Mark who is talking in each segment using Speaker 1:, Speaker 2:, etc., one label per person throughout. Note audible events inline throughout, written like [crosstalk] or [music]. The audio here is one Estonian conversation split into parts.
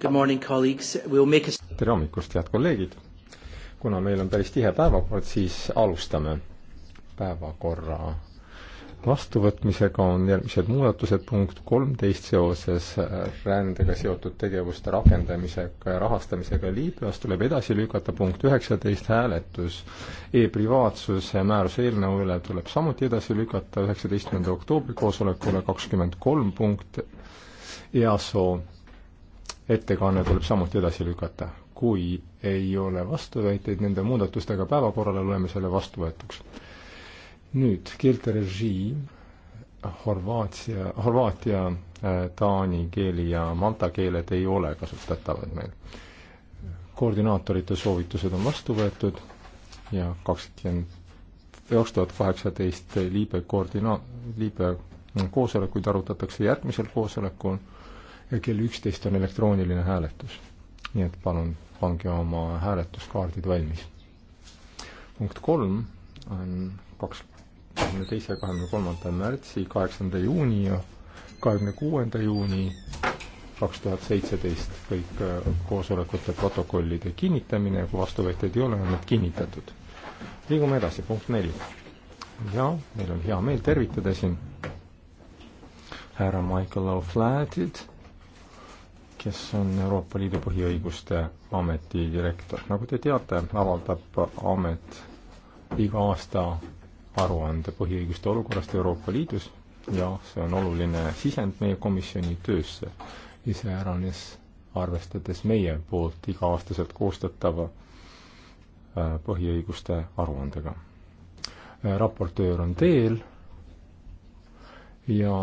Speaker 1: Good morning, colleagues. We'll make a... tere hommikust, head kolleegid! kuna meil on päris tihe päevakord, siis alustame päevakorra vastuvõtmisega on järgmised muudatused, punkt kolmteist seoses äh, rändega seotud tegevuste rakendamisega ja rahastamisega Liibüas tuleb edasi lükata, punkt üheksateist hääletus e-privaatsuse määruse eelnõu üle tuleb samuti edasi lükata üheksateistkümnenda oktoobri koosolekule, kakskümmend kolm punkt EASO ettekanne tuleb samuti edasi lükata. kui ei ole vastuväiteid nende muudatustega päevakorrale, loeme selle vastuvõetuks. nüüd keelte režiim, Horvaatia, Horvaatia, äh, taani keeli ja malta keeled ei ole kasutatavad meil. koordinaatorite soovitused on vastu võetud ja kakskümmend, kaks tuhat kaheksateist liibe koordina-, liibe koosolekuid arutatakse järgmisel koosolekul ja kell üksteist on elektrooniline hääletus. nii et palun pange oma hääletuskaardid valmis. punkt kolm on kaks, kahekümne teise, kahekümne kolmanda märtsi, kaheksanda juuni ja kahekümne kuuenda juuni kaks tuhat seitseteist kõik äh, koosolekute protokollide kinnitamine ja kui vastuvõtjaid ei ole, on need kinnitatud. liigume edasi, punkt neli. ja meil on hea meel tervitada siin härra Michael O'Flatit kes on Euroopa Liidu põhiõiguste ameti direktor. nagu te teate, avaldab amet iga aasta aruande põhiõiguste olukorrast Euroopa Liidus ja see on oluline sisend meie komisjoni töösse, iseäranis arvestades meie poolt iga-aastaselt koostatava äh, põhiõiguste aruandega. Äh, raportöör on teel ja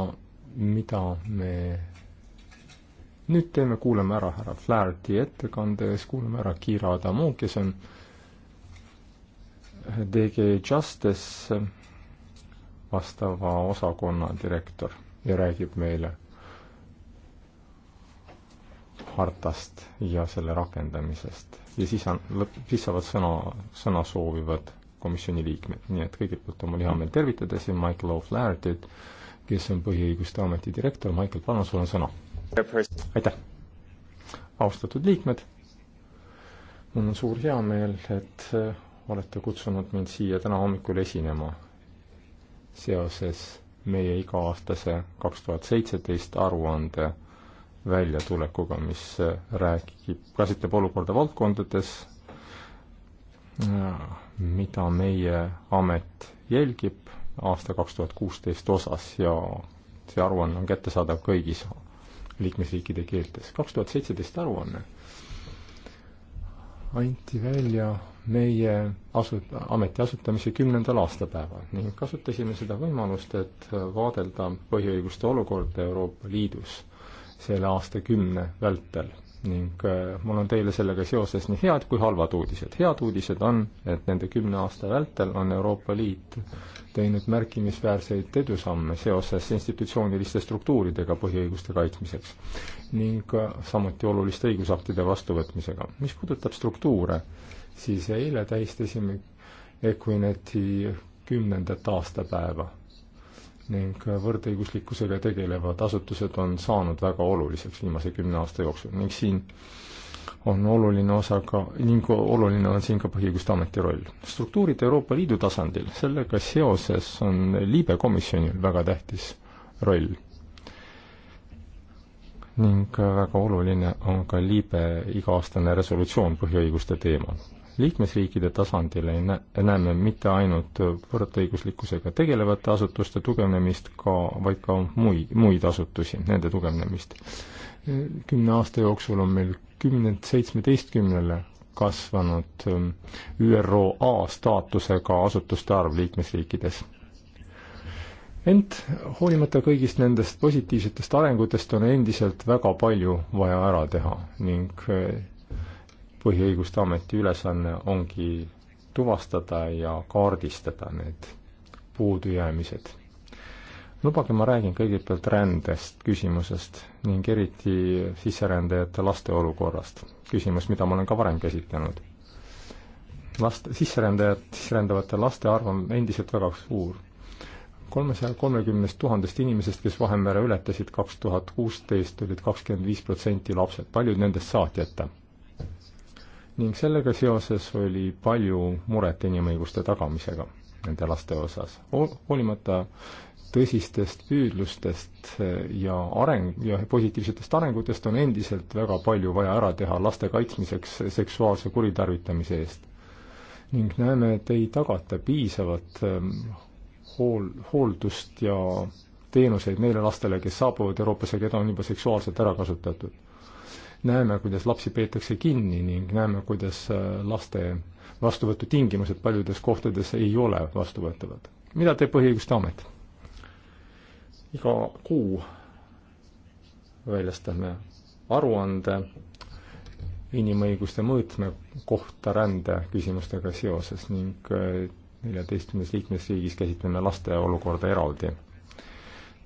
Speaker 1: mida me nüüd teeme, kuulame ära härra Flaherty ettekande ja siis kuulame ära Kira Adamu, kes on DG Justice vastava osakonna direktor ja räägib meile hartast ja selle rakendamisest. ja siis on, siis saavad sõna, sõna soovivad komisjoni liikmed, nii et kõigepealt on mul hea meel tervitada siin Michael O'Flaherty't, kes on Põhiõiguste Ameti direktor, Michael, palun, sul on sõna aitäh! austatud liikmed, mul on suur heameel, et äh, olete kutsunud mind siia täna hommikul esinema seoses meie iga-aastase kaks tuhat seitseteist aruande väljatulekuga, mis äh, räägib, käsitleb olukorda valdkondades, äh, mida meie amet jälgib aasta kaks tuhat kuusteist osas ja see aruanne on kättesaadav kõigis liikmesriikide keeltes. kaks tuhat seitseteist aruanne anti välja meie asu-, ameti asutamise kümnendal aastapäeval ning kasutasime seda võimalust, et vaadelda põhiõiguste olukorda Euroopa Liidus selle aastakümne vältel ning äh, mul on teile sellega seoses nii head kui halvad uudised. head uudised on, et nende kümne aasta vältel on Euroopa Liit teinud märkimisväärseid edusamme seoses institutsiooniliste struktuuridega põhiõiguste kaitsmiseks ning äh, samuti oluliste õigusaktide vastuvõtmisega. mis puudutab struktuure, siis eile tähistasime Equineti kümnendat aastapäeva ning võrdõiguslikkusega tegelevad asutused on saanud väga oluliseks viimase kümne aasta jooksul ning siin on oluline osa ka, ning oluline on siin ka Põhiõiguste Ameti roll. struktuurid Euroopa Liidu tasandil, sellega seoses on Liibe komisjonil väga tähtis roll. ning väga oluline on ka Liibe iga-aastane resolutsioon põhiõiguste teemal liikmesriikide tasandil ei nä-, näeme mitte ainult võrdõiguslikkusega tegelevate asutuste tugevnemist, ka, vaid ka muid, muid asutusi, nende tugevnemist. kümne aasta jooksul on meil kümnelt seitsmeteistkümnele kasvanud ähm, ÜRO A staatusega asutuste arv liikmesriikides ent hoolimata kõigist nendest positiivsetest arengutest on endiselt väga palju vaja ära teha ning äh, põhiõiguste ameti ülesanne ongi tuvastada ja kaardistada need puudujäämised. lubage, ma räägin kõigepealt rändest küsimusest ning eriti sisserändajate laste olukorrast, küsimus, mida ma olen ka varem käsitlenud. last, sisserändajad, sisserändavate laste arv on endiselt väga suur. kolmesaja kolmekümnest tuhandest inimesest, kes Vahemere ületasid kaks tuhat kuusteist, olid kakskümmend viis protsenti lapsed, paljud nendest saatjata ning sellega seoses oli palju muret inimõiguste tagamisega nende laste osas, hoolimata tõsistest püüdlustest eh, ja areng, ja positiivsetest arengutest on endiselt väga palju vaja ära teha laste kaitsmiseks seksuaalse kuritarvitamise eest. ning näeme, et ei tagata piisavat ehm, hool, hooldust ja teenuseid neile lastele, kes saabuvad Euroopasse, keda on juba seksuaalselt ära kasutatud näeme, kuidas lapsi peetakse kinni ning näeme, kuidas äh, laste vastuvõtutingimused paljudes kohtades ei ole vastuvõetavad. mida teeb Põhiõiguste Amet? iga kuu väljastame aruande inimõiguste mõõtme kohta rände küsimustega seoses ning äh, neljateistkümnes liikmesriigis käsitleme laste olukorda eraldi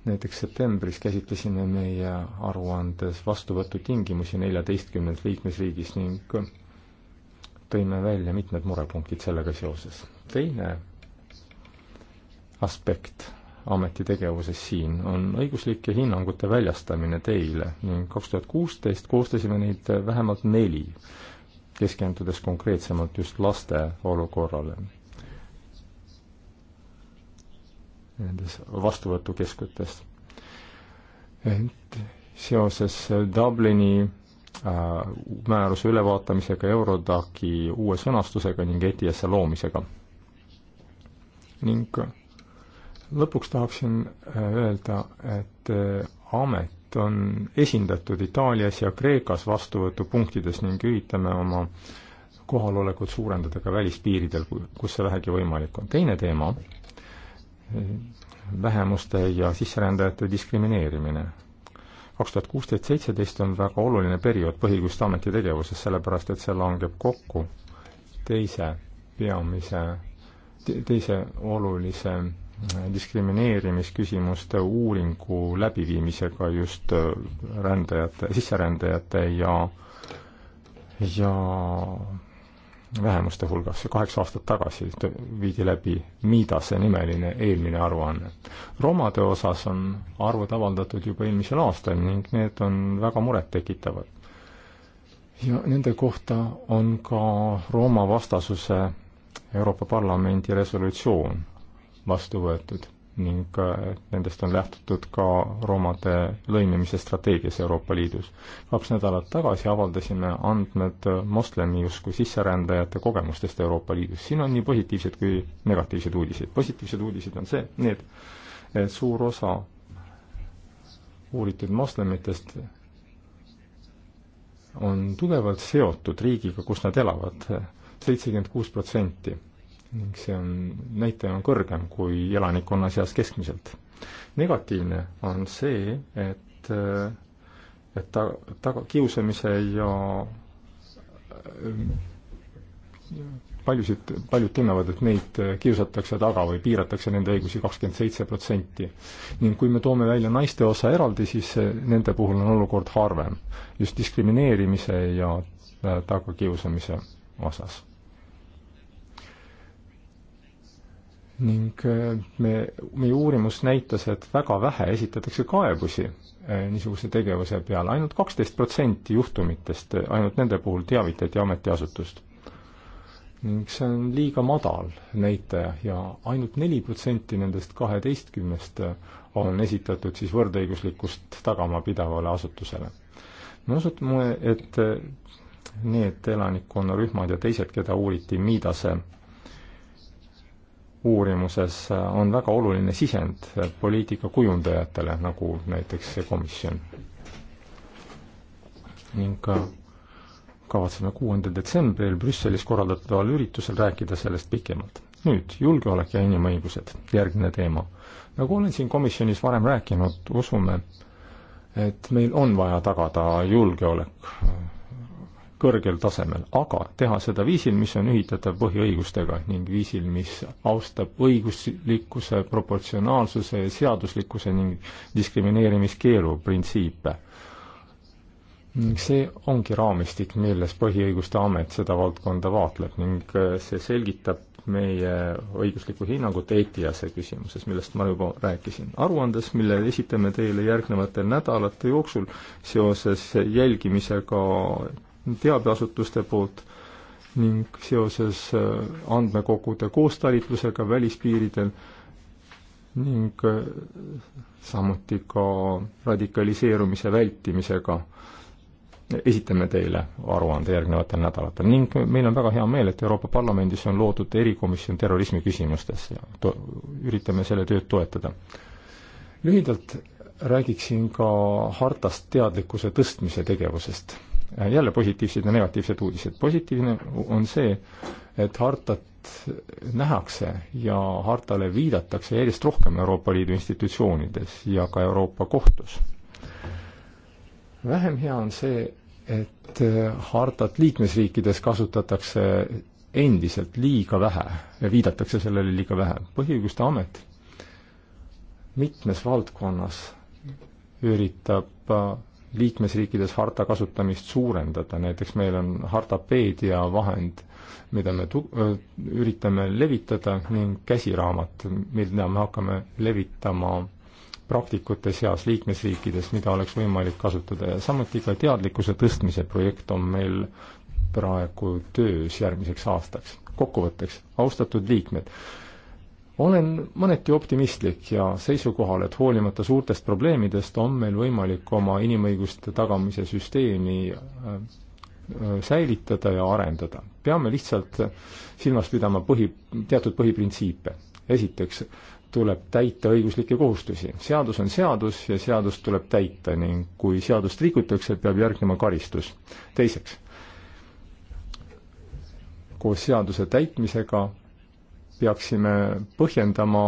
Speaker 1: näiteks septembris käsitlesime meie aruandes vastuvõtutingimusi neljateistkümnelt liikmesriigist ning tõime välja mitmed murepunktid sellega seoses. teine aspekt ameti tegevuses siin on õiguslike hinnangute väljastamine teile ning kaks tuhat kuusteist koostasime neid vähemalt neli, keskendudes konkreetsemalt just laste olukorrale nendes vastuvõtukeskutes. et seoses Dublini äh, määruse ülevaatamisega, Eurodaki uue sõnastusega ning ETS-e loomisega. ning lõpuks tahaksin äh, öelda, et äh, amet on esindatud Itaalias ja Kreekas vastuvõtupunktides ning üritame oma kohalolekut suurendada ka välispiiridel, kus see vähegi võimalik on. teine teema vähemuste ja sisserändajate diskrimineerimine. kaks tuhat kuusteist, seitseteist on väga oluline periood Põhiõiguste Ameti tegevuses, sellepärast et see langeb kokku teise peamise, teise olulise diskrimineerimisküsimuste uuringu läbiviimisega just äh, rändajate, sisserändajate ja ja vähemuste hulgas ja kaheksa aastat tagasi viidi läbi Miidase nimeline eelmine aruanne. romade osas on arvud avaldatud juba eelmisel aastal ning need on väga murettekitavad. ja nende kohta on ka Rooma vastasuse Euroopa Parlamendi resolutsioon vastu võetud ning nendest on lähtutud ka roomade lõimimise strateegias Euroopa Liidus. kaks nädalat tagasi avaldasime andmed moslemiusku sisserändajate kogemustest Euroopa Liidus. siin on nii positiivsed kui negatiivsed uudised. positiivsed uudised on see, need, et suur osa uuritud moslemitest on tugevalt seotud riigiga, kus nad elavad, seitsekümmend kuus protsenti ning see on, näitaja on kõrgem kui elanikkonna seas keskmiselt. negatiivne on see, et, et ta, taga, kiusamise ja äh, paljusid, paljud tunnevad, et neid kiusatakse taga või piiratakse nende õigusi kakskümmend seitse protsenti. ning kui me toome välja naiste osa eraldi, siis nende puhul on olukord harvem just diskrimineerimise ja äh, tagakiusamise osas ning äh, me, meie uurimus näitas, et väga vähe esitatakse kaebusi äh, niisuguse tegevuse peale ainult, ainult kaksteist protsenti juhtumitest, äh, ainult nende puhul teavitati ametiasutust. ning see on liiga madal näitaja ja ainult neli protsenti nendest kaheteistkümnest on esitatud siis võrdõiguslikkust tagama pidavale asutusele. me usume, et need elanikkonnarühmad ja teised, keda uuriti Miidase uurimuses äh, on väga oluline sisend poliitika kujundajatele, nagu näiteks see komisjon. ning ka äh, kavatseme kuuendal detsembril Brüsselis korraldataval üritusel rääkida sellest pikemalt. nüüd julgeolek ja inimõigused, järgmine teema. nagu olen siin komisjonis varem rääkinud, usume, et meil on vaja tagada julgeolek kõrgel tasemel, aga teha seda viisil, mis on ühitatav põhiõigustega ning viisil, mis austab õiguslikkuse, proportsionaalsuse, seaduslikkuse ning diskrimineerimiskeelu printsiipe. ning see ongi raamistik, milles Põhiõiguste Amet seda valdkonda vaatleb ning äh, see selgitab meie õiguslikku hinnangut ETIAS-e küsimuses, millest ma juba rääkisin. aruandes, mille esitame teile järgnevate nädalate jooksul seoses jälgimisega teabeasutuste poolt ning seoses äh, andmekogude koostalitlusega välispiiridel ning äh, samuti ka radikaliseerumise vältimisega esitame teile aruande järgnevatel nädalatel ning meil on väga hea meel, et Euroopa Parlamendis on loodud erikomisjon terrorismi küsimustes ja to-, üritame selle tööd toetada. lühidalt räägiksin ka hartast teadlikkuse tõstmise tegevusest Äh, jälle positiivsed ja negatiivsed uudised. positiivne on see, et hartat nähakse ja hartale viidatakse järjest rohkem Euroopa Liidu institutsioonides ja ka Euroopa Kohtus. vähem hea on see, et äh, hartat liikmesriikides kasutatakse endiselt liiga vähe ja viidatakse sellele liiga vähe. põhiõiguste amet mitmes valdkonnas üritab äh, liikmesriikides harta kasutamist suurendada, näiteks meil on hartapeedia vahend, mida me tu-, üritame levitada, ning käsiraamat, mida me hakkame levitama praktikute seas liikmesriikides, mida oleks võimalik kasutada ja samuti ka teadlikkuse tõstmise projekt on meil praegu töös järgmiseks aastaks. kokkuvõtteks, austatud liikmed, olen mõneti optimistlik ja seisukohal, et hoolimata suurtest probleemidest on meil võimalik oma inimõiguste tagamise süsteemi äh, äh, säilitada ja arendada. peame lihtsalt silmas pidama põhi, teatud põhiprintsiipe. esiteks tuleb täita õiguslikke kohustusi. seadus on seadus ja seadust tuleb täita ning kui seadust rikutakse, peab järgnema karistus. teiseks, koos seaduse täitmisega peaksime põhjendama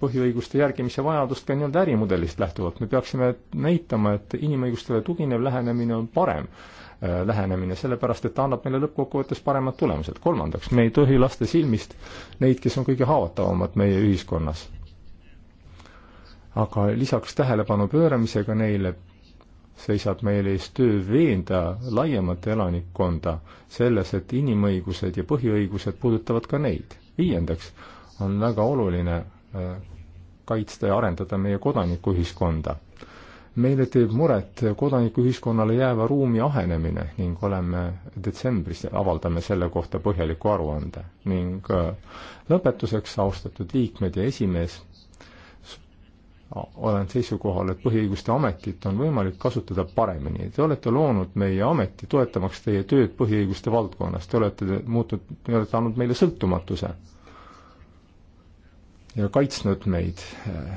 Speaker 1: põhiõiguste järgimise vajadust ka nii-öelda ärimudelist lähtuvalt. me peaksime näitama, et inimõigustele tuginev lähenemine on parem äh, lähenemine, sellepärast et ta annab meile lõppkokkuvõttes paremad tulemused. kolmandaks, me ei tohi lasta silmist neid, kes on kõige haavatavamad meie ühiskonnas. aga lisaks tähelepanu pööramisega neile seisab meil ees töö veenda laiemat elanikkonda selles, et inimõigused ja põhiõigused puudutavad ka neid viiendaks on väga oluline äh, kaitsta ja arendada meie kodanikuühiskonda. meile teeb muret kodanikuühiskonnale jääva ruumi ahenemine ning oleme detsembris, avaldame selle kohta põhjaliku aruande ning äh, lõpetuseks, austatud liikmed ja esimees olen seisukohal, et Põhiõiguste Ametit on võimalik kasutada paremini. Te olete loonud meie ameti, toetamaks teie tööd põhiõiguste valdkonnas, te olete muutnud, te olete andnud meile sõltumatuse ja kaitsnud meid eh,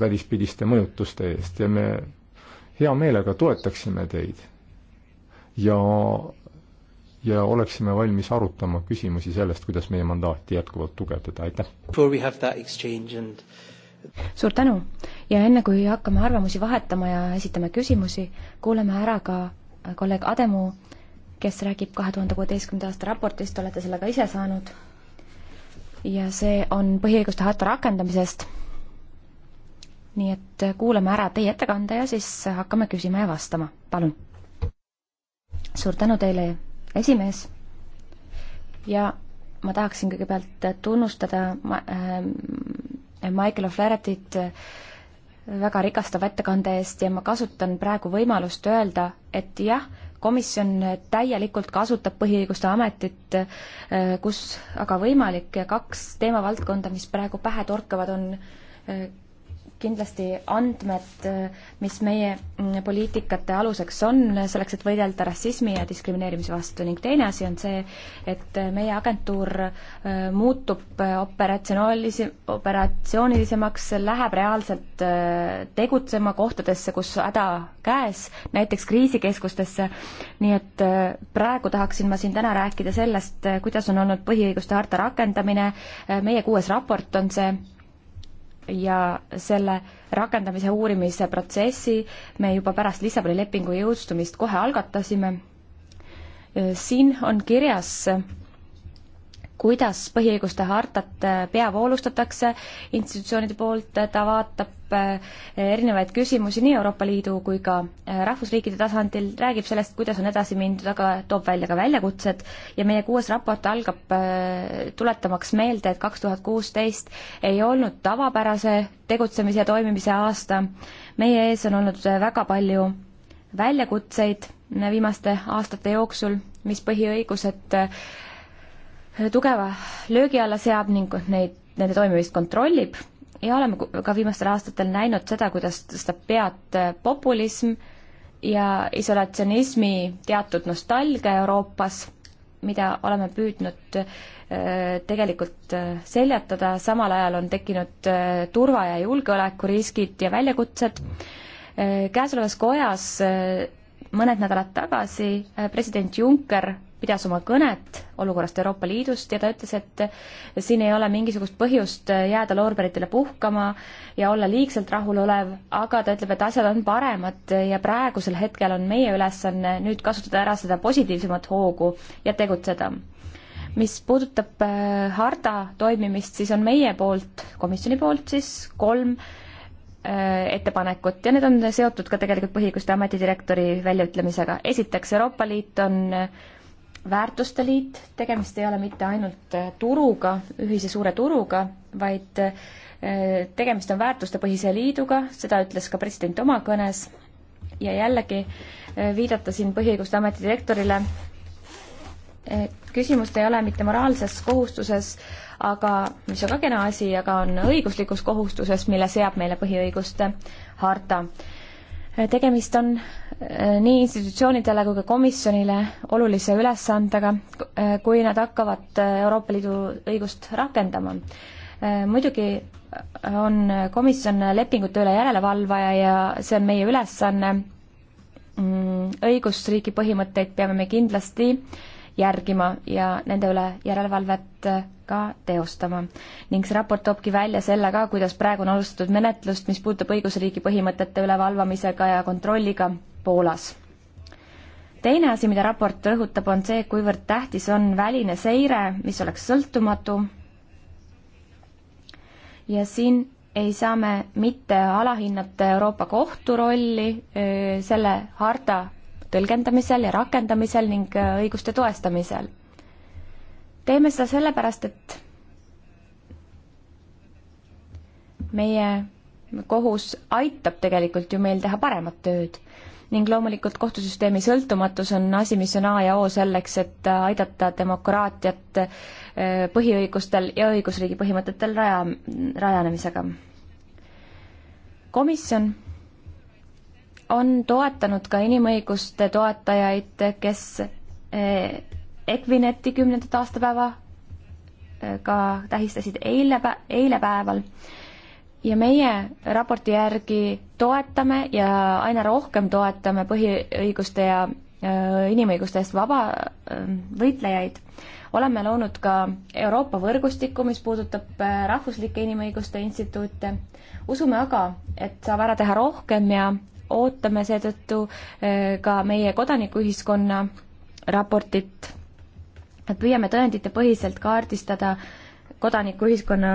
Speaker 1: välispidiste mõjutuste eest ja me hea meelega toetaksime teid ja, ja oleksime valmis arutama küsimusi sellest, kuidas meie mandaati jätkuvalt tugevdada, aitäh!
Speaker 2: And
Speaker 3: suur tänu ja enne, kui hakkame arvamusi vahetama ja esitame küsimusi, kuulame ära ka äh, kolleeg Ademu, kes räägib kahe tuhande kuueteistkümnenda aasta raportist, olete selle ka ise saanud. ja see on põhiõiguste harta rakendamisest. nii et äh, kuulame ära teie ettekande ja siis äh, hakkame küsima ja vastama, palun. suur tänu teile, esimees. ja ma tahaksin kõigepealt tunnustada ma, äh, Michael O'Flaherty't eh, väga rikastava ettekande eest ja ma kasutan praegu võimalust öelda, et jah, komisjon täielikult kasutab Põhiõiguste Ametit, eh, kus aga võimalik ja kaks teemavaldkonda, mis praegu pähe torkavad, on eh, kindlasti andmed, mis meie mm, poliitikate aluseks on, selleks, et võidelda rassismi ja diskrimineerimise vastu ning teine asi on see, et meie agentuur äh, muutub operatsionaalise, operatsioonilisemaks, läheb reaalselt äh, tegutsema kohtadesse, kus häda käes, näiteks kriisikeskustesse, nii et äh, praegu tahaksin ma siin täna rääkida sellest, kuidas on olnud põhiõiguste harta rakendamine, meie kuues raport on see, ja selle rakendamise uurimise protsessi me juba pärast Lissaboni lepingu jõustumist kohe algatasime. siin on kirjas, kuidas põhiõiguste hartat peavoolustatakse institutsioonide poolt, ta vaatab tõstatab eh, erinevaid küsimusi nii Euroopa Liidu kui ka eh, rahvusriikide tasandil, räägib sellest, kuidas on edasi mindud, aga toob välja ka väljakutsed ja meie kuues raport algab eh, tuletamaks meelde, et kaks tuhat kuusteist ei olnud tavapärase tegutsemise ja toimimise aasta. meie ees on olnud väga palju väljakutseid viimaste aastate jooksul, mis põhiõigused tugeva löögi alla seab ning neid, nende toimimist kontrollib ja oleme ka viimastel aastatel näinud seda, kuidas tõstab pead äh, populism ja isolatsionismi teatud nostalgia Euroopas, mida oleme püüdnud äh, tegelikult äh, seljatada, samal ajal on tekkinud turva- ja julgeolekuriskid ja väljakutsed. käesolevas kojas mõned nädalad tagasi president Juncker pidas oma kõnet olukorrast Euroopa Liidust ja ta ütles, et siin ei ole mingisugust põhjust jääda loorberitele puhkama ja olla liigselt rahulolev, aga ta ütleb, et asjad on paremad ja praegusel hetkel on meie ülesanne nüüd kasutada ära seda positiivsemat hoogu ja tegutseda. mis puudutab äh, harta toimimist, siis on meie poolt, komisjoni poolt siis kolm äh, ettepanekut ja need on seotud ka tegelikult Põhiõiguste Ameti direktori väljaütlemisega. esiteks, Euroopa Liit on äh, väärtuste liit, tegemist ei ole mitte ainult äh, turuga, ühise suure turuga, vaid äh, tegemist on väärtustepõhise liiduga, seda ütles ka president oma kõnes ja jällegi äh, viidata siin Põhiõiguste Ameti direktorile, küsimust ei ole mitte moraalses kohustuses, aga mis on ka kena asi, aga on õiguslikus kohustuses, mille seab meile põhiõiguste harta tegemist on äh, nii institutsioonidele kui ka komisjonile olulise ülesandega, äh, kui nad hakkavad äh, Euroopa Liidu õigust rakendama. muidugi on komisjon lepingute üle järelevalvaja ja see on meie ülesanne, mm, õigusriigi põhimõtteid peame me kindlasti järgima ja nende üle järelevalvet ka teostama. ning see raport toobki välja selle ka, kuidas praegu on alustatud menetlust, mis puudutab õigusriigi põhimõtete üle valvamisega ja kontrolliga Poolas teine asi, mida raport rõhutab, on see, kuivõrd tähtis on väline seire, mis oleks sõltumatu. ja siin ei saa me mitte alahinnata Euroopa Kohtu rolli äh, selle harta tõlgendamisel ja rakendamisel ning äh, õiguste toestamisel teeme seda sellepärast, et meie kohus aitab tegelikult ju meil teha paremat tööd ning loomulikult kohtusüsteemi sõltumatus on asi, mis on A ja O selleks, et aidata demokraatiat äh, põhiõigustel ja õigusriigi põhimõtetel raja, rajanemisega. komisjon on toetanud ka inimõiguste toetajaid, kes äh, Equineti kümnendat aastapäeva äh, ka tähistasid eile, eile päeval ja meie raporti järgi toetame ja aina rohkem toetame põhiõiguste ja äh, inimõiguste eest vaba äh, võitlejaid. oleme loonud ka Euroopa võrgustiku, mis puudutab rahvuslikke inimõiguste instituute. usume aga, et saab ära teha rohkem ja ootame seetõttu ka meie kodanikuühiskonna raportit et püüame tõenditepõhiselt kaardistada kodanikuühiskonna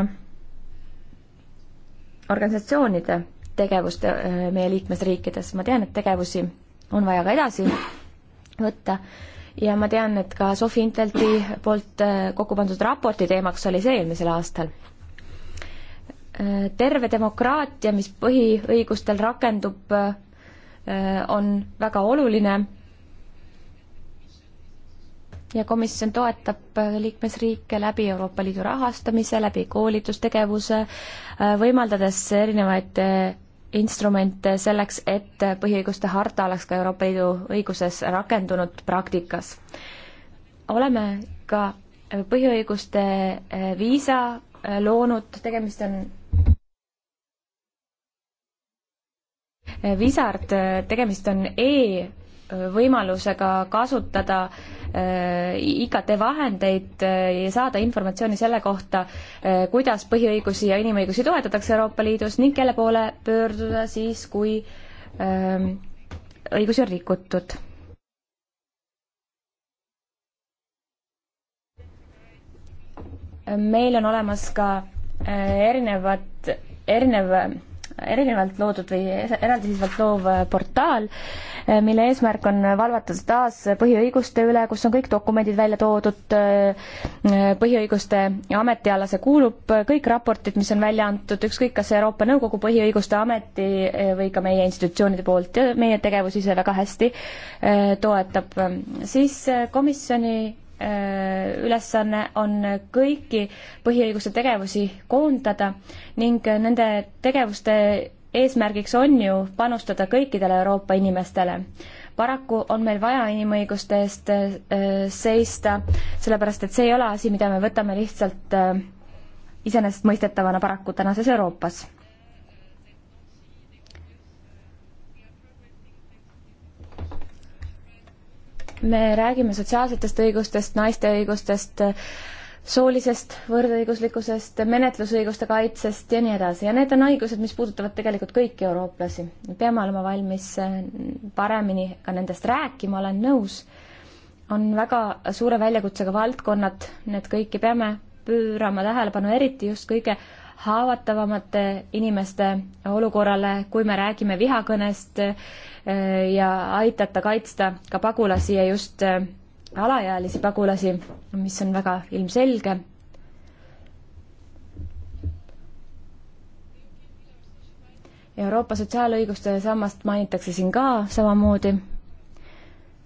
Speaker 3: organisatsioonide tegevust äh, meie liikmesriikides, ma tean, et tegevusi on vaja ka edasi võtta ja ma tean, et ka Sofi Intelti poolt äh, kokku pandud raporti teemaks oli see eelmisel aastal. Äh, terve demokraatia, mis põhiõigustel rakendub, on väga oluline ja komisjon toetab äh, liikmesriike läbi Euroopa Liidu rahastamise, läbi koolitustegevuse, äh, võimaldades erinevaid äh, instrumente selleks, et põhiõiguste harta oleks ka Euroopa Liidu õiguses rakendunud praktikas. oleme ka põhiõiguste viisa loonud, tegemist on Wizard, tegemist on e- võimalusega kasutada äh, IKT vahendeid äh, ja saada informatsiooni selle kohta, äh, kuidas põhiõigusi ja inimõigusi toetatakse Euroopa Liidus ning kelle poole pöörduda siis, kui ähm, õigusi on rikutud. meil on olemas ka erinevad, erinev erinevalt loodud või eraldiseisvalt loov portaal, eh, mille eesmärk on valvata taas põhiõiguste üle, kus on kõik dokumendid välja toodud, eh, põhiõiguste ametiala see kuulub, kõik raportid, mis on välja antud, ükskõik kas Euroopa Nõukogu põhiõiguste ameti eh, või ka meie institutsioonide poolt ja meie tegevus ise väga hästi toetab. siis komisjoni Äh, ülesanne on kõiki põhiõiguste tegevusi koondada ning nende tegevuste eesmärgiks on ju panustada kõikidele Euroopa inimestele. paraku on meil vaja inimõiguste eest äh, seista, sellepärast et see ei ole asi, mida me võtame lihtsalt äh, iseenesestmõistetavana paraku tänases Euroopas me räägime sotsiaalsetest õigustest, naiste õigustest, soolisest võrdõiguslikkusest, menetlusõiguste kaitsest ja nii edasi ja need on õigused, mis puudutavad tegelikult kõiki eurooplasi. peame olema valmis äh, paremini ka nendest rääkima, olen nõus. on väga suure väljakutsega valdkonnad, need kõiki peame pöörama tähelepanu, eriti just kõige haavatavamate inimeste olukorrale, kui me räägime vihakõnest äh, ja aitata kaitsta ka pagulasi ja just äh, alaealisi pagulasi, mis on väga ilmselge. Euroopa sotsiaalõiguste sammast mainitakse siin ka samamoodi.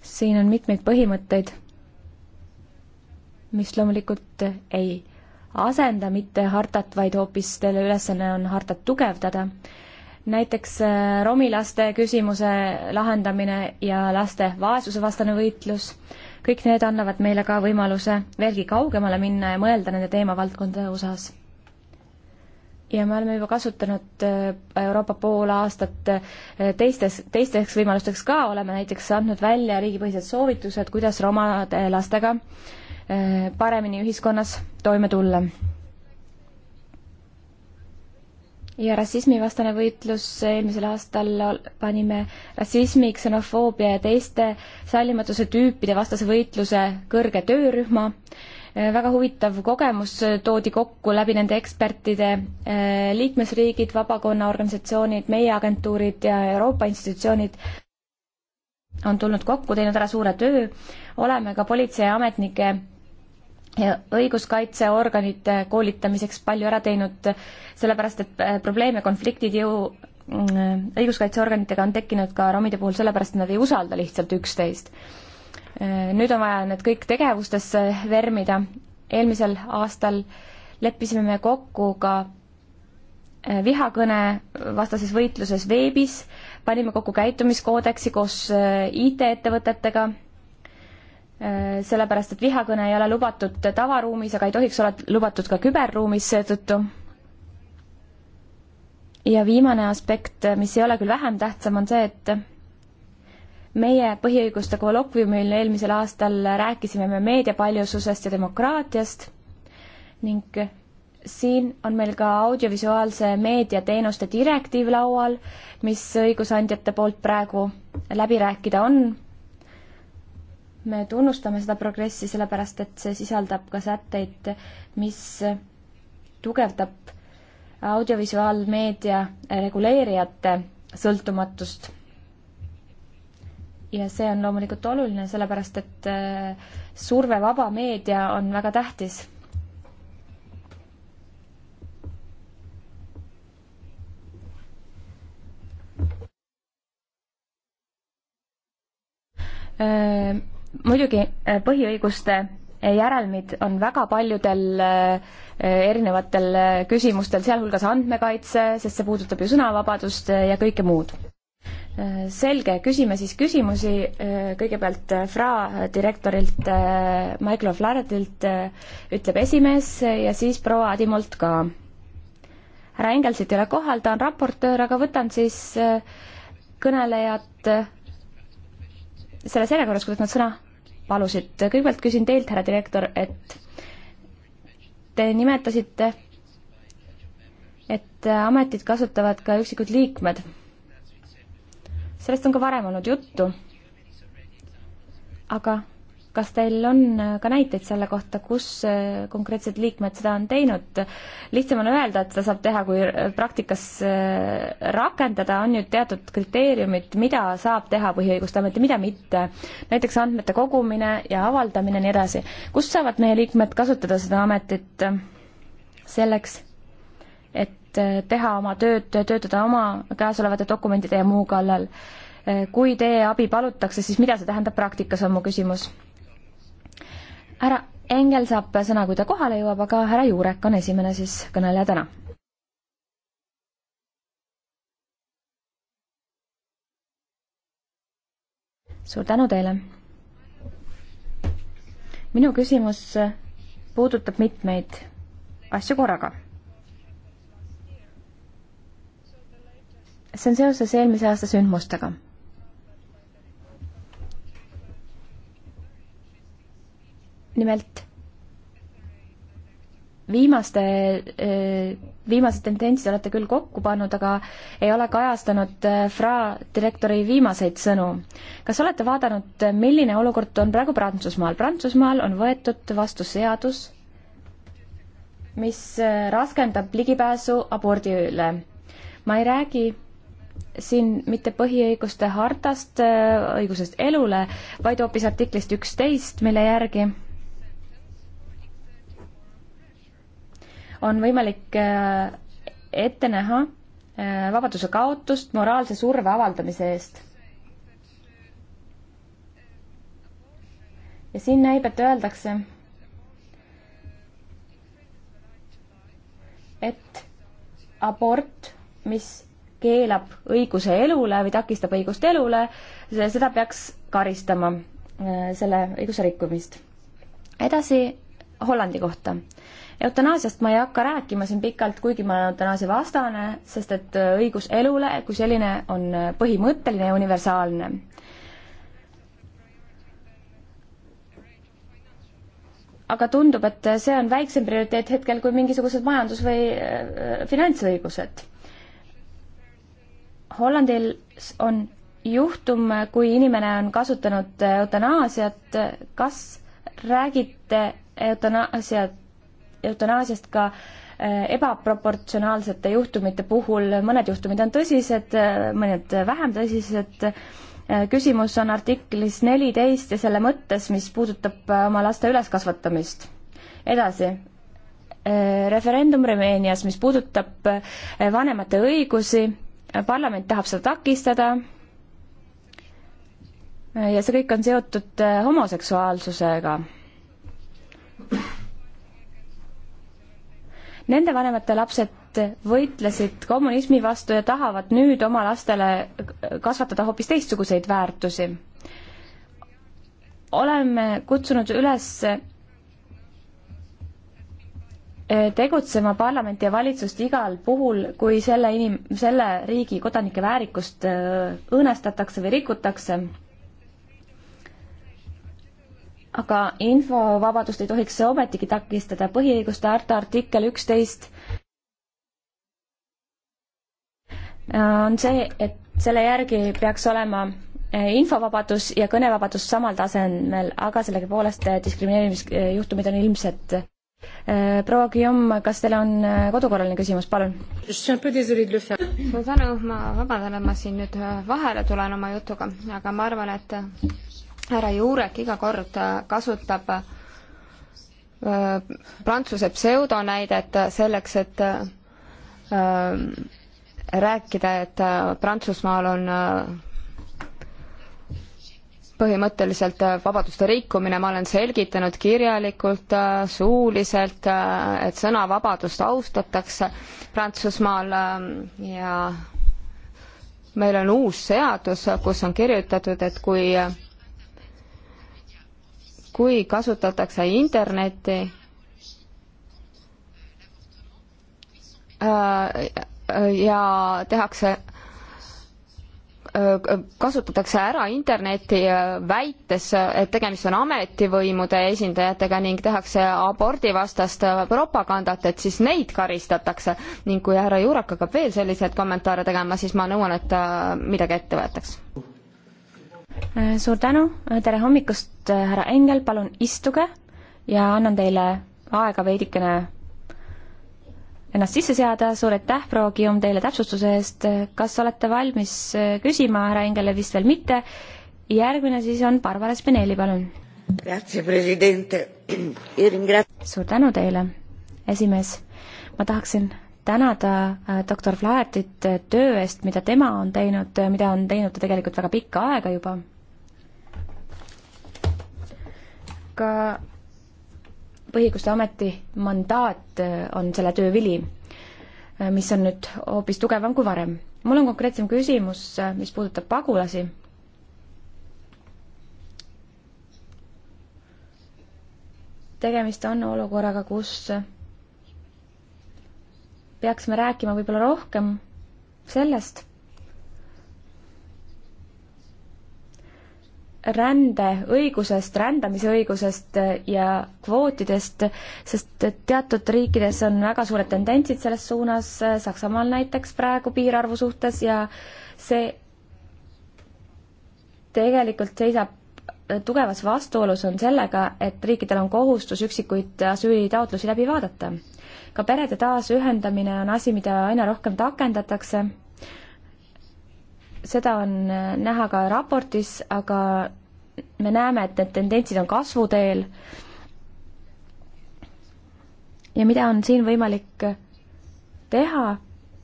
Speaker 3: siin on mitmeid põhimõtteid, mis loomulikult ei asenda mitte hartat, vaid hoopis teie ülesanne on hartat tugevdada. näiteks äh, romilaste küsimuse lahendamine ja laste vaesusevastane võitlus, kõik need annavad meile ka võimaluse veelgi kaugemale minna ja mõelda nende teemavaldkondade osas ja me oleme juba kasutanud äh, Euroopa pool aastat äh, teistes, teisteks võimalusteks ka, oleme näiteks andnud välja riigipõhised soovitused, kuidas romade lastega äh, Äh, paremini ühiskonnas toime tulla. ja rassismivastane võitlus, eelmisel aastal panime rassismi, ksenofoobia ja teiste sallimatuse tüüpide vastase võitluse kõrge töörühma. Äh, väga huvitav kogemus toodi kokku läbi nende ekspertide äh, liikmesriigid, vabakonna organisatsioonid, meie agentuurid ja Euroopa institutsioonid on tulnud kokku, teinud ära suure töö, oleme ka politseiametnike õiguskaitseorganite koolitamiseks palju ära teinud, sellepärast et äh, probleeme, konfliktid jõu mm, äh, õiguskaitseorganitega on tekkinud ka romide puhul sellepärast, et nad ei usalda lihtsalt üksteist. Äh, nüüd on vaja need kõik tegevustesse vermida. eelmisel aastal leppisime me kokku ka vihakõne vastases võitluses veebis, panime kokku käitumiskoodeksi koos IT-ettevõtetega Äh, sellepärast et vihakõne ei ole lubatud tavaruumis, aga ei tohiks olla lubatud ka küberruumis seetõttu. ja viimane aspekt, mis ei ole küll vähem tähtsam, on see, et meie põhiõiguste kolokviumil eelmisel aastal rääkisime me meediapaljususest ja demokraatiast ning siin on meil ka audiovisuaalse meediateenuste direktiiv laual, mis õigusandjate poolt praegu läbi rääkida on me tunnustame seda progressi, sellepärast et see sisaldab ka sätteid, mis tugevdab audiovisuaalmeedia reguleerijate sõltumatust. ja see on loomulikult oluline, sellepärast et äh, survevaba meedia on väga tähtis äh, muidugi äh, põhiõiguste äh, järelmid on väga paljudel äh, erinevatel küsimustel, sealhulgas andmekaitse, sest see puudutab ju sõnavabadust ja kõike muud. selge, küsime siis küsimusi kõigepealt FRA direktorilt Michael O'Flahertilt, ütleb esimees ja siis proua Adimolt ka. härra Engelsit ei ole kohal, ta on raportöör, aga võtan siis kõnelejad selles järjekorras, kuidas nad sõna palusid. kõigepealt küsin teilt, härra direktor, et te nimetasite, et ametit kasutavad ka üksikud liikmed. sellest on ka varem olnud juttu. aga kas teil on äh, ka näiteid selle kohta, kus äh, konkreetsed liikmed seda on teinud? lihtsam on öelda, et seda saab teha, kui äh, praktikas rakendada, on ju teatud kriteeriumid, mida saab teha Põhiõiguste Amet ja mida mitte. näiteks andmete kogumine ja avaldamine, nii edasi. kus saavad meie liikmed kasutada seda ametit selleks, et teha oma tööd, töötada oma käesolevate dokumentide ja muu kallal? kui teie abi palutakse, siis mida see tähendab praktikas, on mu küsimus härra Engel saab sõna, kui ta kohale jõuab, aga härra Juurek on esimene siis kõneleja täna. suur tänu teile. minu küsimus puudutab mitmeid asju korraga. see on seoses eelmise aasta sündmustega nimelt viimaste, eh, viimased tendentsid olete küll kokku pannud, aga ei ole kajastanud eh, FRA direktori viimaseid sõnu. kas olete vaadanud, milline olukord on praegu Prantsusmaal? Prantsusmaal on võetud vastu seadus, mis eh, raskendab ligipääsu abordile. ma ei räägi siin mitte põhiõiguste hartast, õigusest elule, vaid hoopis artiklist üksteist, mille järgi on võimalik äh, ette näha äh, vabaduse kaotust moraalse surve avaldamise eest. ja siin näib, et öeldakse, et abort, mis keelab õiguse elule või takistab õigust elule, seda peaks karistama, äh, selle õiguse rikkumist. edasi Hollandi kohta eutanaasiast ma ei hakka rääkima siin pikalt, kuigi ma olen eutanaasia vastane, sest et äh, õigus elule kui selline on äh, põhimõtteline ja universaalne. aga tundub, et see on väiksem prioriteet hetkel kui mingisugused majandus- või äh, finantsõigused. Hollandil on juhtum, kui inimene on kasutanud eutanaasiat, kas räägite eutanaasiat eutanaasiast ka äh, ebaproportsionaalsete juhtumite puhul, mõned juhtumid on tõsised, äh, mõned vähem tõsised, äh, küsimus on artiklis neliteist ja selle mõttes, mis puudutab oma laste üleskasvatamist. edasi, referendum Rumeenias, mis puudutab vanemate õigusi, parlament tahab seda takistada ja see kõik on seotud homoseksuaalsusega Nende vanemate lapsed võitlesid kommunismi vastu ja tahavad nüüd oma lastele kasvatada hoopis teistsuguseid väärtusi. oleme kutsunud üles eh, tegutsema parlamenti ja valitsust igal puhul, kui selle inim-, selle riigi kodanike väärikust eh, õõnestatakse või rikutakse aga infovabadust ei tohiks see ometigi takistada. põhiõiguste harta artikkel üksteist on see, et selle järgi peaks olema eh, infovabadus ja kõnevabadus samal tasemel, aga sellegipoolest eh, diskrimineerimisjuhtumid on ilmsed. Eh, proua Guillaume, kas teil on kodukorraline küsimus, palun? suur tänu,
Speaker 4: ma vabandan, et ma siin nüüd vahele tulen oma jutuga, aga ma arvan, et härra Juurek iga kord äh, kasutab äh, prantsuse pseudonäidet selleks, et äh, rääkida, et Prantsusmaal on põhimõtteliselt vabaduste rikkumine, ma olen selgitanud kirjalikult, suuliselt, et sõnavabadust austatakse Prantsusmaal ja meil on uus seadus, kus on kirjutatud, et kui kui kasutatakse Internetti äh, ja tehakse äh, kasutatakse ära Internetti äh, väites, et tegemist on ametivõimude esindajatega ning tehakse abordivastast propagandat, et siis neid karistatakse. ning kui härra Juurak hakkab veel selliseid kommentaare tegema, siis ma nõuan, et midagi ette võetaks.
Speaker 3: Äh, suur tänu, äh, tere hommikust, äh, härra Engel, palun istuge ja annan teile aega veidikene ennast sisse seada, suur aitäh, proua Kium, teile täpsustuse eest, kas olete valmis küsima, härra Engele vist veel mitte, järgmine siis on Barbara Spinelli, palun.
Speaker 5: [clears throat]
Speaker 3: suur tänu teile, esimees, ma tahaksin tänada äh, doktor Flahertit äh, töö eest, mida tema on teinud, äh, mida on teinud ta tegelikult väga pikka aega juba. ka Põhiõiguste Ameti mandaat on selle töö vili, mis on nüüd hoopis tugevam kui varem. mul on konkreetsem küsimus, mis puudutab pagulasi. tegemist on olukorraga, kus peaksime rääkima võib-olla rohkem sellest, rände õigusest, rändamise õigusest ja kvootidest, sest teatud riikides on väga suured tendentsid selles suunas, Saksamaal näiteks praegu piirarvu suhtes ja see tegelikult seisab tugevas vastuolus on sellega, et riikidel on kohustus üksikuid asüülitaotlusi läbi vaadata ka perede taasühendamine on asi, mida aina rohkem takendatakse. seda on äh, näha ka raportis, aga me näeme, et need tendentsid on kasvuteel. ja mida on siin võimalik äh, teha,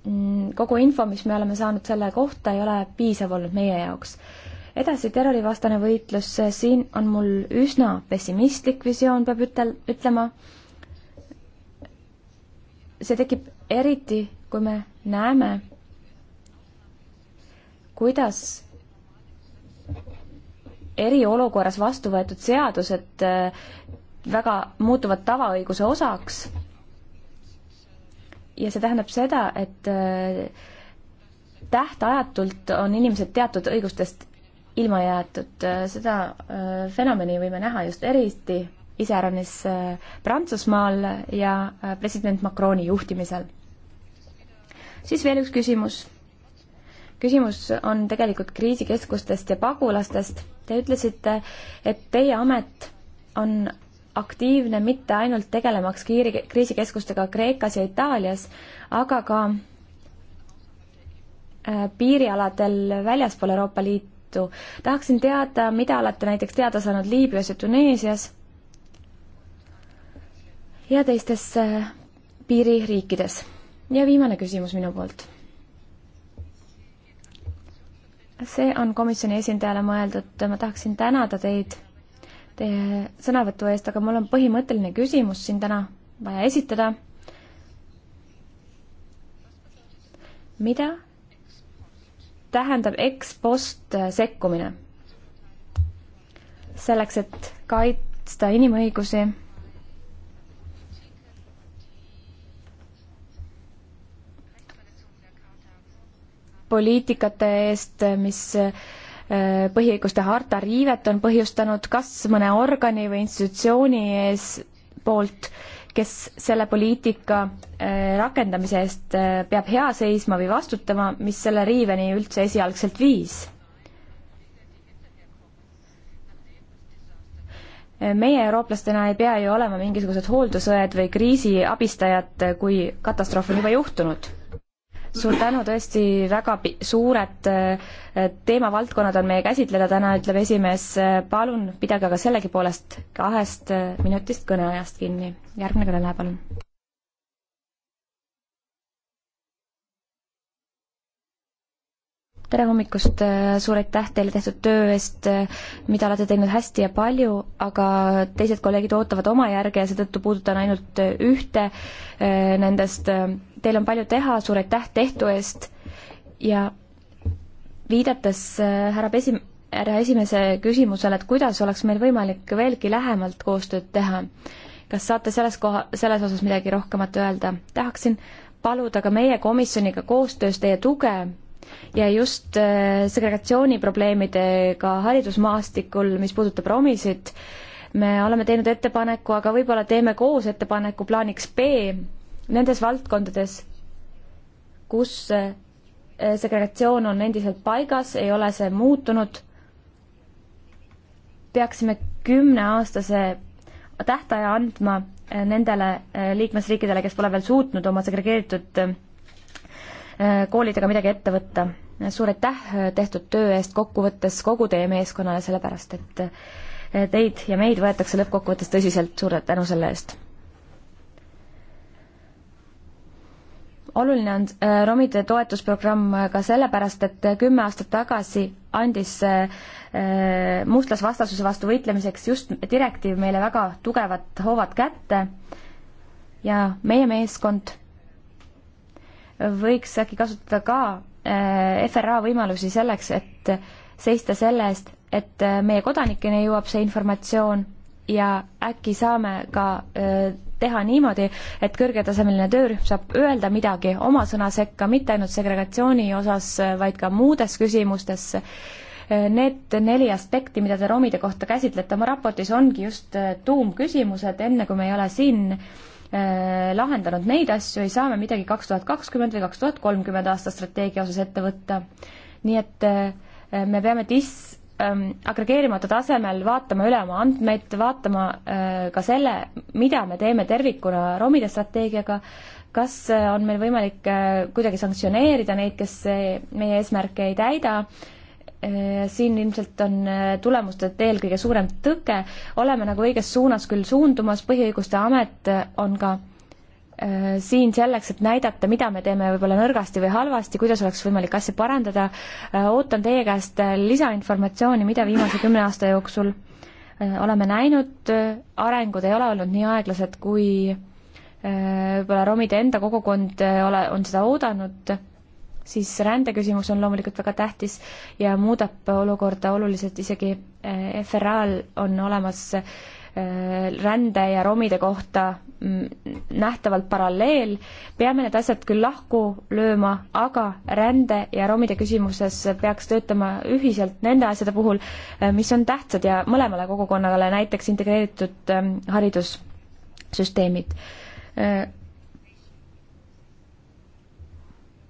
Speaker 3: mm, kogu info, mis me oleme saanud selle kohta, ei ole piisav olnud meie jaoks. edasi, terrorivastane võitlus, siin on mul üsna pessimistlik visioon, peab ütel-, ütlema see tekib eriti, kui me näeme, kuidas eriolukorras vastu võetud seadused äh, väga muutuvad tavaõiguse osaks. ja see tähendab seda, et äh, tähtajatult on inimesed teatud õigustest ilma jäetud, äh, seda fenomeni võime näha just eriti iseäranis äh, Prantsusmaal ja äh, president Macroni juhtimisel. siis veel üks küsimus. küsimus on tegelikult kriisikeskustest ja pagulastest. Te ütlesite, et teie amet on aktiivne mitte ainult tegelemaks kiiri-, kriisikeskustega Kreekas ja Itaalias, aga ka äh, piirialadel väljaspool Euroopa Liitu. tahaksin teada, mida olete näiteks teada saanud Liibüas ja Tuneesias ja teistes äh, piiririikides. ja viimane küsimus minu poolt. see on komisjoni esindajale mõeldud, ma tahaksin tänada teid teie sõnavõtu eest, aga mul on põhimõtteline küsimus siin täna vaja esitada. mida tähendab ekspost sekkumine? selleks, et kaitsta inimõigusi poliitikate eest, mis äh, põhiõiguste harta riivet on põhjustanud kas mõne organi või institutsiooni ees poolt, kes selle poliitika äh, rakendamise eest äh, peab hea seisma või vastutama, mis selle riiveni üldse esialgselt viis. meie eurooplastena ei pea ju olema mingisugused hooldusõed või kriisi abistajad, kui katastroof on juba juhtunud suur tänu, tõesti väga suured äh, teemavaldkonnad on meie käsitleda täna, ütleb esimees, palun pidage aga sellegipoolest kahest äh, minutist kõneajast kinni. järgmine kõneleja, palun. tere hommikust, äh, suur aitäh teile tehtud töö eest, mida olete teinud hästi ja palju, aga teised kolleegid ootavad oma järge ja seetõttu puudutan ainult ühte nendest teil on palju teha, suur aitäh tehtu eest ja viidates äh, härra pesi-, härra esimese küsimusele, et kuidas oleks meil võimalik veelgi lähemalt koostööd teha, kas saate selles koha, selles osas midagi rohkemat öelda? tahaksin paluda ka meie komisjoniga koostöös teie tuge ja just äh, segregatsiooniprobleemidega haridusmaastikul, mis puudutab romisid, me oleme teinud ettepaneku, aga võib-olla teeme koos ettepaneku plaaniks B, nendes valdkondades, kus eh, segregatsioon on endiselt paigas, ei ole see muutunud, peaksime kümneaastase tähtaja andma eh, nendele eh, liikmesriikidele, kes pole veel suutnud oma segregeeritud koolidega midagi ette võtta. suur aitäh tehtud töö eest kokkuvõttes kogu teie meeskonnale, sellepärast et teid ja meid võetakse lõppkokkuvõttes tõsiselt, suur tänu selle eest! oluline on äh, romide toetusprogramm äh, ka sellepärast, et äh, kümme aastat tagasi andis mustlasvastasuse vastu võitlemiseks just direktiiv meile väga tugevad hoovad kätte ja meie meeskond võiks äkki kasutada ka FRA võimalusi selleks, et seista selle eest, et meie kodanikeni jõuab see informatsioon ja äkki saame ka teha niimoodi, et kõrgetasemeline töörühm saab öelda midagi oma sõna sekka, mitte ainult segregatsiooni osas, vaid ka muudes küsimustes. Need neli aspekti, mida te romide kohta käsitlete oma raportis, ongi just äh, tuumküsimused, enne kui me ei ole siin äh, lahendanud neid asju, ei saa me midagi kaks tuhat kakskümmend või kaks tuhat kolmkümmend aasta strateegia osas ette võtta. nii et äh, me peame dis-, ähm, agregeerimata tasemel vaatama üle oma andmeid, vaatama äh, ka selle, mida me teeme tervikuna romide strateegiaga, kas äh, on meil võimalik äh, kuidagi sanktsioneerida neid, kes äh, meie eesmärke ei täida äh,, siin ilmselt on äh, tulemustelt eelkõige suurem tõke, oleme nagu õiges suunas küll suundumas, Põhiõiguste Amet äh, on ka äh, Äh, siin selleks, et näidata, mida me teeme võib-olla nõrgasti või halvasti, kuidas oleks võimalik asja parandada. Äh, ootan teie käest äh, lisainformatsiooni, mida viimase kümne aasta jooksul oleme näinud. arengud ei ole olnud nii aeglased, kui võib-olla romide enda kogukond ole, on seda oodanud, siis rändeküsimus on loomulikult väga tähtis ja muudab olukorda oluliselt, isegi FRA-l on olemas rände ja romide kohta Mm, nähtavalt paralleel, peame need asjad küll lahku lööma, aga rände ja romide küsimuses peaks töötama ühiselt nende asjade puhul, eh, mis on tähtsad ja mõlemale kogukonnale, näiteks integreeritud eh, haridussüsteemid. Eh,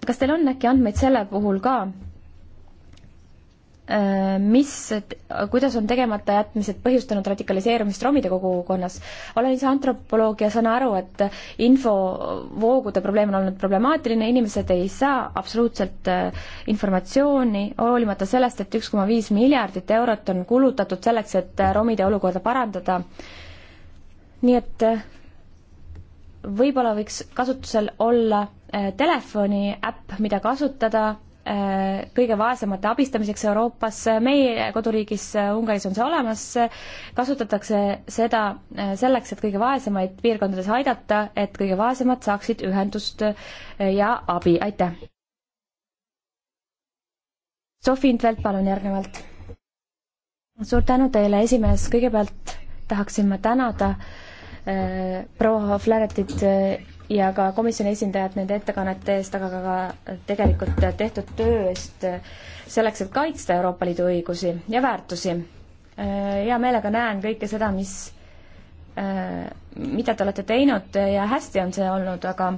Speaker 3: kas teil on äkki andmeid selle puhul ka, Äh, mis, kuidas on tegemata jätmised põhjustanud radikaliseerumist romide kogukonnas. olen ise antropoloog ja saan aru, et infovoogude probleem on olnud problemaatiline, inimesed ei saa absoluutselt äh, informatsiooni, hoolimata sellest, et üks koma viis miljardit eurot on kulutatud selleks, et äh, romide olukorda parandada. nii et võib-olla võiks kasutusel olla telefoniäpp, mida kasutada Äh, kõige vaesemate abistamiseks Euroopas, meie koduriigis äh, Ungaris on see olemas, kasutatakse seda äh, selleks, et kõige vaesemaid piirkondades aidata, et kõige vaesemad saaksid ühendust ja abi, aitäh! Sofi Intvelt, palun järgnevalt. suur tänu teile, esimees, kõigepealt tahaksin ma tänada äh, proua Flaretit äh, ja ka komisjoni esindajad nende ettekannete eest, aga ka tegelikult tehtud töö eest selleks, et kaitsta Euroopa Liidu õigusi ja väärtusi. Äh, hea meelega näen kõike seda, mis, äh, mida te olete teinud ja hästi on see olnud, aga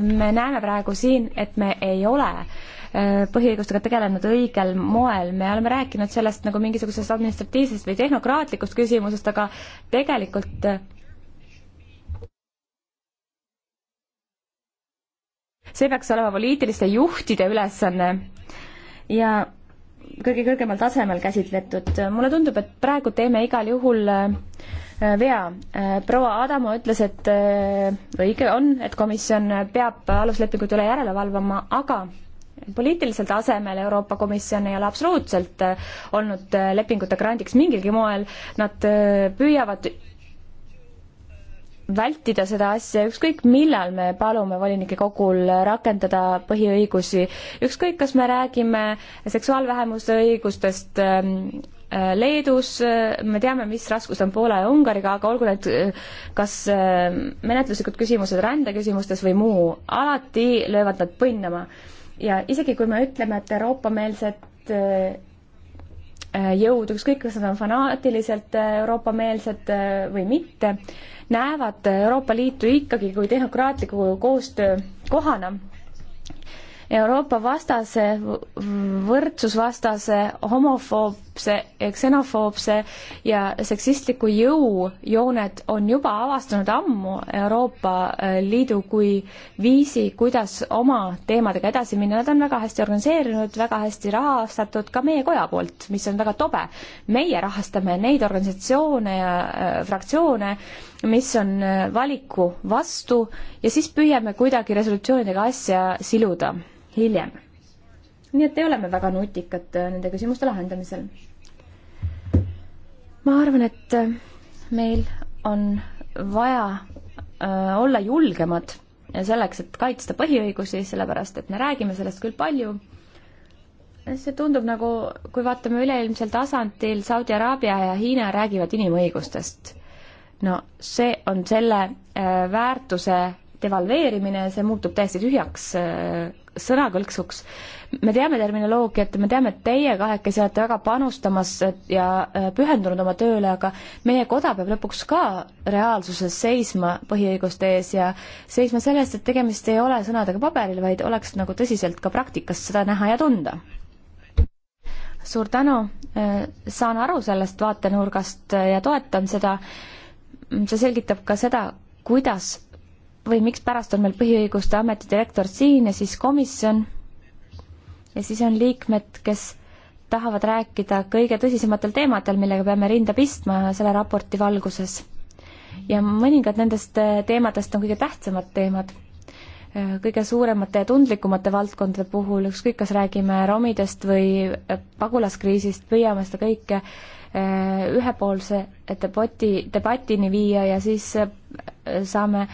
Speaker 3: me näeme praegu siin, et me ei ole äh, põhiõigustega tegelenud õigel moel, me oleme rääkinud sellest nagu mingisugusest administratiivsest või tehnokraatlikust küsimusest, aga tegelikult see peaks olema poliitiliste juhtide ülesanne ja kõige kõrgemal tasemel käsitletud. mulle tundub, et praegu teeme igal juhul äh, vea. Äh, proua Adamo ütles, et äh, õige on, et komisjon peab aluslepingut üle järele valvama, aga poliitilisel tasemel Euroopa Komisjon ei ole absoluutselt olnud lepingute grandiks mingilgi moel, nad püüavad vältida seda asja, ükskõik millal me palume volinike kogul rakendada põhiõigusi, ükskõik, kas me räägime seksuaalvähemuste õigustest ähm, äh, Leedus, äh, me teame, mis raskused on Poola ja Ungariga, aga olgu need äh, kas menetluslikud küsimused rändeküsimustes või muu, alati löövad nad põnnama. ja isegi, kui me ütleme, et Euroopa-meelset jõud, ükskõik, kas nad on fanaatiliselt Euroopa-meelsed või mitte, näevad Euroopa Liitu ikkagi kui tehnokraatliku koostöö kohana. Euroopa vastase, võrdsusvastase, homofoob, homofoobse, eh, ksenofoobse ja seksistliku jõu jooned on juba avastanud ammu Euroopa eh, Liidu kui viisi, kuidas oma teemadega edasi minna, nad on väga hästi organiseerinud, väga hästi rahastatud ka meie koja poolt, mis on väga tobe. meie rahastame neid organisatsioone ja äh, fraktsioone, mis on valiku vastu ja siis püüame kuidagi resolutsioonidega asja siluda hiljem. nii et ei ole me väga nutikad nende küsimuste lahendamisel ma arvan, et äh, meil on vaja äh, olla julgemad selleks, et kaitsta põhiõigusi, sellepärast et me räägime sellest küll palju. see tundub nagu, kui vaatame üleilmsel tasandil, Saudi Araabia ja Hiina räägivad inimõigustest. no see on selle äh, väärtuse devalveerimine, see muutub täiesti tühjaks äh, sõnakõlksuks me teame terminoloogiat, me teame, et teie kahekesi olete väga panustamas ja äh, pühendunud oma tööle, aga meie koda peab lõpuks ka reaalsuses seisma põhiõiguste ees ja seisma selle eest, et tegemist ei ole sõnadega paberil, vaid oleks nagu tõsiselt ka praktikas seda näha ja tunda. suur tänu, äh, saan aru sellest vaatenurgast ja toetan seda, see selgitab ka seda, kuidas või mikspärast on meil põhiõiguste ameti direktor siin ja siis komisjon ja siis on liikmed, kes tahavad rääkida kõige tõsisematel teemadel, millega peame rinda pistma selle raporti valguses. ja mõningad nendest äh, teemadest on kõige tähtsamad teemad. Äh, kõige suuremate ja tundlikumate valdkondade puhul, ükskõik kas räägime romidest või äh, pagulaskriisist, püüame seda kõike ühepoolse debati, debatini viia ja siis saame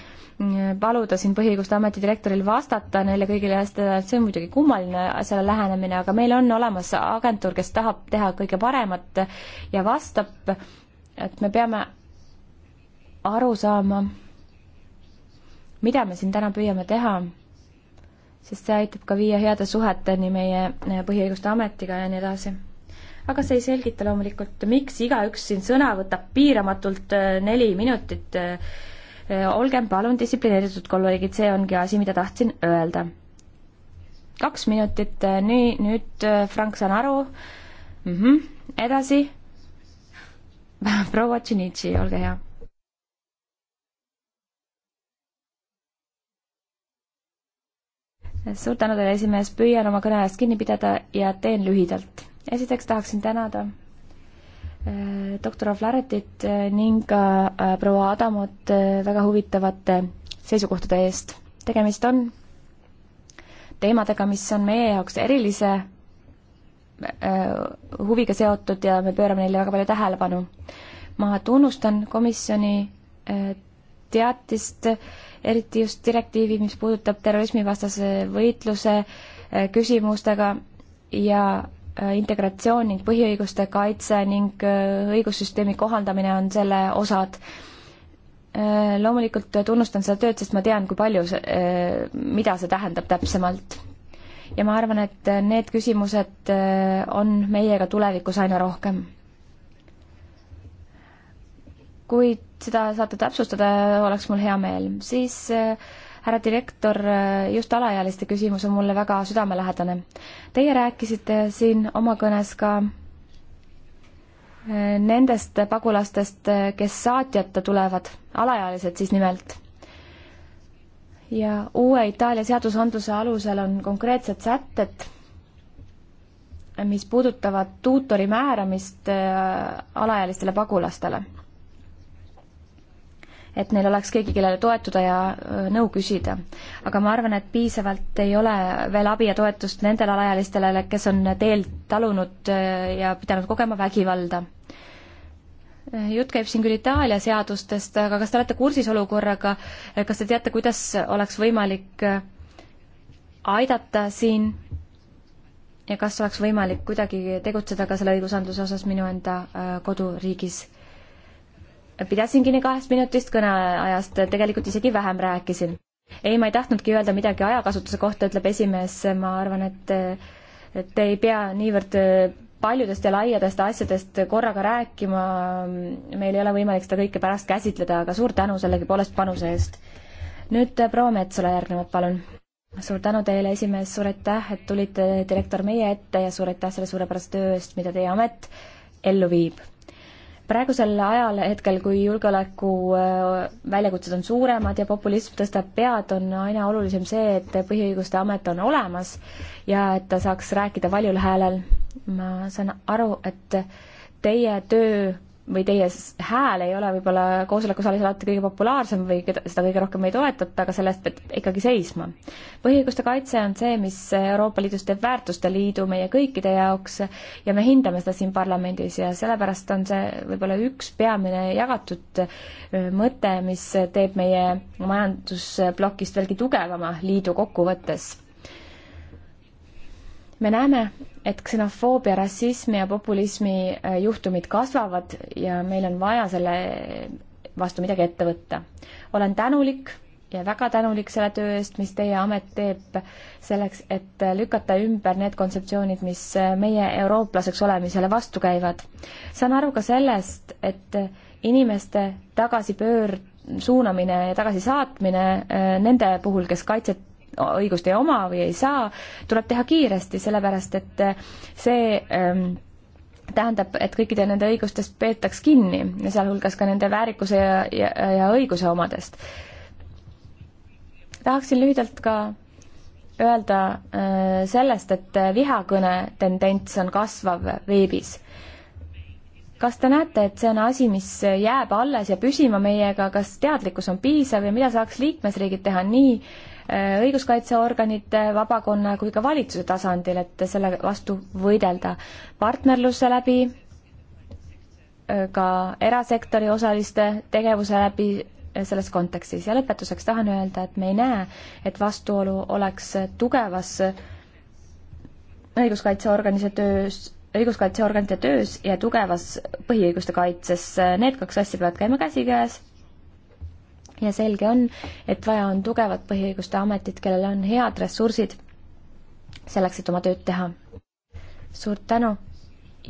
Speaker 3: paluda siin Põhiõiguste Ameti direktoril vastata neile kõigile asjadele, et see on muidugi kummaline asjale lähenemine, aga meil on olemas agentuur, kes tahab teha kõige paremat ja vastab, et me peame aru saama, mida me siin täna püüame teha, sest see aitab ka viia heade suheteni meie eh, Põhiõiguste Ametiga ja nii edasi aga see ei selgita loomulikult, miks igaüks siin sõna võtab piiramatult eh, neli minutit äh, Äh, olgem palun distsiplineeritud, kolleegid, see ongi asi, mida tahtsin öelda. kaks minutit, äh, nii, nüüd äh, Frank, saan aru mm. -hmm. edasi. [laughs] proua Tšinitši, olge hea. suur tänu teile, esimees, püüan oma kõne ajast kinni pidada ja teen lühidalt. esiteks tahaksin tänada Äh, doktor Flaretit äh, ning ka äh, proua Adamot väga huvitavate seisukohtade eest. tegemist on teemadega, mis on meie jaoks erilise huviga seotud ja me pöörame neile väga palju tähelepanu. ma tunnustan komisjoni teatist, eriti just direktiivi, mis puudutab terrorismivastase võitluse küsimustega ja Äh, integratsioon ning põhiõiguste kaitse ning äh, õigussüsteemi kohandamine on selle osad. Äh, loomulikult tunnustan seda tööd, sest ma tean, kui palju see, mida see tähendab täpsemalt. ja ma arvan, et need küsimused on meiega tulevikus aina rohkem. kui seda saate täpsustada, oleks mul hea meel, siis äh, härra direktor, just alaealiste küsimus on mulle väga südamelähedane. Teie rääkisite siin oma kõnes ka eh, nendest pagulastest, eh, kes saatjata tulevad, alaealised siis nimelt. ja uue Itaalia seadusandluse alusel on konkreetsed sätted, mis puudutavad tuutori määramist eh, alaealistele pagulastele et neil oleks keegi, kellele toetuda ja nõu küsida. aga ma arvan, et piisavalt ei ole veel abi ja toetust nendele alaealistele, kes on teel talunud ja pidanud kogema vägivalda. jutt käib siin küll Itaalia seadustest, aga kas te olete kursis olukorraga, kas te teate, kuidas oleks võimalik aidata siin ja kas oleks võimalik kuidagi tegutseda ka selle õigusandluse osas minu enda koduriigis? pidasin kinni kahest minutist kõneajast, tegelikult isegi vähem rääkisin. ei, ma ei tahtnudki öelda midagi ajakasutuse kohta, ütleb esimees, ma arvan, et et ei pea niivõrd paljudest ja laiadest asjadest korraga rääkima, meil ei ole võimalik seda kõike pärast käsitleda, aga suur tänu sellegipoolest panuse eest. nüüd proua Metsala järgnevalt, palun. suur tänu teile, esimees, suur aitäh, et tulite, direktor, meie ette ja suur aitäh selle suurepärase töö eest, mida teie amet ellu viib praegusel ajal, hetkel, kui julgeoleku äh, väljakutsed on suuremad ja populism tõstab pead, on aina olulisem see, et põhiõiguste amet on olemas ja et ta saaks rääkida valjul häälel. ma saan aru, et teie töö või teie hääl ei ole võib-olla koosolekusaalis alati kõige populaarsem või keda, seda kõige rohkem ei toetata, aga selle eest peab ikkagi seisma. põhiõiguste kaitse on see, mis Euroopa Liidus teeb väärtuste liidu meie kõikide jaoks ja me hindame seda siin parlamendis ja sellepärast on see võib-olla üks peamine jagatud mõte, mis teeb meie majandusplokist veelgi tugevama liidu kokkuvõttes me näeme, et ksenofoobia, rassismi ja populismi äh, juhtumid kasvavad ja meil on vaja selle vastu midagi ette võtta. olen tänulik ja väga tänulik selle töö eest, mis teie amet teeb selleks, et äh, lükata ümber need kontseptsioonid, mis äh, meie eurooplaseks olemisele vastu käivad. saan aru ka sellest, et inimeste tagasipöörd, suunamine ja tagasisaatmine nende puhul, kes kaitset õigust ei oma või ei saa, tuleb teha kiiresti, sellepärast et äh, see ähm, tähendab, et kõikide nende õigustest peetaks kinni ja sealhulgas ka nende väärikuse ja, ja, ja õiguse omadest. tahaksin lühidalt ka öelda äh, sellest, et äh, vihakõne tendents on kasvav veebis. kas te näete, et see on asi, mis jääb alles ja püsima meiega, kas teadlikkus on piisav ja mida saaks liikmesriigid teha nii, Äh, õiguskaitseorganite, vabakonna kui ka valitsuse tasandil, et selle vastu võidelda partnerluse läbi, äh, ka erasektori osaliste tegevuse läbi äh, selles kontekstis ja lõpetuseks tahan öelda, et me ei näe, et vastuolu oleks tugevas õiguskaitseorganise töös, õiguskaitseorganite töös ja tugevas põhiõiguste kaitses, need kaks asja peavad käima käsikäes ja selge on, et vaja on tugevat põhiõiguste ametit, kellel on head ressursid selleks, et oma tööd teha. suur tänu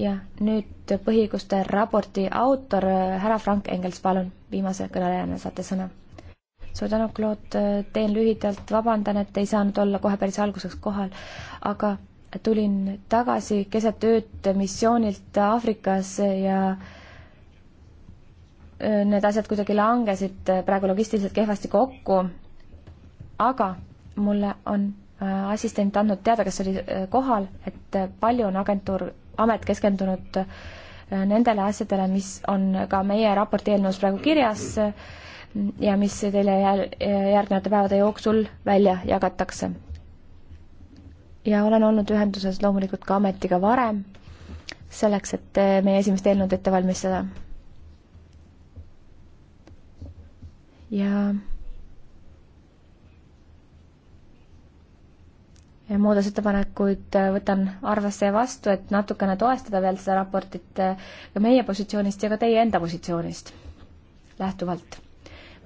Speaker 3: ja nüüd põhiõiguste raporti autor, härra Frank Engels, palun, viimase kõnelejana saate sõna. suur tänu, Claude, teen lühidalt, vabandan, et ei saanud olla kohe päris alguseks kohal, aga tulin tagasi keset ööd missioonilt Aafrikas ja äh, need asjad kuidagi langesid äh, praegu logistiliselt kehvasti kokku, aga mulle on äh, assistent andnud teada, kes oli äh, kohal, et palju on agentuur, amet keskendunud nendele asjadele, mis on ka meie raporti eelnõus praegu kirjas ja mis teile järgnevate päevade jooksul välja jagatakse. ja olen olnud ühenduses loomulikult ka ametiga varem, selleks, et meie esimest eelnõud ette valmistada ja Ja muudatusettepanekuid äh, võtan arvesse ja vastu, et natukene toestada veel seda raportit äh, ka meie positsioonist ja ka teie enda positsioonist lähtuvalt.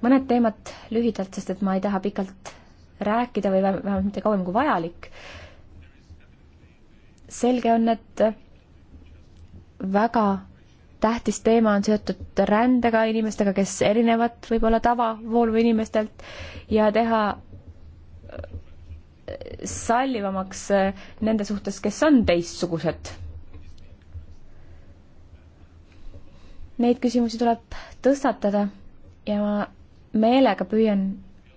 Speaker 3: mõned teemad lühidalt, sest et ma ei taha pikalt rääkida või vähemalt mitte kauem kui vajalik. selge on, et väga tähtis teema on seotud rändega, inimestega, kes erinevad võib-olla tavoolu inimestelt ja teha äh, sallivamaks äh, nende suhtes, kes on teistsugused. Neid küsimusi tuleb tõstatada ja ma meelega püüan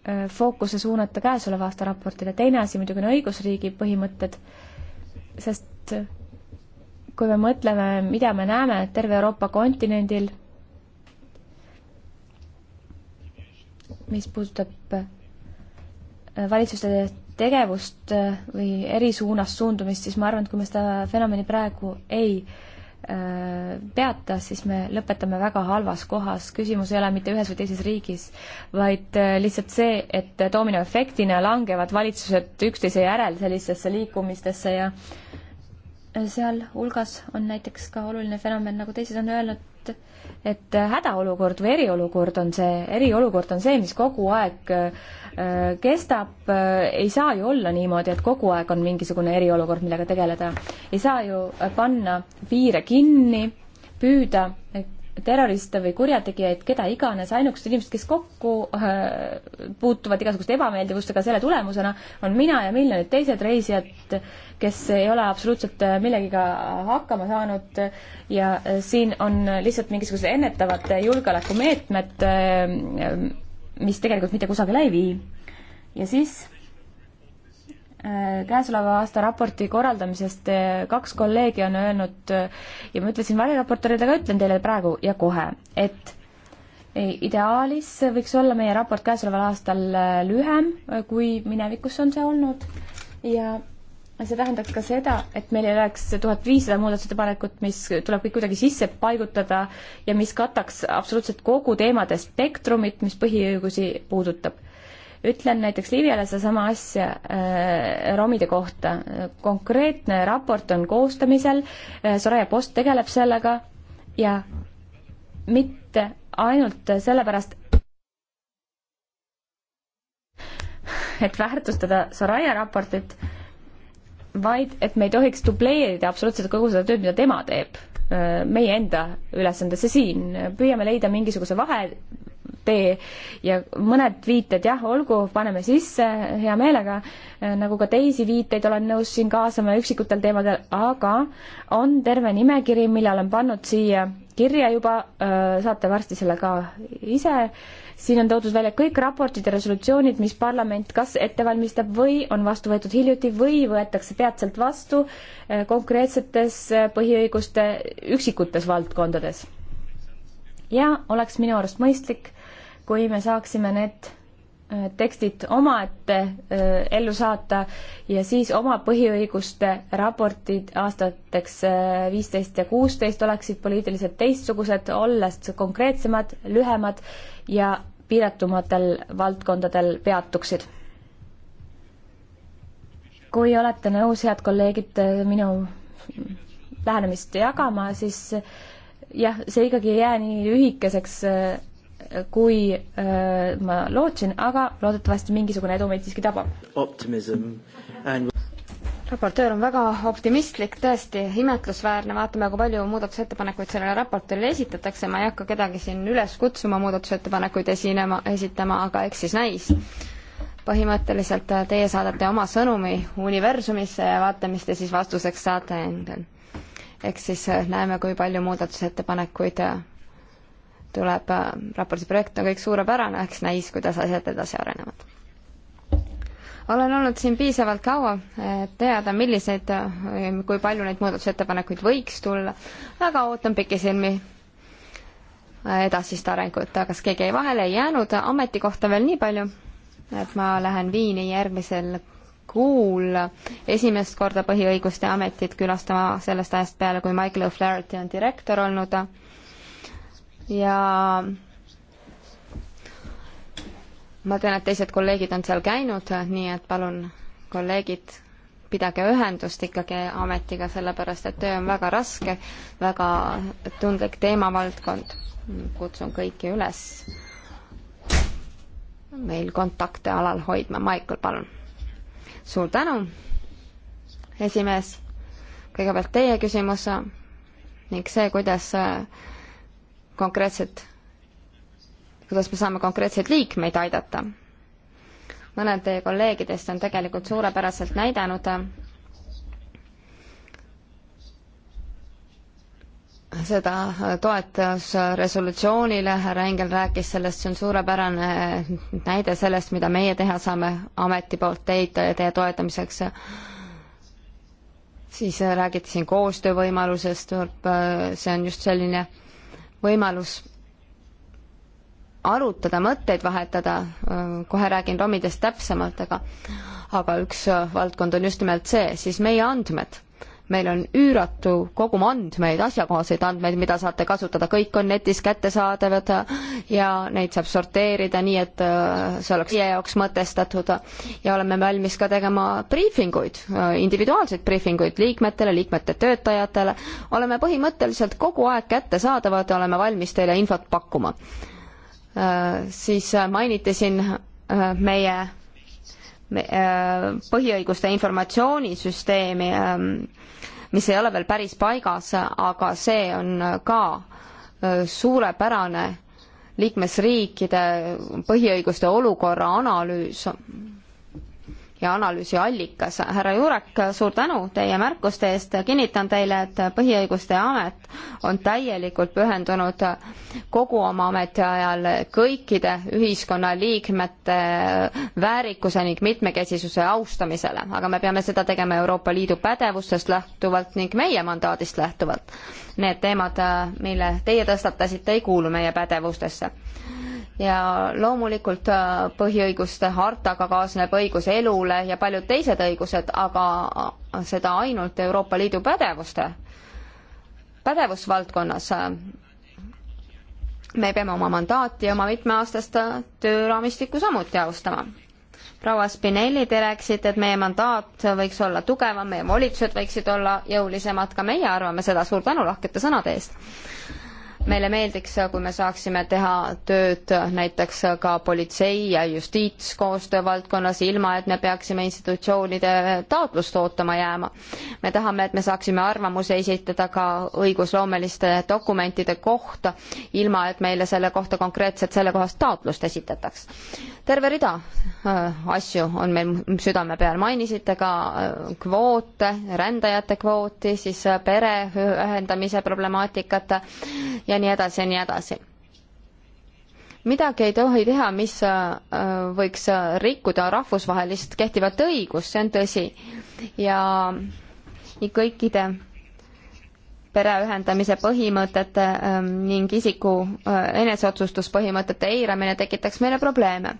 Speaker 3: äh, fookuse suunata käesoleva aasta raportile. teine asi muidugi on õigusriigi põhimõtted, sest kui me mõtleme, mida me näeme terve Euroopa kontinendil, mis puudutab äh, valitsuste tegevust äh, või eri suunas suundumist, siis ma arvan, et kui me seda fenomeni praegu ei äh, peata, siis me lõpetame väga halvas kohas, küsimus ei ole mitte ühes või teises riigis, vaid lihtsalt see, et dominoefektina langevad valitsused üksteise järel sellistesse liikumistesse ja äh, sealhulgas on näiteks ka oluline fenomen, nagu teised on öelnud, et hädaolukord või eriolukord on see, eriolukord on see, mis kogu aeg äh, kestab, ei saa ju olla niimoodi, et kogu aeg on mingisugune eriolukord, millega tegeleda. ei saa ju panna piire kinni, püüda terroriste või kurjategijaid, keda iganes, ainukesed inimesed, kes kokku äh, puutuvad igasuguste ebameeldivustega selle tulemusena, on mina ja miljonid teised reisijad, kes ei ole absoluutselt äh, millegiga hakkama saanud ja äh, siin on lihtsalt mingisugused ennetavad julgeolekumeetmed, mis tegelikult mitte kusagile ei vii. ja siis Äh, käesoleva aasta raporti korraldamisest äh, kaks kolleegi on öelnud äh, ja ma ütlesin valiraportoridega, ütlen teile praegu ja kohe, et ideaalis võiks olla meie raport käesoleval aastal lühem, kui minevikus on see olnud ja see tähendaks ka seda, et meil ei oleks tuhat viissada muudatusettepanekut, mis tuleb kõik kuidagi sisse paigutada ja mis kataks absoluutselt kogu teemade spektrumit, mis põhiõigusi puudutab ütlen näiteks Liviale sedasama asja äh, romide kohta. konkreetne raport on koostamisel äh,, Soraya Post tegeleb sellega ja mitte ainult sellepärast, et väärtustada Soraya raportit, vaid et me ei tohiks dubleerida absoluutselt kogu seda tööd, mida tema teeb äh, meie enda ülesandesse siin, püüame leida mingisuguse vahe, tee. ja mõned viited jah, olgu, paneme sisse hea meelega, äh, nagu ka teisi viiteid olen nõus siin kaasama üksikutel teemadel, aga on terve nimekiri, mille olen pannud siia kirja juba, äh, saate varsti selle ka ise. siin on toodud välja kõik raportid ja resolutsioonid, mis parlament kas ette valmistab või on vastu võetud hiljuti või võetakse peatselt vastu äh, konkreetsetes põhiõiguste üksikutes valdkondades ja oleks minu arust mõistlik kui me saaksime need äh, tekstid omaette äh, ellu saata ja siis oma põhiõiguste raportid aastateks äh, viisteist ja kuusteist oleksid poliitiliselt teistsugused, olles konkreetsemad, lühemad ja piiratumatel valdkondadel peatuksid. kui olete nõus, head kolleegid, minu lähenemist jagama, siis jah, see ikkagi ei jää nii lühikeseks kui äh, ma lootsin, aga loodetavasti mingisugune edu meid siiski tabab. And... raportöör on väga optimistlik, tõesti imetlusväärne,
Speaker 4: vaatame, kui palju muudatusettepanekuid sellele raportile esitatakse, ma ei hakka kedagi siin üles kutsuma muudatusettepanekuid esinema, esitama, aga eks siis näis põhimõtteliselt äh, teie saadate oma sõnumi universumisse ja vaata, mis te siis vastuseks saate endal. eks siis äh, näeme, kui palju muudatusettepanekuid äh, tuleb, äh, raporti projekt on kõik suurepärane, eks näis, kuidas asjad edasi arenevad. olen olnud siin piisavalt kaua, et teada, milliseid, äh, kui palju neid muudatusettepanekuid võiks tulla, aga ootan pikisilmi äh, edasist arengut, kas keegi ei vahele ei jäänud, ametikohta veel nii palju, et ma lähen Viini järgmisel kuul esimest korda põhiõiguste ametit külastama sellest ajast peale, kui Michael O'Flaherty on direktor olnud ja ma tean, et teised kolleegid on seal käinud, nii et palun, kolleegid, pidage ühendust ikkagi ametiga, sellepärast et töö on väga raske, väga tundlik teemavaldkond. kutsun kõiki üles meil kontakte alal hoidma. Maicel, palun. suur tänu, esimees. kõigepealt teie küsimus ning see, kuidas konkreetset, kuidas me saame konkreetseid liikmeid aidata. mõned teie kolleegidest on tegelikult suurepäraselt näidanud seda toetusresolutsioonile, härra Engel rääkis sellest, see on suurepärane näide sellest, mida meie teha saame ameti poolt teid, teie toetamiseks. siis räägiti siin koostöövõimalusest, see on just selline võimalus arutada, mõtteid vahetada, kohe räägin ROM-idest täpsemalt, aga aga üks valdkond on just nimelt see, siis meie andmed meil on üüratu kogum andmeid, asjakohaseid andmeid, mida saate kasutada, kõik on netis kättesaadavad ja neid saab sorteerida nii, et äh, see oleks teie jaoks mõtestatud ja oleme valmis ka tegema briifinguid, äh, individuaalseid briifinguid liikmetele, liikmete töötajatele, oleme põhimõtteliselt kogu aeg kättesaadavad ja oleme valmis teile infot pakkuma. Äh, siis mainiti siin meie põhiõiguste informatsioonisüsteemi ähm, mis ei ole veel päris paigas, aga see on ka äh, suurepärane liikmesriikide põhiõiguste olukorra analüüs ja analüüsi allikas. härra Jurek, suur tänu teie märkuste eest, kinnitan teile, et Põhiõiguste Amet on täielikult pühendunud kogu oma ametiajal kõikide ühiskonnaliikmete väärikuse ning mitmekesisuse austamisele, aga me peame seda tegema Euroopa Liidu pädevustest lähtuvalt ning meie mandaadist lähtuvalt. Need teemad, mille teie tõstatasite, ei kuulu meie pädevustesse ja loomulikult äh, põhiõiguste hartaga kaasneb õigus elule ja paljud teised õigused, aga äh, seda ainult Euroopa Liidu pädevuste, pädevusvaldkonnas. me peame oma mandaati ja oma mitmeaastast äh, tööraamistikku samuti austama. proua Spinelli, te rääkisite, et meie mandaat võiks olla tugevam, meie volitused võiksid olla jõulisemad, ka meie arvame seda, suur tänu lahkete sõnade eest meile meeldiks, kui me saaksime teha tööd näiteks ka politsei ja justiitskoostöö valdkonnas, ilma et me peaksime institutsioonide taotlust ootama jääma. me tahame, et me saaksime arvamusi esitada ka õigusloomeliste dokumentide kohta, ilma et meile selle kohta konkreetselt sellekohast taotlust esitataks. terve rida äh, asju on meil südame peal, mainisite ka äh, kvoote, rändajate kvooti, siis äh, pere ühendamise problemaatikat ja nii edasi ja nii edasi. midagi ei tohi teha, mis äh, võiks äh, rikkuda rahvusvahelist kehtivat õigust, see on tõsi. ja kõikide pereühendamise põhimõtete ähm, ning isiku äh, eneseotsustuspõhimõtete eiramine tekitaks meile probleeme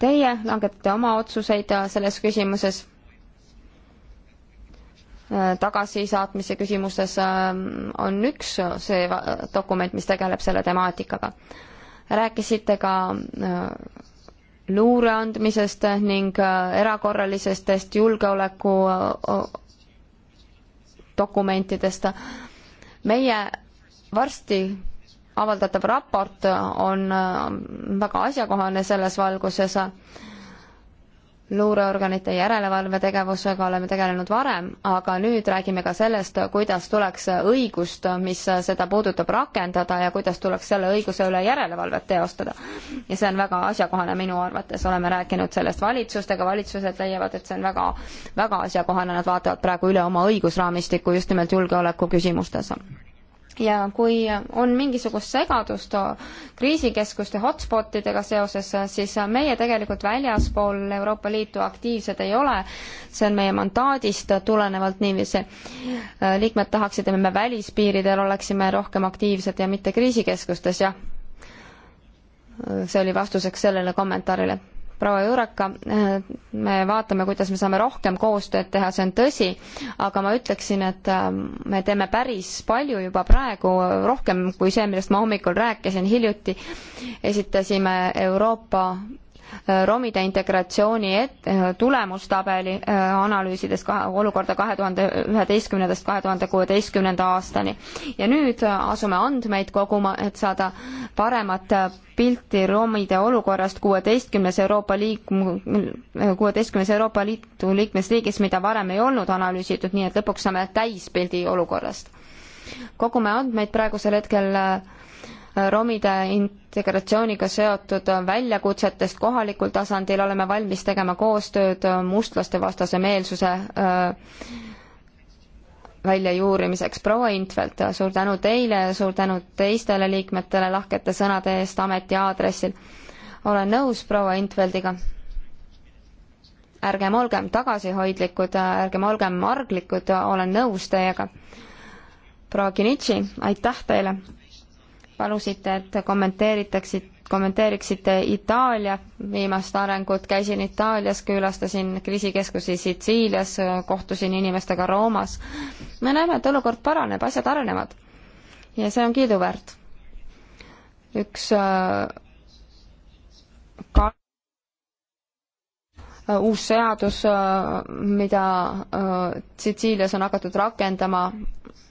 Speaker 4: teie langetate oma otsuseid selles küsimuses Äh, tagasisaatmise küsimuses äh, on üks äh, see dokument, mis tegeleb selle temaatikaga. rääkisite ka luure andmisest ning erakorralisestest julgeoleku dokumentidest. meie varsti avaldatav raport on väga asjakohane selles valguses luureorganite järelevalvetegevusega oleme tegelenud varem, aga nüüd räägime ka sellest, kuidas tuleks õigust, mis seda puudutab, rakendada ja kuidas tuleks selle õiguse üle järelevalvet teostada. ja see on väga asjakohane minu arvates, oleme rääkinud sellest valitsustega, valitsused leiavad, et see on väga, väga asjakohane, nad vaatavad praegu üle oma õigusraamistiku just nimelt julgeoleku küsimustes ja kui on mingisugust segadust kriisikeskuste hotspotidega seoses, siis meie tegelikult väljaspool Euroopa Liitu aktiivsed ei ole, see on meie mandaadist tulenevalt niiviisi. liikmed tahaksid, et me välispiiridel oleksime rohkem aktiivsed ja mitte kriisikeskustes, jah. see oli vastuseks sellele kommentaarile proua Jureka, äh, me vaatame, kuidas me saame rohkem koostööd teha, see on tõsi, aga ma ütleksin, et ähm, me teeme päris palju juba praegu, rohkem kui see, millest ma hommikul rääkisin, hiljuti esitasime Euroopa Äh, romide integratsiooni et-, äh, tulemustabeli, äh, analüüsides ka olukorda kahe tuhande üheteistkümnendast kahe tuhande kuueteistkümnenda aastani. ja nüüd asume andmeid koguma, et saada paremat pilti romide olukorrast kuueteistkümnes Euroopa liik-, kuueteistkümnes Euroopa Liidu liikmesriigis, mida varem ei olnud analüüsitud, nii et lõpuks saame täispildi olukorrast. kogume andmeid praegusel hetkel äh, romide integratsiooniga seotud väljakutsetest kohalikul tasandil, oleme valmis tegema koostööd mustlaste vastase meelsuse äh, väljajuurimiseks. proua Intvelt, suur tänu teile ja suur tänu teistele liikmetele lahkete sõnade eest ameti aadressil. olen nõus proua Intveldiga. ärgem olgem tagasihoidlikud, ärgem olgem arglikud, olen nõus teiega. proua Kinitši, aitäh teile palusite, et kommenteeritaksid, kommenteeriksite Itaalia viimast arengut, käisin Itaalias, külastasin kriisikeskusi Sitsiilias, kohtusin inimestega Roomas. me näeme, et olukord paraneb, asjad arenevad. ja see on kiiduväärt. üks äh, ka äh, uus seadus, äh, mida Sitsiilias on hakatud rakendama,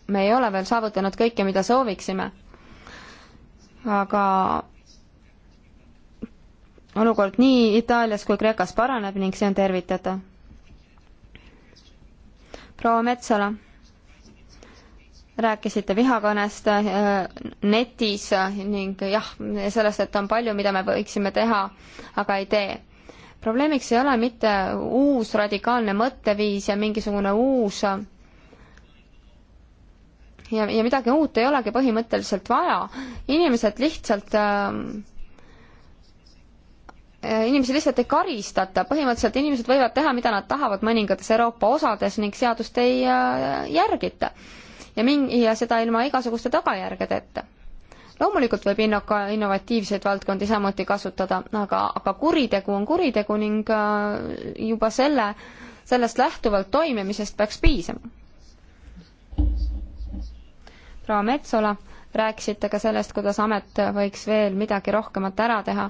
Speaker 4: me ei ole veel saavutanud kõike, mida sooviksime aga olukord nii Itaalias kui Kreekas paraneb ning see on tervitatav. proua Metsala, rääkisite vihakõnest äh, netis ning jah, sellest, et on palju, mida me võiksime teha, aga ei tee probleemiks ei ole mitte uus radikaalne mõtteviis ja mingisugune uus ja, ja midagi uut ei olegi põhimõtteliselt vaja. inimesed lihtsalt ähm, äh, inimesi lihtsalt ei karistata, põhimõtteliselt inimesed võivad teha, mida nad tahavad mõningates Euroopa osades ning seadust ei äh, järgita. ja min-, ja seda ilma igasuguste tagajärgedeta. loomulikult võib innoka-, innovatiivseid valdkondi samuti kasutada, aga, aga kuritegu on kuritegu ning äh, juba selle, sellest lähtuvalt toimimisest peaks piisama proua Metsola, rääkisite ka sellest, kuidas amet võiks veel midagi rohkemat ära teha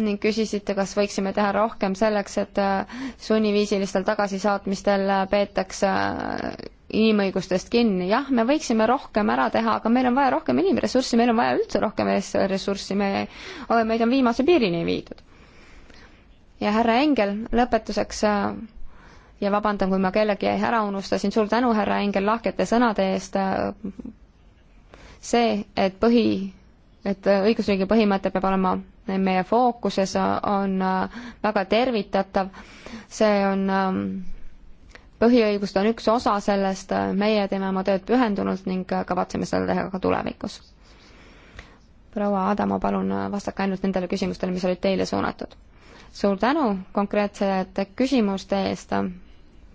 Speaker 4: ning küsisite, kas võiksime teha rohkem selleks, et äh, sunniviisilistel tagasisaatmistel äh, peetakse äh, inimõigustest kinni. jah, me võiksime rohkem ära teha, aga meil on vaja rohkem inimressurssi, meil on vaja üldse rohkem ressurssi, me, oh, meid on viimase piirini viidud. ja härra Engel, lõpetuseks ja vabandan, kui ma kellegi ära unustasin, suur tänu, härra Engel, lahkete sõnade eest. see, et põhi, et õigusriigi põhimõte peab olema meie fookuses, on väga tervitatav. see on, põhiõigused on üks osa sellest, meie teeme oma tööd pühendunult ning kavatseme seda teha ka tulevikus. proua Adamo, palun vastake ainult nendele küsimustele, mis olid teile suunatud. suur tänu konkreetsete küsimuste eest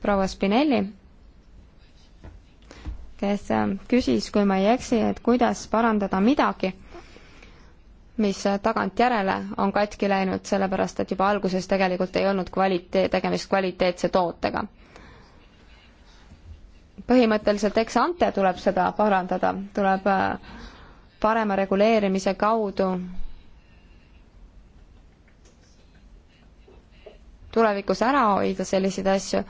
Speaker 4: proua Spinelli, kes ähm, küsis, kui ma ei eksi, et kuidas parandada midagi, mis tagantjärele on katki läinud, sellepärast et juba alguses tegelikult ei olnud kvaliteet, tegemist kvaliteetse tootega. põhimõtteliselt eks ante tuleb seda parandada, tuleb äh, parema reguleerimise kaudu tulevikus ära hoida selliseid asju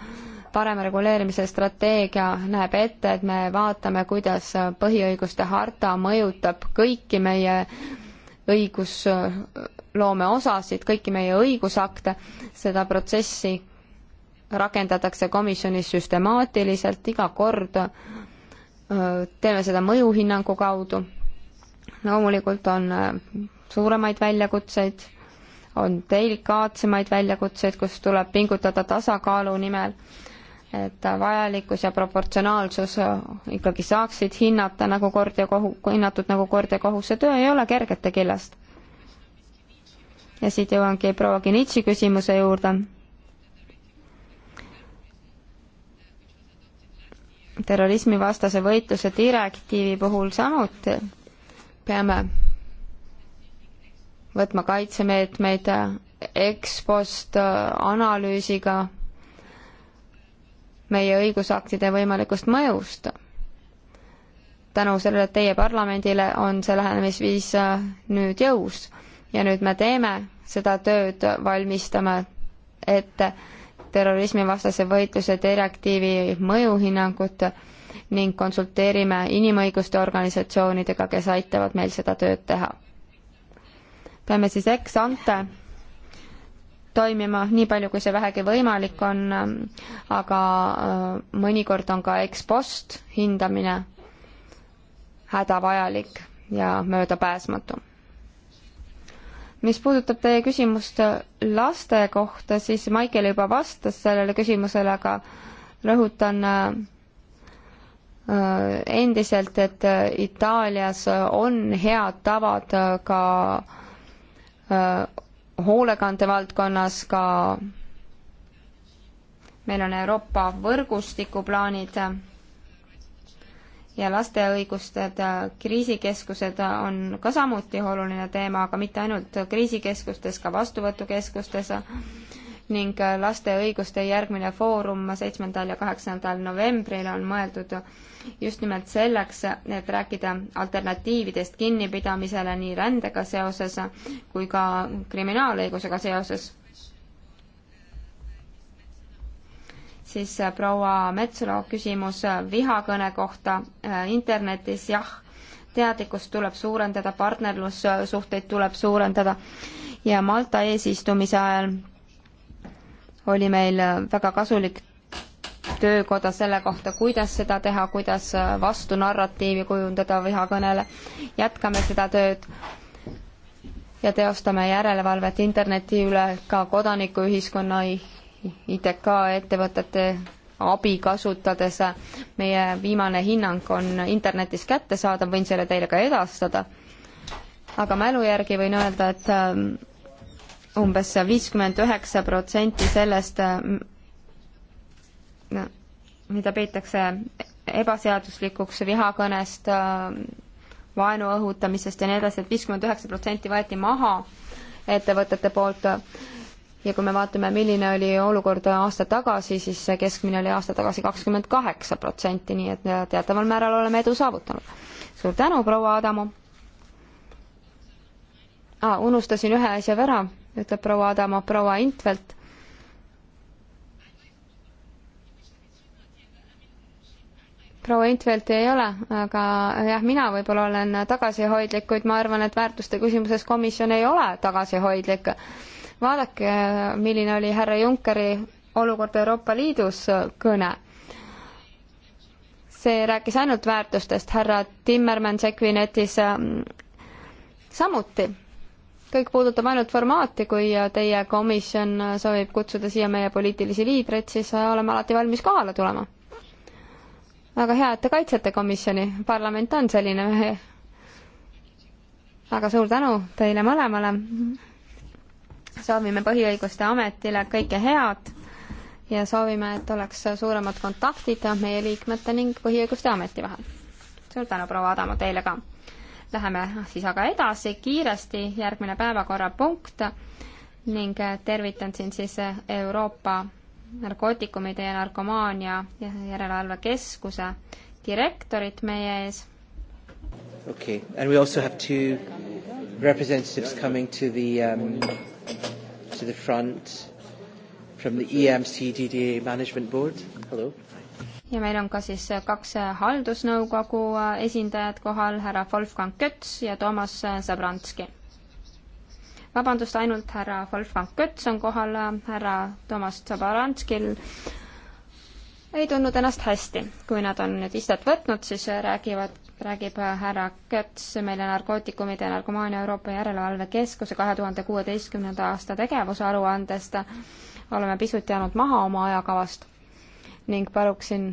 Speaker 4: parema reguleerimise strateegia näeb ette, et me vaatame, kuidas põhiõiguste harta mõjutab kõiki meie õigusloome osasid, kõiki meie õigusakte, seda protsessi rakendatakse komisjonis süstemaatiliselt, iga kord teeme seda mõjuhinnangu kaudu. loomulikult on suuremaid väljakutseid, on delikaatsemaid väljakutseid, kus tuleb pingutada tasakaalu nimel et vajalikkus ja proportsionaalsus ikkagi saaksid hinnata nagu kord ja kohu, hinnatud nagu kord ja kohus, see töö ei ole kergete killast. ja siit jõuangi proua Genitši küsimuse juurde. terrorismivastase võitluse direktiivi puhul samuti peame võtma kaitsemeetmeid ekspost analüüsiga meie õigusaktide võimalikust mõjust. tänu sellele, et teie parlamendile on see lähenemisviis äh, nüüd jõus ja nüüd me teeme seda tööd, valmistame ette terrorismivastase võitluse direktiivi mõjuhinnangut ning konsulteerime inimõiguste organisatsioonidega, kes aitavad meil seda tööd teha. peame siis ex-ante toimima nii palju, kui see vähegi võimalik on, aga äh, mõnikord on ka ekspost hindamine hädavajalik ja möödapääsmatu. mis puudutab teie küsimust laste kohta, siis Maicel juba vastas sellele küsimusele, aga rõhutan äh, endiselt, et äh, Itaalias on head tavad ka hoolekande valdkonnas ka meil on Euroopa võrgustikuplaanid ja laste õigused, kriisikeskused on ka samuti oluline teema, aga mitte ainult kriisikeskustes, ka vastuvõtukeskustes ning äh, laste õiguste järgmine foorum seitsmendal ja kaheksandal novembril on mõeldud just nimelt selleks, et rääkida alternatiividest kinnipidamisele nii rändega seoses kui ka kriminaalõigusega seoses. siis äh, proua Metsalu küsimus äh, vihakõne kohta internetis, jah, teadlikkust tuleb suurendada, partnerlussuhteid tuleb suurendada ja Malta eesistumise ajal oli meil väga kasulik töökoda selle kohta, kuidas seda teha, kuidas vastunarratiivi kujundada vihakõnele. jätkame seda tööd ja teostame järelevalvet interneti üle ka kodanikuühiskonna ITK ettevõtete abi kasutades. meie viimane hinnang on internetis kättesaadav, võin selle teile ka edastada. aga mälu järgi võin öelda, et ähm, umbes viiskümmend üheksa protsenti sellest, mm, mida peetakse ebaseaduslikuks vihakõnest, vaenu õhutamisest ja nii edasi et, et viiskümmend üheksa protsenti võeti maha ettevõtete poolt. ja kui me vaatame, milline oli olukord aasta tagasi, siis keskmine oli aasta tagasi kakskümmend kaheksa protsenti, nii et teataval määral oleme edu saavutanud. suur tänu, proua Adamu ah,! unustasin ühe asja ära ütleb proua Adamo, proua Intvelt. proua Intvelti ei ole, aga jah, mina võib-olla olen tagasihoidlik, kuid ma arvan, et väärtuste küsimuses komisjon ei ole tagasihoidlik. vaadake, milline oli härra Junckeri olukord Euroopa Liidus kõne see rääkis ainult väärtustest, härra Timmermann Sekvinetis ähm, samuti kõik puudutab ainult formaati, kui äh, teie komisjon äh, soovib kutsuda siia meie poliitilisi liidreid, siis äh, oleme alati valmis kohale tulema. väga hea, et te kaitsete komisjoni, parlament on selline. väga suur tänu teile mõlemale. soovime Põhiõiguste Ametile kõike head ja soovime, et oleks suuremad kontaktid meie liikmete ning Põhiõiguste Ameti vahel. suur tänu, proua Adamo, teile ka Läheme siis aga edasi kiiresti, järgmine päevakorrapunkt ning tervitan siin siis Euroopa narkootikumide ja narkomaania järelevalvekeskuse direktorit meie ees.
Speaker 2: Okay, and we also have two representatives coming to the um, to the front from the EMCDDA Management Board. Hello
Speaker 4: ja meil on ka siis kaks haldusnõukogu esindajat kohal, härra Wolfgang Köts ja Toomas Zabranski. vabandust, ainult härra Wolfgang Köts on kohal, härra Toomas Zabranskil ei tundnud ennast hästi. kui nad on nüüd istet võtnud, siis räägivad, räägib härra Köts meile narkootikumide ja narkomaania Euroopa Järelevalvekeskuse kahe tuhande kuueteistkümnenda aasta tegevusaruandest. oleme pisut jäänud maha oma ajakavast ning paluksin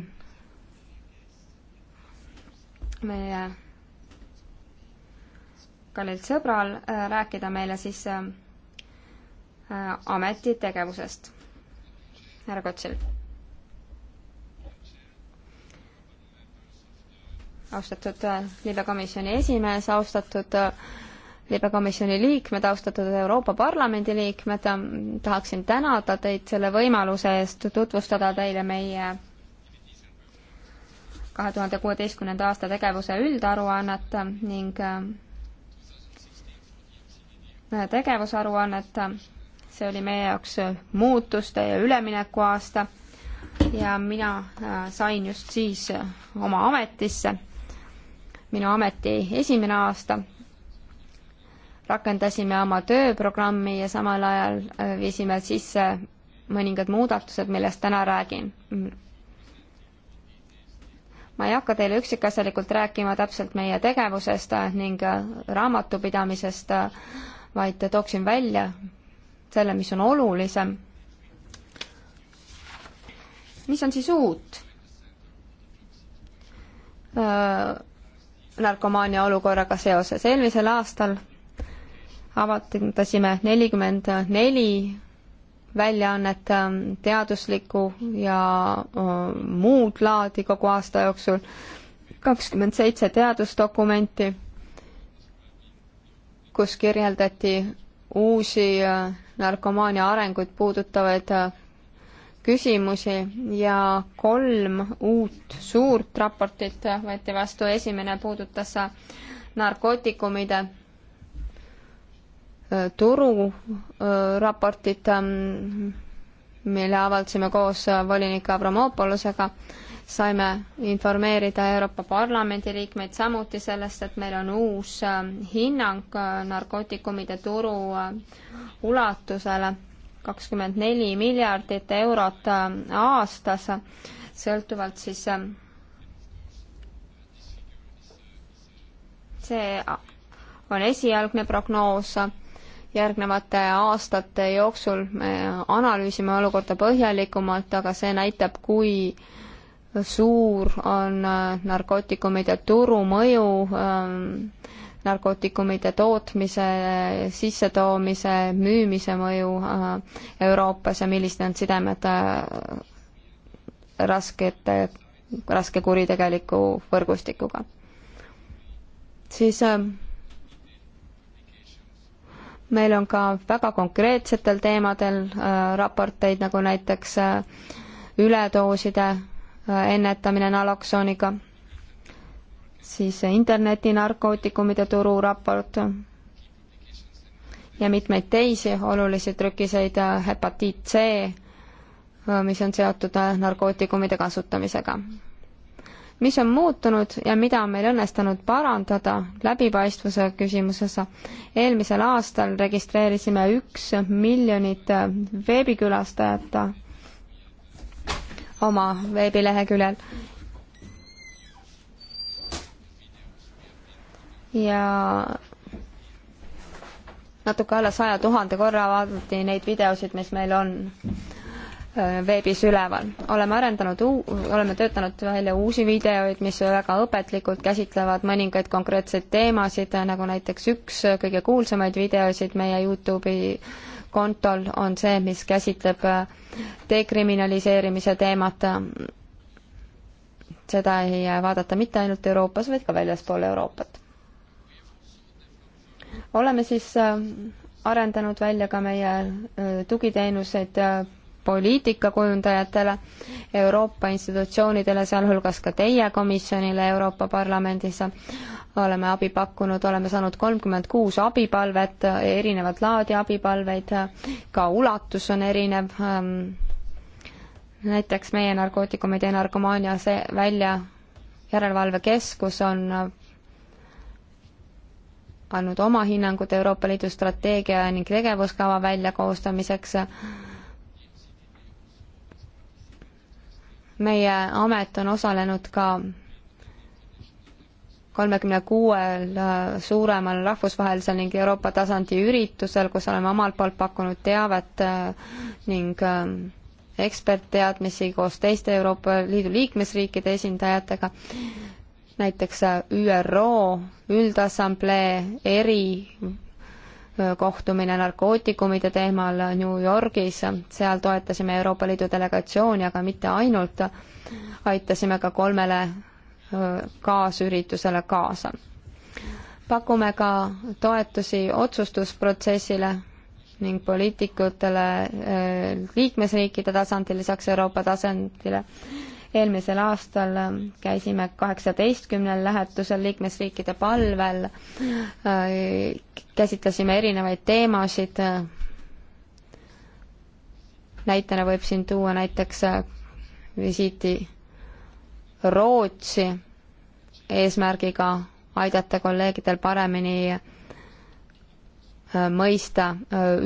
Speaker 4: meie kallil sõbral äh, rääkida meile siis äh, äh, ameti tegevusest. härra Kotsil. austatud libekomisjoni esimees, austatud äh, libekomisjoni liikmed, austatud Euroopa Parlamendi liikmed, tahaksin tänada teid selle võimaluse eest tutvustada teile meie kahe tuhande kuueteistkümnenda aasta tegevuse üldaruannet ning äh, tegevusaruannet. see oli meie jaoks muutuste ja ülemineku aasta ja mina äh, sain just siis oma ametisse, minu ameti esimene aasta rakendasime oma tööprogrammi ja samal ajal äh, viisime sisse mõningad muudatused, millest täna räägin. ma ei hakka teile üksikasjalikult rääkima täpselt meie tegevusest äh, ning äh, raamatupidamisest, vaid tooksin välja selle, mis on olulisem. mis on siis uut? narkomaania olukorraga seoses. eelmisel aastal avaldasime nelikümmend neli väljaannet ähm, teaduslikku ja äh, muud laadi kogu aasta jooksul, kakskümmend seitse teadusdokumenti, kus kirjeldati uusi äh, narkomaania arenguid puudutavaid äh, küsimusi ja kolm uut suurt raportit võeti vastu, esimene puudutas narkootikumide tururaportit, äh, ähm, mille avaldasime koos äh, volinik Avramopolosega, saime informeerida Euroopa Parlamendi liikmeid samuti sellest, et meil on uus äh, hinnang narkootikumide turu ulatusele, kakskümmend neli miljardit eurot aastas, sõltuvalt siis see on esialgne prognoos järgnevate aastate jooksul me analüüsime olukorda põhjalikumalt, aga see näitab, kui suur on äh, narkootikumide turu mõju äh, narkootikumide tootmise, sissetoomise, müümise mõju äh, Euroopas ja millised on sidemed raskete, raske kuritegeliku võrgustikuga. siis meil on ka väga konkreetsetel teemadel äh, raporteid, nagu näiteks äh, üledooside äh, ennetamine naloksooniga, siis internetinarkootikumide turu raport ja mitmeid teisi olulisi trükiseid, hepatiit C, mis on seotud narkootikumide kasutamisega mis on muutunud ja mida on meil õnnestunud parandada läbipaistvuse küsimuses. eelmisel aastal registreerisime üks miljonit veebikülastajat oma veebileheküljel. ja natuke alla saja tuhande korra vaadati neid videosid, mis meil on Äh, veebis üleval. oleme arendanud, oleme töötanud välja uusi videoid, mis väga õpetlikult käsitlevad mõningaid konkreetseid teemasid, nagu näiteks üks kõige kuulsamaid videosid meie Youtube'i kontol on see, mis käsitleb äh, dekriminaliseerimise teemat. seda ei äh, vaadata mitte ainult Euroopas, vaid ka väljaspool Euroopat. oleme siis arendanud välja ka meie tugiteenuseid poliitikakujundajatele, Euroopa institutsioonidele, sealhulgas ka teie komisjonile Euroopa Parlamendis, oleme abi pakkunud, oleme saanud kolmkümmend kuus abipalvet, erinevat laadi abipalveid, ka ulatus on erinev, ähm, näiteks meie narkootikumide ja narkomaania see välja järelevalvekeskus on andnud oma hinnangud Euroopa Liidu strateegia ning tegevuskava väljakoostamiseks meie amet on osalenud ka kolmekümne kuuel äh, suuremal rahvusvahelisel ning Euroopa tasandi üritusel, kus oleme omalt poolt pakkunud teavet äh, ning äh, ekspertteadmisi koos teiste Euroopa Liidu liikmesriikide esindajatega, näiteks ÜRO Üldassamblee eri kohtumine narkootikumide teemal New Yorgis, seal toetasime Euroopa Liidu delegatsiooni, aga mitte ainult, aitasime ka kolmele kaasüritusele kaasa. pakume ka toetusi otsustusprotsessile ning poliitikutele liikmesriikide tasandil, lisaks Euroopa tasandile eelmisel aastal käisime kaheksateistkümnel lähetusel liikmesriikide palvel, käsitlesime erinevaid teemasid, näitena võib siin tuua näiteks visiiti Rootsi eesmärgiga aidata kolleegidel paremini mõista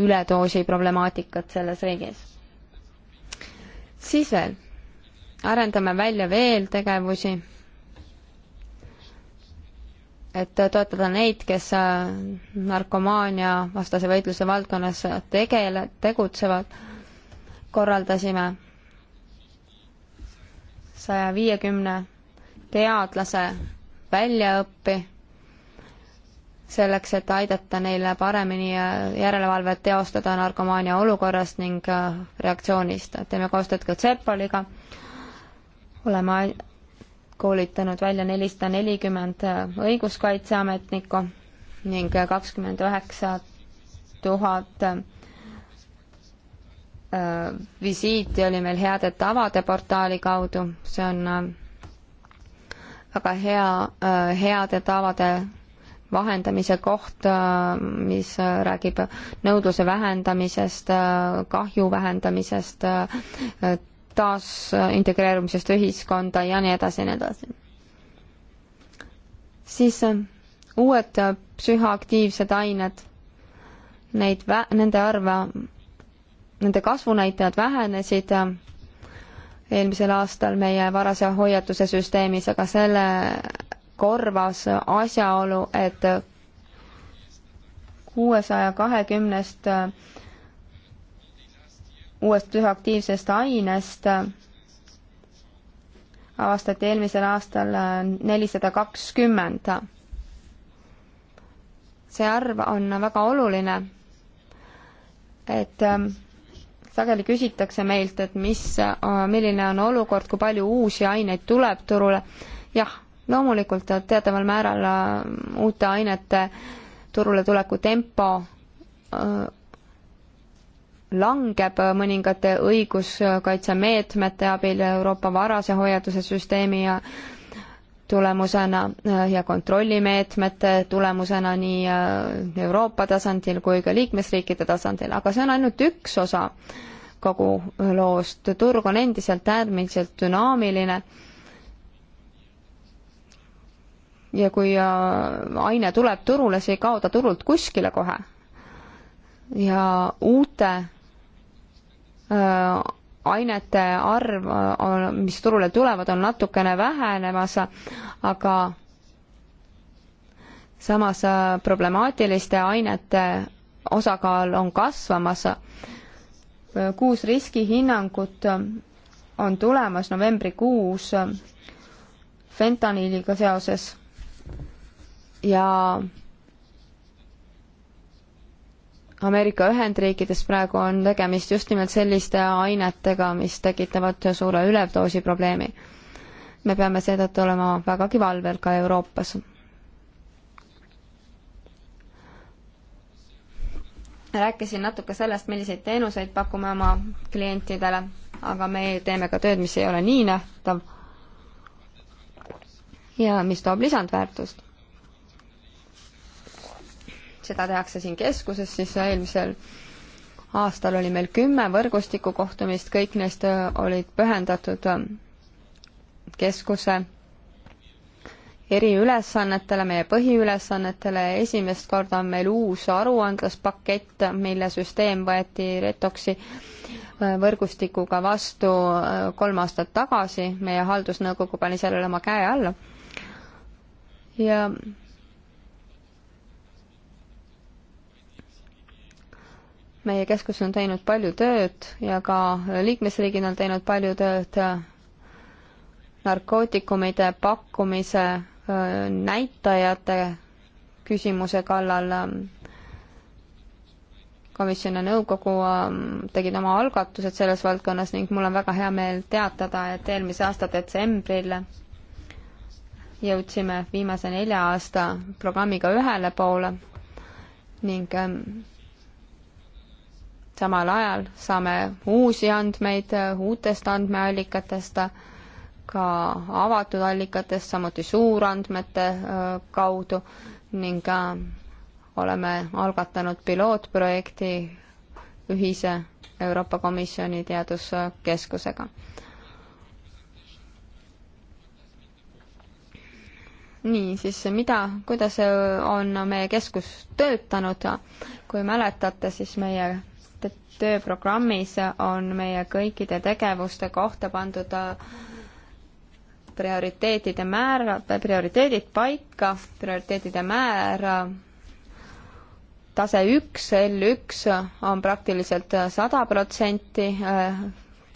Speaker 4: üledoosi problemaatikat selles riigis. siis veel arendame välja veel tegevusi, et toetada neid, kes äh, narkomaania vastase võitluse valdkonnas tegele, tegutsevad, korraldasime saja viiekümne teadlase väljaõppi selleks, et aidata neile paremini äh, järelevalvet teostada narkomaania olukorrast ning äh, reaktsioonist. teeme koostööd ka CEPOL-iga oleme koolitanud välja nelisada nelikümmend äh, õiguskaitseametnikku ning äh, kakskümmend üheksa tuhat äh, visiiti oli meil heade tavade portaali kaudu, see on väga hea, heade tavade vahendamise koht, mis räägib nõudluse vähendamisest, kahju vähendamisest, taasintegreerumisest ühiskonda ja nii edasi ja nii edasi. siis äh, uued äh, psühhoaktiivsed ained, neid vä-, nende arv, nende kasvunäitajad vähenesid äh, eelmisel aastal meie varase hoiatuse süsteemis, aga selle korvas asjaolu, et kuuesaja kahekümnest uuest psühhoaktiivsest ainest avastati eelmisel aastal äh, nelisada kakskümmend. see arv on väga oluline, et ähm, sageli küsitakse meilt, et mis, äh, milline on olukord, kui palju uusi aineid tuleb turule. jah, loomulikult äh, teataval määral uute ainete turule tuleku tempo langeb mõningate õiguskaitsemeetmete abil Euroopa varase hoiatuse süsteemi ja tulemusena ja kontrollimeetmete tulemusena nii äh, Euroopa tasandil kui ka liikmesriikide tasandil, aga see on ainult üks osa kogu loost, turg on endiselt äärmiselt dünaamiline ja kui äh, aine tuleb turule, see ei kao ta turult kuskile kohe. ja uute Äh, ainete arv, äh, mis turule tulevad, on natukene vähenemas, aga samas äh, problemaatiliste ainete osakaal on kasvamas. kuus riskihinnangut on tulemas novembrikuus fentaniiliga seoses ja Ameerika Ühendriikides praegu on tegemist just nimelt selliste ainetega, mis tekitavad suure üledoosi probleemi. me peame seetõttu olema vägagi valvel ka Euroopas. rääkisin natuke sellest, milliseid teenuseid pakume oma klientidele, aga me teeme ka tööd, mis ei ole nii nähtav ja mis toob lisandväärtust seda tehakse siin keskuses, siis eelmisel aastal oli meil kümme võrgustiku kohtumist, kõik neist äh, olid pühendatud äh, keskuse eriülesannetele, meie põhiülesannetele, esimest korda on meil uus aruandluspakett, mille süsteem võeti Retoxi äh, võrgustikuga vastu kolm aastat tagasi, meie haldusnõukogu pani sellele oma käe alla. ja meie keskus on teinud palju tööd ja ka liikmesriigid on teinud palju tööd narkootikumide pakkumise näitajate küsimuse kallal. Ähm, komisjon ja nõukogu ähm, tegid oma algatused selles valdkonnas ning mul on väga hea meel teatada, et eelmise aasta detsembril jõudsime viimase nelja aasta programmiga ühele poole ning ähm, samal ajal saame uusi andmeid äh, uutest andmeallikatest, ka avatud allikatest, samuti suurandmete äh, kaudu ning äh, oleme algatanud pilootprojekti ühise Euroopa Komisjoni teaduskeskusega. nii, siis mida, kuidas on meie keskus töötanud, kui mäletate, siis meie tööprogrammis on meie kõikide tegevuste kohta pandud äh, prioriteetide määra, prioriteedid paika, prioriteetide määr, tase üks, L üks on praktiliselt äh, sada protsenti äh,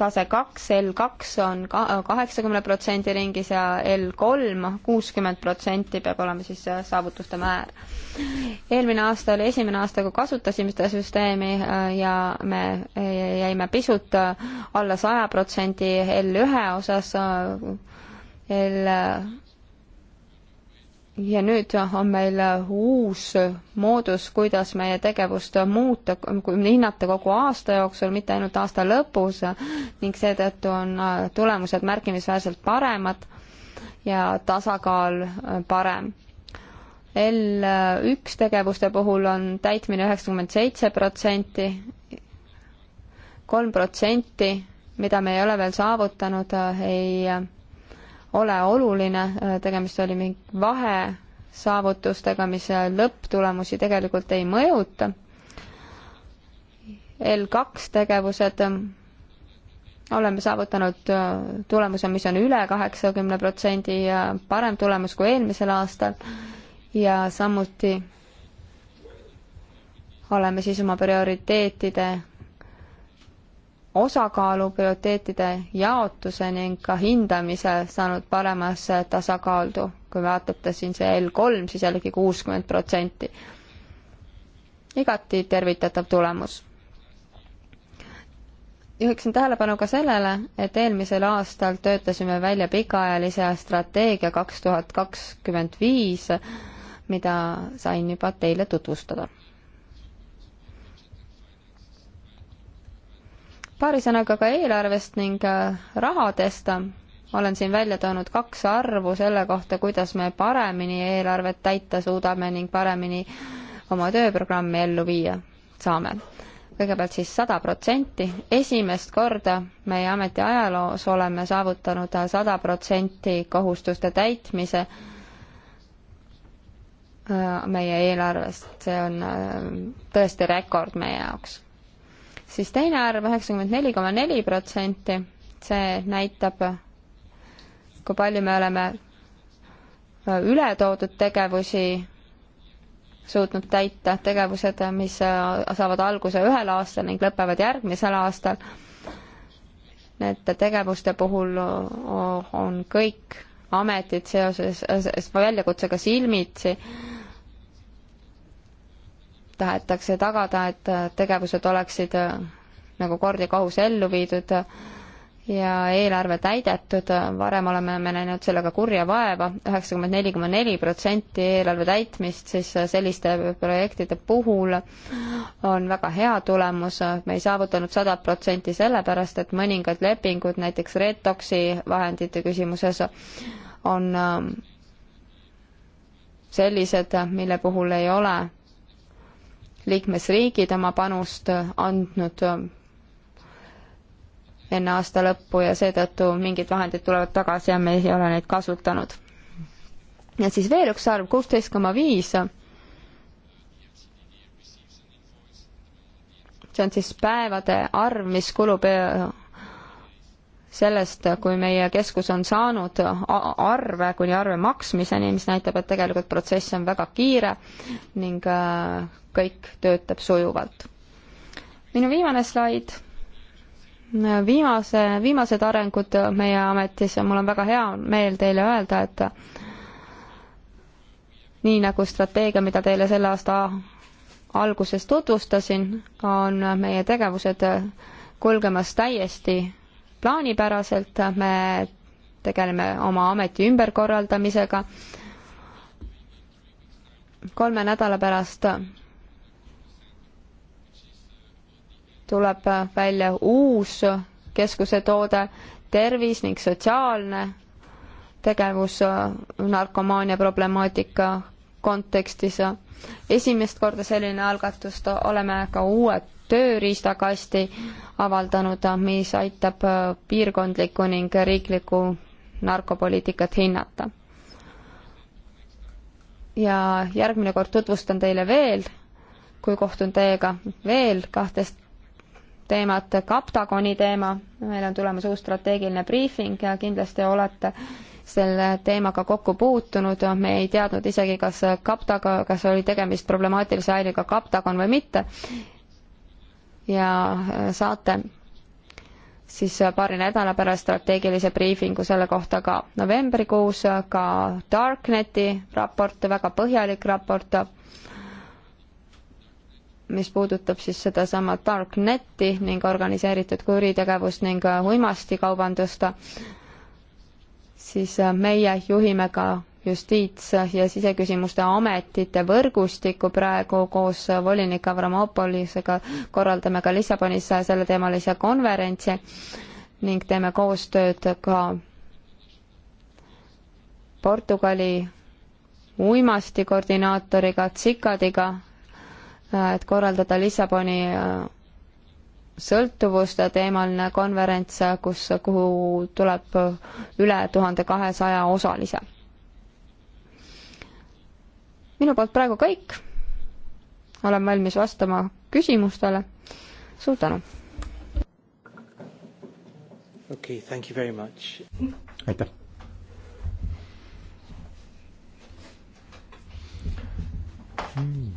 Speaker 4: tase kaks, L kaks on kaheksakümne protsendi ringis ja L kolm kuuskümmend protsenti peab olema siis äh, saavutuste määr. eelmine aasta oli esimene aasta, kui kasutasime seda süsteemi äh, ja me äh, jäime pisut alla saja protsendi L ühe osas, L ja nüüd on meil äh, uus moodus, kuidas meie tegevust muuta, hinnata kogu aasta jooksul, mitte ainult aasta lõpus ning seetõttu on äh, tulemused märkimisväärselt paremad ja tasakaal äh, parem. L1 tegevuste puhul on täitmine üheksakümmend seitse protsenti, kolm protsenti, mida me ei ole veel saavutanud, ei ole oluline, tegemist oli mingi vahesaavutustega, mis lõpptulemusi tegelikult ei mõjuta. L2 tegevused oleme saavutanud tulemuse, mis on üle kaheksakümne protsendi ja parem tulemus kui eelmisel aastal ja samuti oleme siis oma prioriteetide osakaalu prioriteetide jaotuse ning ka hindamise saanud paremasse tasakaaldu. kui vaatate siin see L kolm, siis jällegi kuuskümmend protsenti. igati tervitatav tulemus. juhiksin tähelepanu ka sellele, et eelmisel aastal töötasime välja pikaajalise strateegia kaks tuhat kakskümmend viis, mida sain juba teile tutvustada paari sõnaga ka eelarvest ning äh, rahadest. olen siin välja toonud kaks arvu selle kohta, kuidas me paremini eelarvet täita suudame ning paremini oma tööprogrammi ellu viia saame. kõigepealt siis sada protsenti, esimest korda meie ameti ajaloos oleme saavutanud sada protsenti kohustuste täitmise äh, meie eelarvest, see on äh, tõesti rekord meie jaoks siis teine arv, üheksakümmend neli koma neli protsenti, see näitab, kui palju me oleme äh, ületoodud tegevusi suutnud täita, tegevused, mis äh, saavad alguse ühel aastal ning lõpevad järgmisel aastal. Need tegevuste puhul äh, on kõik ametid seoses väljakutsega silmitsi tahetakse tagada, et äh, tegevused oleksid äh, nagu kord ja kohus ellu viidud ja eelarve täidetud, varem oleme me näinud sellega kurja vaeva, üheksakümmend neli koma neli protsenti eelarve täitmist, siis äh, selliste projektide puhul on väga hea tulemus, me ei saavutanud sada protsenti sellepärast, et mõningad lepingud, näiteks Retoxi vahendite küsimuses, on ähm, sellised, mille puhul ei ole liikmesriigid oma panust andnud enne aasta lõppu ja seetõttu mingid vahendid tulevad tagasi ja me ei ole neid kasutanud. ja siis veel üks arv, kuusteist koma viis. see on siis päevade arv, mis kulub sellest, kui meie keskus on saanud arve kuni arve maksmiseni, mis näitab, et tegelikult protsess on väga kiire ning äh, kõik töötab sujuvalt. minu viimane slaid, viimase, viimased arengud meie ametis ja mul on väga hea meel teile öelda, et nii nagu strateegia, mida teile selle aasta alguses tutvustasin, on meie tegevused kulgemas täiesti plaanipäraselt, me tegeleme oma ameti ümberkorraldamisega. kolme nädala pärast tuleb välja uus keskuse toode, tervis ning sotsiaalne tegevus narkomaania problemaatika kontekstis. esimest korda selline algatus, oleme ka uued tööriistakasti avaldanud, mis aitab äh, piirkondlikku ning riiklikku narkopoliitikat hinnata. ja järgmine kord tutvustan teile veel, kui kohtun teiega, veel kahtest teemat, kaptagoni teema, meil on tulemas uus strateegiline briifing ja kindlasti olete selle teemaga kokku puutunud, me ei teadnud isegi, kas kaptaga, kas oli tegemist problemaatilise ainega kaptagon või mitte ja äh, saate siis äh, paari nädala pärast strateegilise briifingu selle kohta ka. novembrikuus äh, ka Darkneti raport, väga põhjalik raport, mis puudutab siis sedasama Darknetti ning organiseeritud kuritegevust ning uimastikaubandust, siis meie juhime ka justiits- ja siseküsimuste ametite võrgustikku praegu koos volinik Avramopolisega korraldame ka Lissabonis selleteemalise konverentsi ning teeme koostööd ka Portugali uimasti koordinaatoriga Tsikadiga, et korraldada Lissaboni äh, sõltuvuste teemaline konverents, kus, kuhu tuleb üle tuhande kahesaja osalise minu poolt praegu kõik. olen valmis vastama küsimustele. suur tänu.
Speaker 2: okei okay,, thank you very much.
Speaker 1: aitäh. nii, hmm.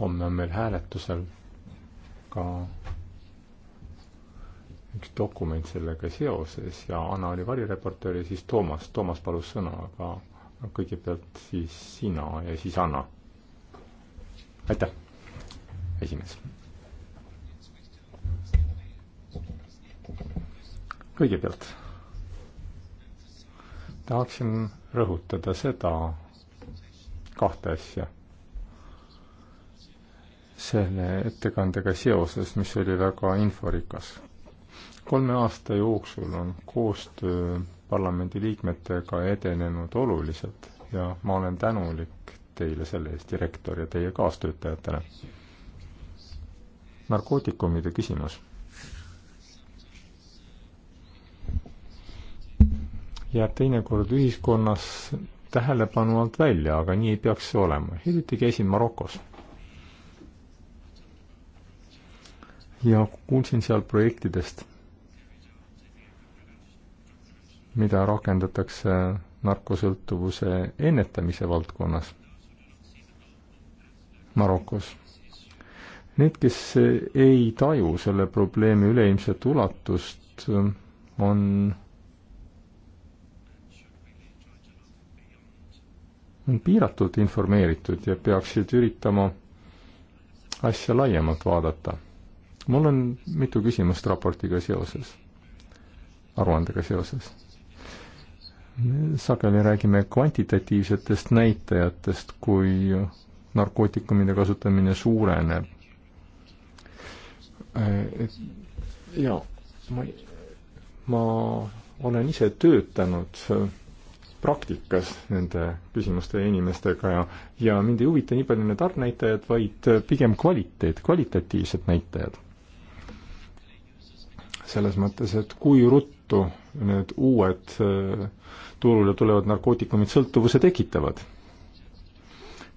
Speaker 1: homme on meil hääletusel ka üks dokument sellega seoses ja Anna oli varireportöör ja siis Toomas, Toomas palus sõna, aga no kõigepealt siis sina ja siis Anna. aitäh, esimees. kõigepealt tahaksin rõhutada seda kahte asja selle ettekandega seoses, mis oli väga inforikas. kolme aasta jooksul on koostöö parlamendiliikmetega edenenud oluliselt ja ma olen tänulik teile selle eest, direktor ja teie kaastöötajatele. narkootikumide küsimus. jääb teinekord ühiskonnas tähelepanu alt välja, aga nii ei peaks see olema. hiljuti käisin Marokos. ja kuulsin seal projektidest mida rakendatakse narkosõltuvuse ennetamise valdkonnas Marokos. Need, kes ei taju selle probleemi üleilmset ulatust, on on piiratult informeeritud ja peaksid üritama asja laiemalt vaadata. mul on mitu küsimust raportiga seoses, aruandega seoses sageli räägime kvantitatiivsetest näitajatest, kui narkootikumide kasutamine suureneb. Äh, jaa, ma, ma olen ise töötanud äh, praktikas nende küsimuste ja inimestega ja, ja mind ei huvita nii palju need arvnäitajad, vaid äh, pigem kvaliteet, kvalitatiivsed näitajad. selles mõttes, et kui ruttu tõttu need uued äh, turule tulevad narkootikumid sõltuvuse tekitavad.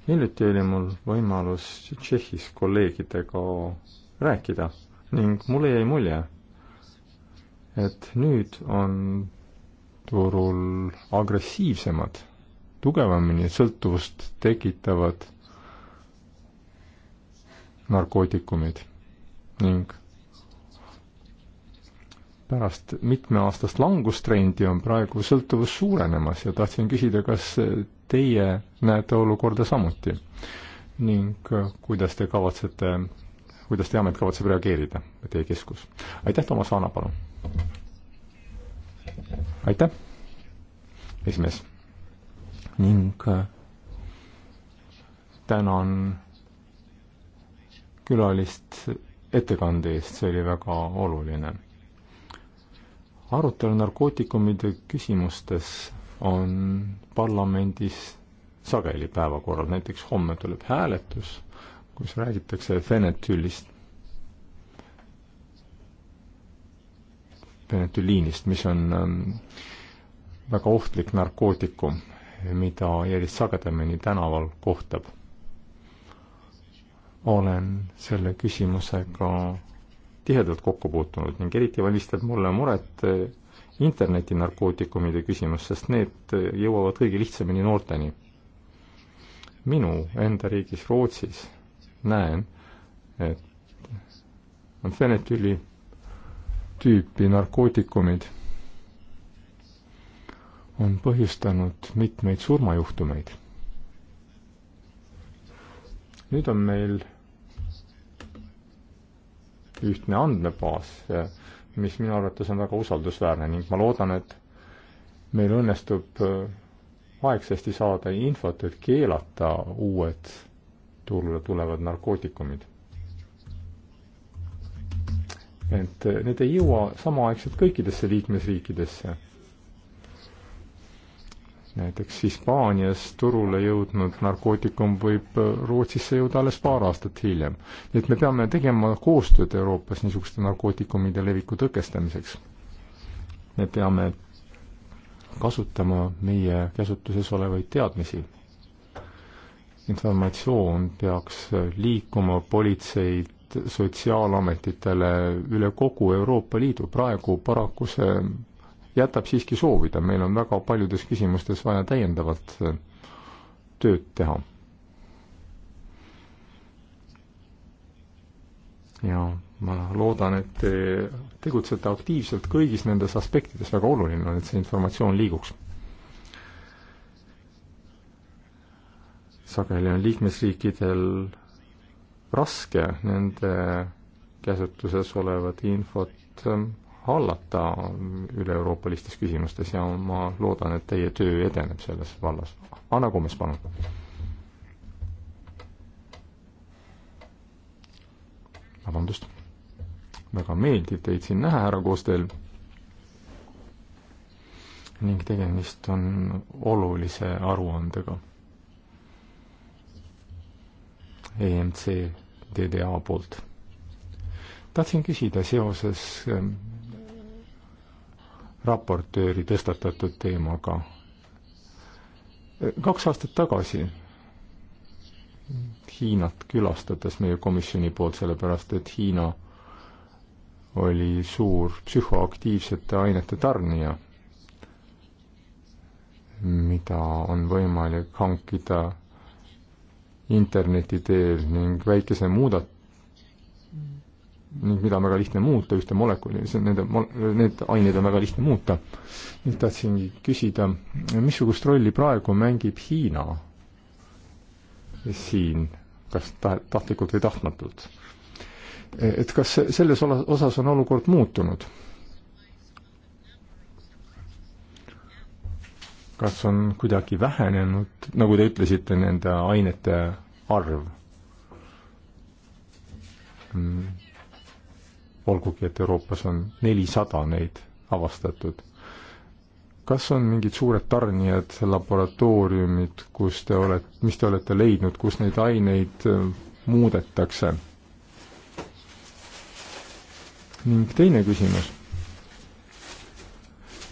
Speaker 1: hiljuti oli mul võimalus Tšehhis kolleegidega rääkida ning mulle jäi mulje, et nüüd on turul agressiivsemad, tugevamini sõltuvust tekitavad narkootikumid ning pärast mitmeaastast langustrendi on praegu sõltuvus suurenemas ja tahtsin küsida, kas teie näete olukorda samuti ning äh, kuidas te kavatsete, kuidas teie amet kavatseb reageerida, teie keskus. aitäh, Toomas Vaana, palun! aitäh, esimees! ning äh, tänan külalist ettekande eest, see oli väga oluline arutelu narkootikumide küsimustes on parlamendis sageli päevakorral, näiteks homme tuleb hääletus, kus räägitakse fenetülist, fenetüliinist, mis on ähm, väga ohtlik narkootikum, mida järjest sagedamini tänaval kohtab. olen selle küsimusega tihedalt kokku puutunud ning eriti valmistab mulle muret eh, internetinarkootikumide küsimus, sest need eh, jõuavad kõige lihtsamini noorteni. minu enda riigis Rootsis näen, et fenetüli tüüpi narkootikumid on põhjustanud mitmeid surmajuhtumeid. nüüd on meil ühtne andmebaas, mis minu arvates on väga usaldusväärne ning ma loodan, et meil õnnestub äh, aegsasti saada infot, et keelata uued turule tulevad narkootikumid. et need ei jõua samaaegselt kõikidesse liikmesriikidesse näiteks Hispaanias turule jõudnud narkootikum võib äh, Rootsisse jõuda alles paar aastat hiljem. nii et me peame tegema koostööd Euroopas niisuguste narkootikumide leviku tõkestamiseks. me peame kasutama meie käsutuses olevaid teadmisi. informatsioon peaks liikuma politseid, sotsiaalametitele üle kogu Euroopa Liidu, praegu paraku see jätab siiski soovida, meil on väga paljudes küsimustes vaja täiendavalt äh, tööd teha. ja ma loodan, et te tegutsete aktiivselt kõigis nendes aspektides, väga oluline on, et see informatsioon liiguks sageli on liikmesriikidel raske nende käsutuses olevat infot äh, hallata üle-euroopalistes küsimustes ja ma loodan, et teie töö edeneb selles vallas. Anna Kumes, palun. vabandust. väga meeldiv teid siin näha, härra Koostel. ning tegemist on olulise aruandega. EMC DDA poolt tahtsin küsida seoses raportööri tõstatatud teemaga. kaks aastat tagasi Hiinat külastades meie komisjoni poolt, sellepärast et Hiina oli suur psühhoaktiivsete ainete tarnija, mida on võimalik hankida interneti teel ning väikese muudat-, ning mida on väga lihtne muuta, ühte molekuli, see on nende, need ained on väga lihtne muuta. nüüd tahtsingi küsida, missugust rolli praegu mängib Hiina siin, kas ta-, tahtlikult või tahtmatult? et kas selles ola-, osas on olukord muutunud? kas on kuidagi vähenenud, nagu te ütlesite, nende ainete arv? Hmm olgugi et Euroopas on nelisada neid avastatud. kas on mingid suured tarnijad, laboratooriumid, kus te olete, mis te olete leidnud, kus neid aineid äh, muudetakse? ning teine küsimus.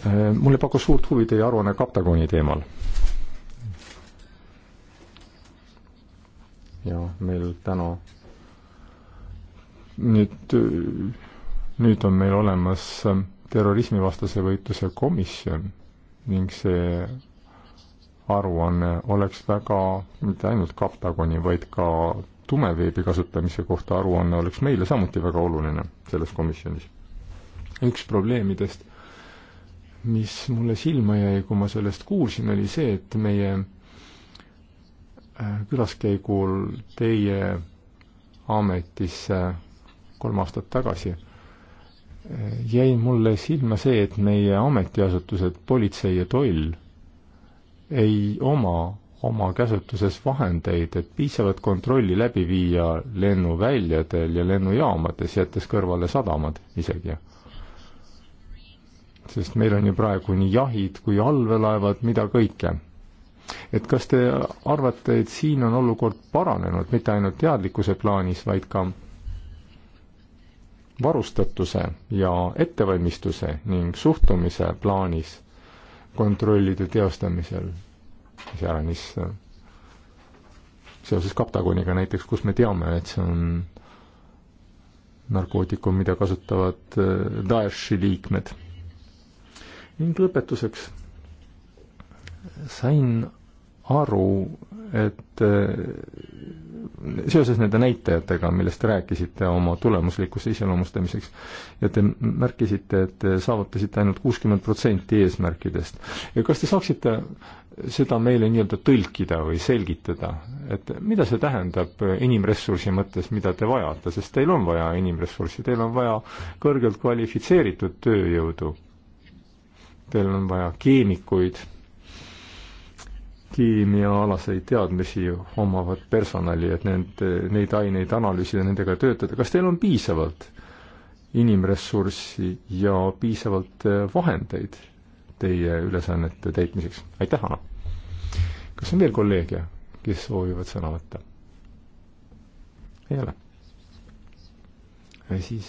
Speaker 1: Äh, mulle pakkus suurt huvi teie aruanne kaptagoni teemal ja meil täna nüüd, nüüd on meil olemas ähm, terrorismivastase võitluse komisjon ning see aruanne oleks väga, mitte ainult Kaptagoni, vaid ka tumeveebi kasutamise kohta aruanne oleks meile samuti väga oluline selles komisjonis. üks probleemidest, mis mulle silma jäi, kui ma sellest kuulsin, oli see, et meie äh, külaskäigul teie ametisse kolm aastat tagasi, jäi mulle silma see, et meie ametiasutused, politsei ja toll, ei oma oma käsutuses vahendeid, et piisavat kontrolli läbi viia lennuväljadel ja lennujaamades, jättes kõrvale sadamad isegi. sest meil on ju praegu nii jahid kui allveelaevad, mida kõike. et kas te arvate, et siin on olukord paranenud mitte ainult teadlikkuse plaanis, vaid ka varustatuse ja ettevalmistuse ning suhtumise plaanis kontrollide teostamisel, iseäranis äh, seoses kaptagoniga näiteks, kus me teame, et see on narkootikum, mida kasutavad äh, Daeshi liikmed. ning lõpetuseks sain aru, et äh, seoses nende näitajatega, millest te rääkisite oma tulemuslikkuse iseloomustamiseks, ja te märkisite, et te saavutasite ainult kuuskümmend protsenti eesmärkidest. ja kas te saaksite seda meile nii-öelda tõlkida või selgitada, et mida see tähendab inimressursi mõttes, mida te vajate, sest teil on vaja inimressurssi, teil on vaja kõrgelt kvalifitseeritud tööjõudu, teil on vaja keemikuid keemiaalaseid teadmisi omavad personali, et need, neid aineid analüüsida, nendega töötada, kas teil on piisavalt inimressurssi ja piisavalt eh, vahendeid teie ülesannete täitmiseks? aitäh, Anna! kas on veel kolleege, kes soovivad sõna võtta? ei ole? siis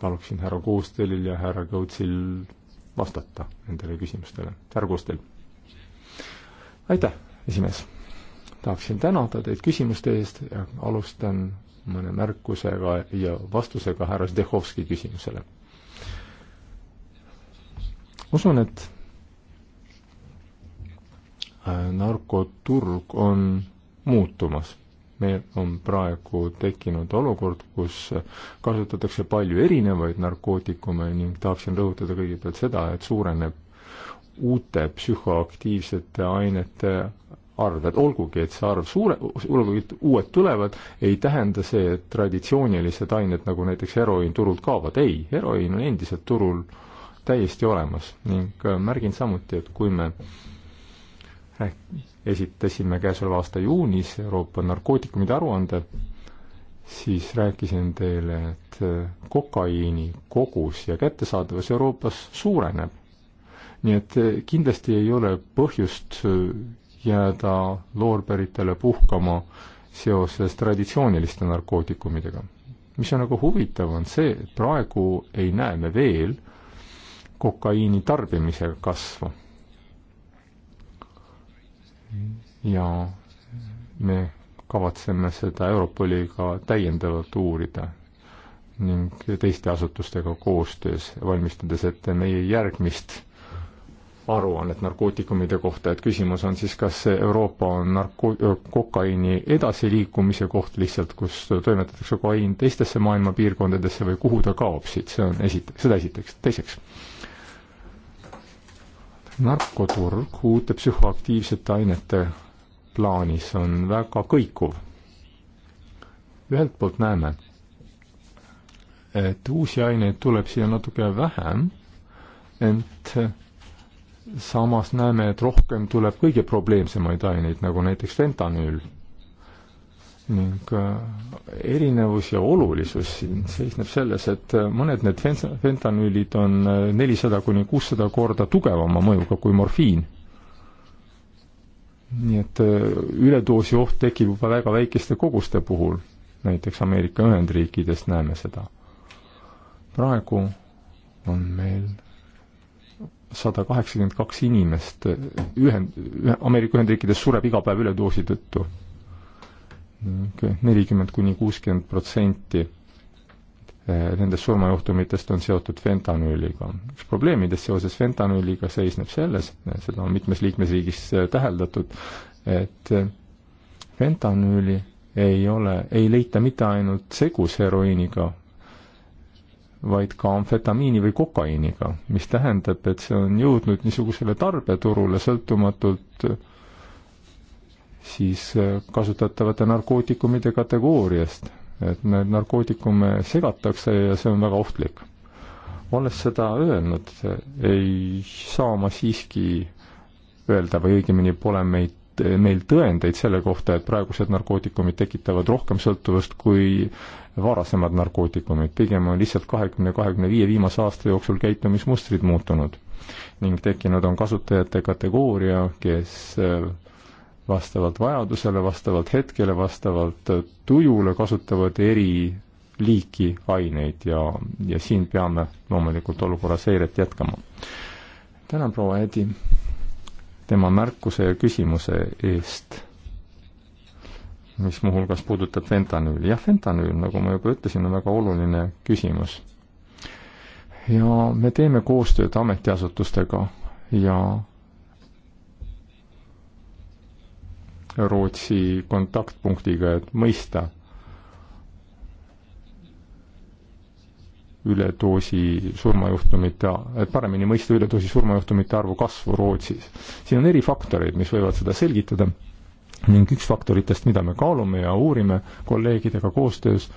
Speaker 1: paluksin härra Koostelil ja härra Kõutsil vastata nendele küsimustele. härra Koostel aitäh, esimees! tahaksin tänada teid küsimuste eest ja alustan mõne märkusega ja vastusega härra Zdechovski küsimusele. usun, et äh, narkoturg on muutumas. meil on praegu tekkinud olukord, kus kasutatakse palju erinevaid narkootikume ning tahaksin rõhutada kõigepealt seda, et suureneb uute psühhoaktiivsete ainete arv, et olgugi, et see arv suure, olgugi, et uued tulevad, ei tähenda see, et traditsioonilised ained, nagu näiteks heroiin, turult kaovad, ei, heroiin on endiselt turul täiesti olemas ning äh, märgin samuti, et kui me esitasime käesoleva aasta juunis Euroopa narkootikumide aruande, siis rääkisin teile, et äh, kokaiini kogus ja kättesaadavus Euroopas suureneb nii et eh, kindlasti ei ole põhjust eh, jääda loorberitele puhkama seoses traditsiooniliste narkootikumidega. mis on nagu huvitav, on see, et praegu ei näe me veel kokaiini tarbimise kasvu. ja me kavatseme seda Europoliga täiendavalt uurida ning teiste asutustega koostöös, valmistades ette meie järgmist aruannet narkootikumide kohta, et küsimus on siis, kas see Euroopa on narko-, kokaiini edasiliikumise koht lihtsalt, kus toimetatakse kokaiin teistesse maailma piirkondadesse või kuhu ta kaob siit, see on esiteks, seda esiteks, teiseks narkoturg uute psühhoaktiivsete ainete plaanis on väga kõikuv. ühelt poolt näeme, et uusi aineid tuleb siia natuke vähem, ent samas näeme, et rohkem tuleb kõige probleemsemaid aineid, nagu näiteks fentanüül. ning äh, erinevus ja olulisus siin seisneb selles, et äh, mõned need fentanüülid on äh, nelisada kuni kuussada korda tugevama mõjuga kui morfiin. nii et üledoosi oht tekib juba väga väikeste koguste puhul, näiteks Ameerika Ühendriikides näeme seda. praegu on meil sada kaheksakümmend kaks inimest ühend-, Ameerika Ühendriikides sureb iga päev üledoosi tõttu. nelikümmend kuni kuuskümmend protsenti eh, nendest surmajuhtumitest on seotud fentanüüliga. üks probleemidest seoses fentanüüliga seisneb selles, seda on mitmes liikmesriigis eh, täheldatud, et eh, fentanüüli ei ole, ei leita mitte ainult segus heroiiniga, vaid ka amfetamiini või kokaiiniga, mis tähendab, et see on jõudnud niisugusele tarbeturule sõltumatult äh, siis äh, kasutatavate narkootikumide kategooriast. et need narkootikume segatakse ja see on väga ohtlik. olles seda öelnud, ei saa ma siiski öelda või õigemini pole meid meil tõendeid selle kohta, et praegused narkootikumid tekitavad rohkem sõltuvust kui varasemad narkootikumid, pigem on lihtsalt kahekümne, kahekümne viie viimase aasta jooksul käitumismustrid muutunud. ning tekkinud on kasutajate kategooria, kes äh, vastavalt vajadusele, vastavalt hetkele, vastavalt äh, tujule kasutavad eri liiki aineid ja, ja siin peame loomulikult olukorra seiret jätkama. tänan, proua Edi, tema märkuse ja küsimuse eest mis muuhulgas puudutab fentanüüli. jah, fentanüül, nagu ma juba ütlesin, on väga oluline küsimus. ja me teeme koostööd ametiasutustega ja Rootsi kontaktpunktiga, et mõista üledoosi surmajuhtumite, et paremini mõista üledoosi surmajuhtumite arvu kasvu Rootsis. siin on eri faktoreid, mis võivad seda selgitada ning üks faktoritest, mida me kaalume ja uurime kolleegidega koostöös,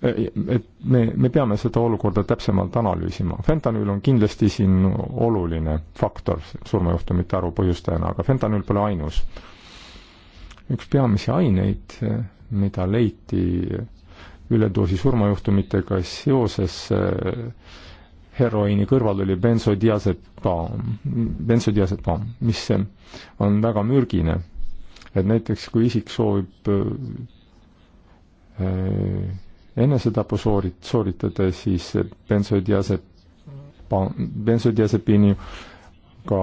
Speaker 1: et me, me peame seda olukorda täpsemalt analüüsima. fentanüül on kindlasti siin oluline faktor surmajuhtumite arvu põhjustajana, aga fentanüül pole ainus. üks peamisi aineid, mida leiti üledoosi surmajuhtumitega seoses äh, heroiini kõrval oli bensodiasepaam, bensodiasepaam, mis on väga mürgine. et näiteks, kui isik soovib äh, enesetapu soorit-, sooritada, siis bensodiasepaam, bensodiasepiini ka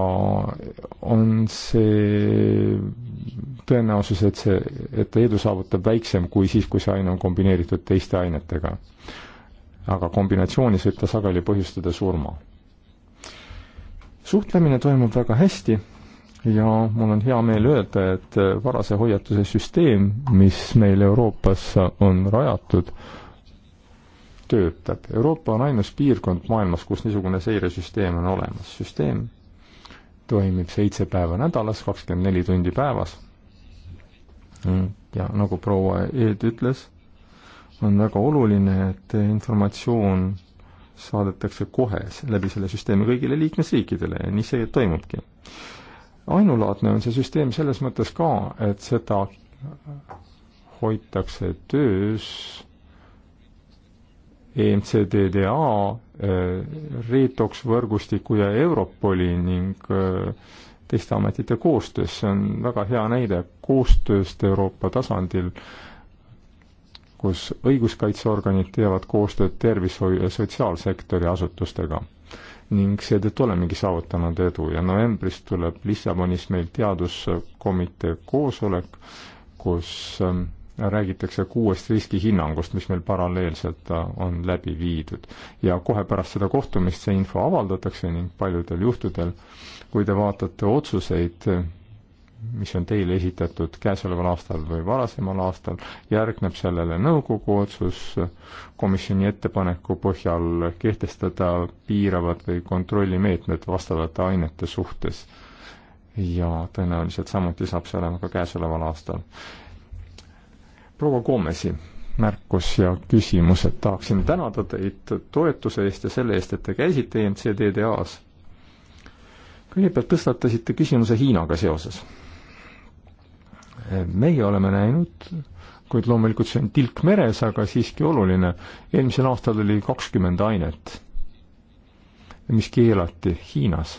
Speaker 1: on see tõenäosus, et see, et ta edu saavutab väiksem kui siis, kui see aine on kombineeritud teiste ainetega aga kombinatsioonis võib ta sageli põhjustada surma. suhtlemine toimub väga hästi ja mul on hea meel öelda, et varase hoiatuse süsteem, mis meil Euroopas on rajatud, töötab. Euroopa on ainus piirkond maailmas, kus niisugune seiresüsteem on olemas. süsteem toimib seitse päeva nädalas, kakskümmend neli tundi päevas. Mm, ja nagu proua Eed ütles on väga oluline, et informatsioon saadetakse kohe läbi selle süsteemi kõigile liikmesriikidele ja nii see toimubki. ainulaadne on see süsteem selles mõttes ka, et seda hoitakse töös EMCDDA, äh, Retox võrgustiku ja Europoli ning äh, teiste ametite koostöös, see on väga hea näide koostööst Euroopa tasandil äh, kus õiguskaitseorganid teevad koostööd tervishoiu ja sotsiaalsektori asutustega ning seetõttu olemegi saavutanud edu ja novembris tuleb Lissabonis meil teaduskomitee koosolek, kus ähm, räägitakse kuuest riskihinnangust, mis meil paralleelselt äh, on läbi viidud. ja kohe pärast seda kohtumist see info avaldatakse ning paljudel juhtudel, kui te vaatate otsuseid, mis on teile esitatud käesoleval aastal või varasemal aastal, järgneb sellele nõukogu otsus komisjoni ettepaneku põhjal kehtestada piiravad või kontrollimeetmed vastavate ainete suhtes. ja tõenäoliselt samuti saab see olema ka käesoleval aastal. proua Koomesi märkus ja küsimused, tahaksin tänada teid toetuse eest ja selle eest, et te käisite IMC DDA-s. kõigepealt tõstatasite küsimuse Hiinaga seoses meie oleme näinud, kuid loomulikult see on tilk meres, aga siiski oluline. eelmisel aastal oli kakskümmend ainet, mis keelati Hiinas.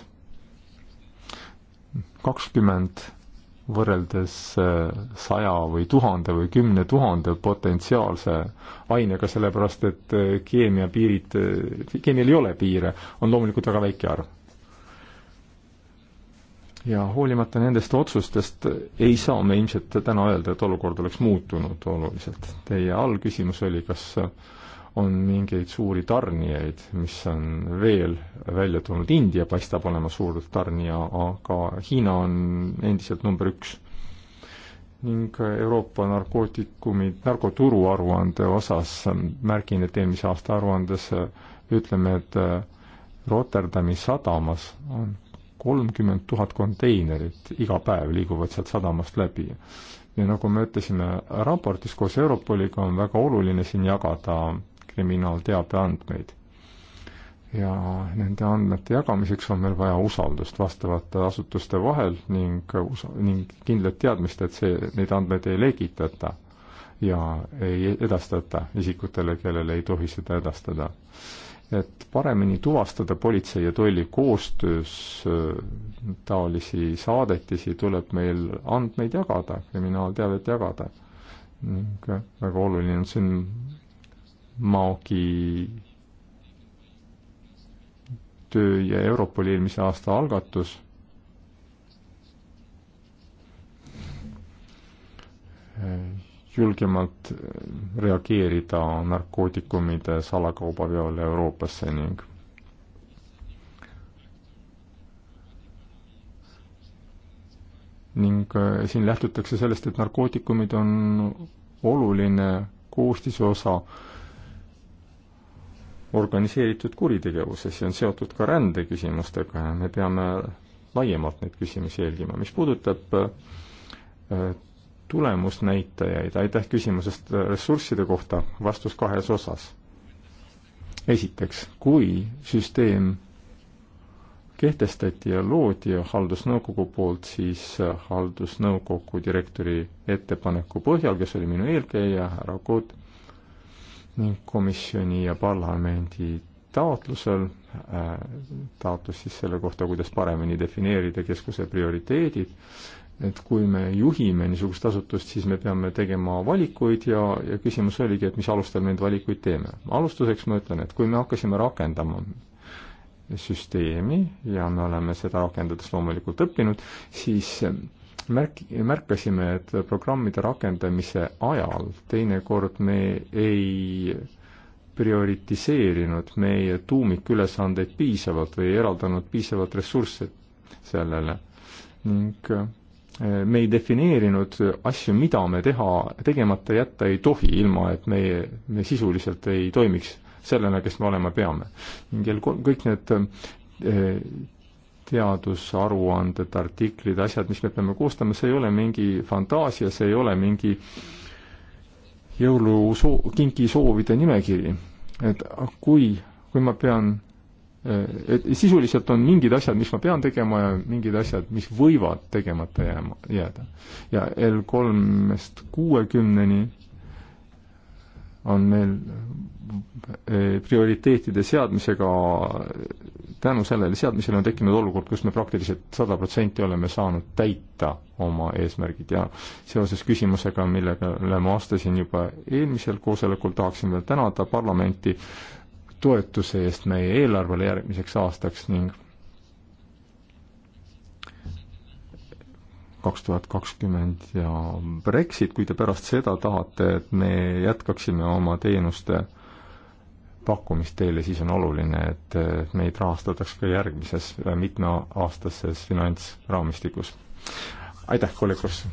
Speaker 1: kakskümmend võrreldes äh, saja või tuhande või kümne tuhande potentsiaalse ainega, sellepärast et äh, keemiapiirid, keemial äh, ei ole piire, on loomulikult väga väike arv ja hoolimata nendest otsustest ei saa me ilmselt täna öelda, et olukord oleks muutunud oluliselt. Teie allküsimus oli, kas on mingeid suuri tarnijaid, mis on veel välja tulnud, India paistab olema suur tarnija, aga Hiina on endiselt number üks. ning Euroopa narkootikumid, narkoturu aruande osas märgin, et eelmise aasta aruandes ütleme, et Rotterdami sadamas on kolmkümmend tuhat konteinerit iga päev liiguvad sealt sadamast läbi. ja nagu me ütlesime raportis koos Europoliga, on väga oluline siin jagada kriminaalteabe andmeid. ja nende andmete jagamiseks on meil vaja usaldust vastavate asutuste vahel ning usa-, ning kindlat teadmist, et see, neid andmeid ei legitata ja ei edastata isikutele, kellele ei tohi seda edastada et paremini tuvastada politsei ja tolli koostöös äh, taolisi saadetisi, tuleb meil andmeid jagada, kriminaalteavet jagada. ning äh, väga oluline on siin Maoki töö ja Europoli eelmise aasta algatus äh, julgemalt eh, reageerida narkootikumide salakaubaveole Euroopasse ning ning eh, siin lähtutakse sellest, et narkootikumid on oluline koostisosa organiseeritud kuritegevuses, see on seotud ka rändeküsimustega ja me peame laiemalt neid küsimusi jälgima. mis puudutab eh, tulemusnäitajaid, aitäh küsimusest ressursside kohta, vastus kahes osas. esiteks, kui süsteem kehtestati ja loodi haldusnõukogu poolt, siis haldusnõukogu direktori ettepaneku põhjal, kes oli minu eelkäija, härra Koot, ning komisjoni ja parlamendi taotlusel, äh, taotlus siis selle kohta, kuidas paremini defineerida keskuse prioriteedid, et kui me juhime niisugust asutust, siis me peame tegema valikuid ja, ja küsimus oligi, et mis alustel me neid valikuid teeme. alustuseks ma ütlen, et kui me hakkasime rakendama süsteemi ja me oleme seda rakendades loomulikult õppinud, siis eh, märk-, märkasime, et programmide rakendamise ajal teinekord me ei prioritiseerinud meie tuumikülesandeid piisavalt või eraldanud piisavalt ressursse sellele ning eh, me ei defineerinud asju, mida me teha, tegemata jätta ei tohi, ilma et meie, me sisuliselt ei toimiks sellena, kes me olema peame. kell kolm, kõik need eh, teadusaruanded, artiklid, asjad, mis me peame koostama, see ei ole mingi fantaasia, see ei ole mingi jõulusoo-, kingisoovide nimekiri. et kui, kui ma pean Äh, et sisuliselt on mingid asjad, mis ma pean tegema ja mingid asjad, mis võivad tegemata jääma, jääda. ja L kolmest kuuekümneni on meil äh, prioriteetide seadmisega, tänu sellele seadmisele on tekkinud olukord, kus me praktiliselt sada protsenti oleme saanud täita oma eesmärgid ja seoses küsimusega, millega ma vastasin juba eelmisel koosolekul, tahaksin veel tänada parlamenti äh, toetuse eest meie eelarvele järgmiseks aastaks ning kaks tuhat kakskümmend ja Brexit, kui te pärast seda tahate, et me jätkaksime oma teenuste pakkumist teile, siis on oluline, et meid rahastataks ka järgmises mitmeaastases finantsraamistikus. aitäh, kolleeg Kross!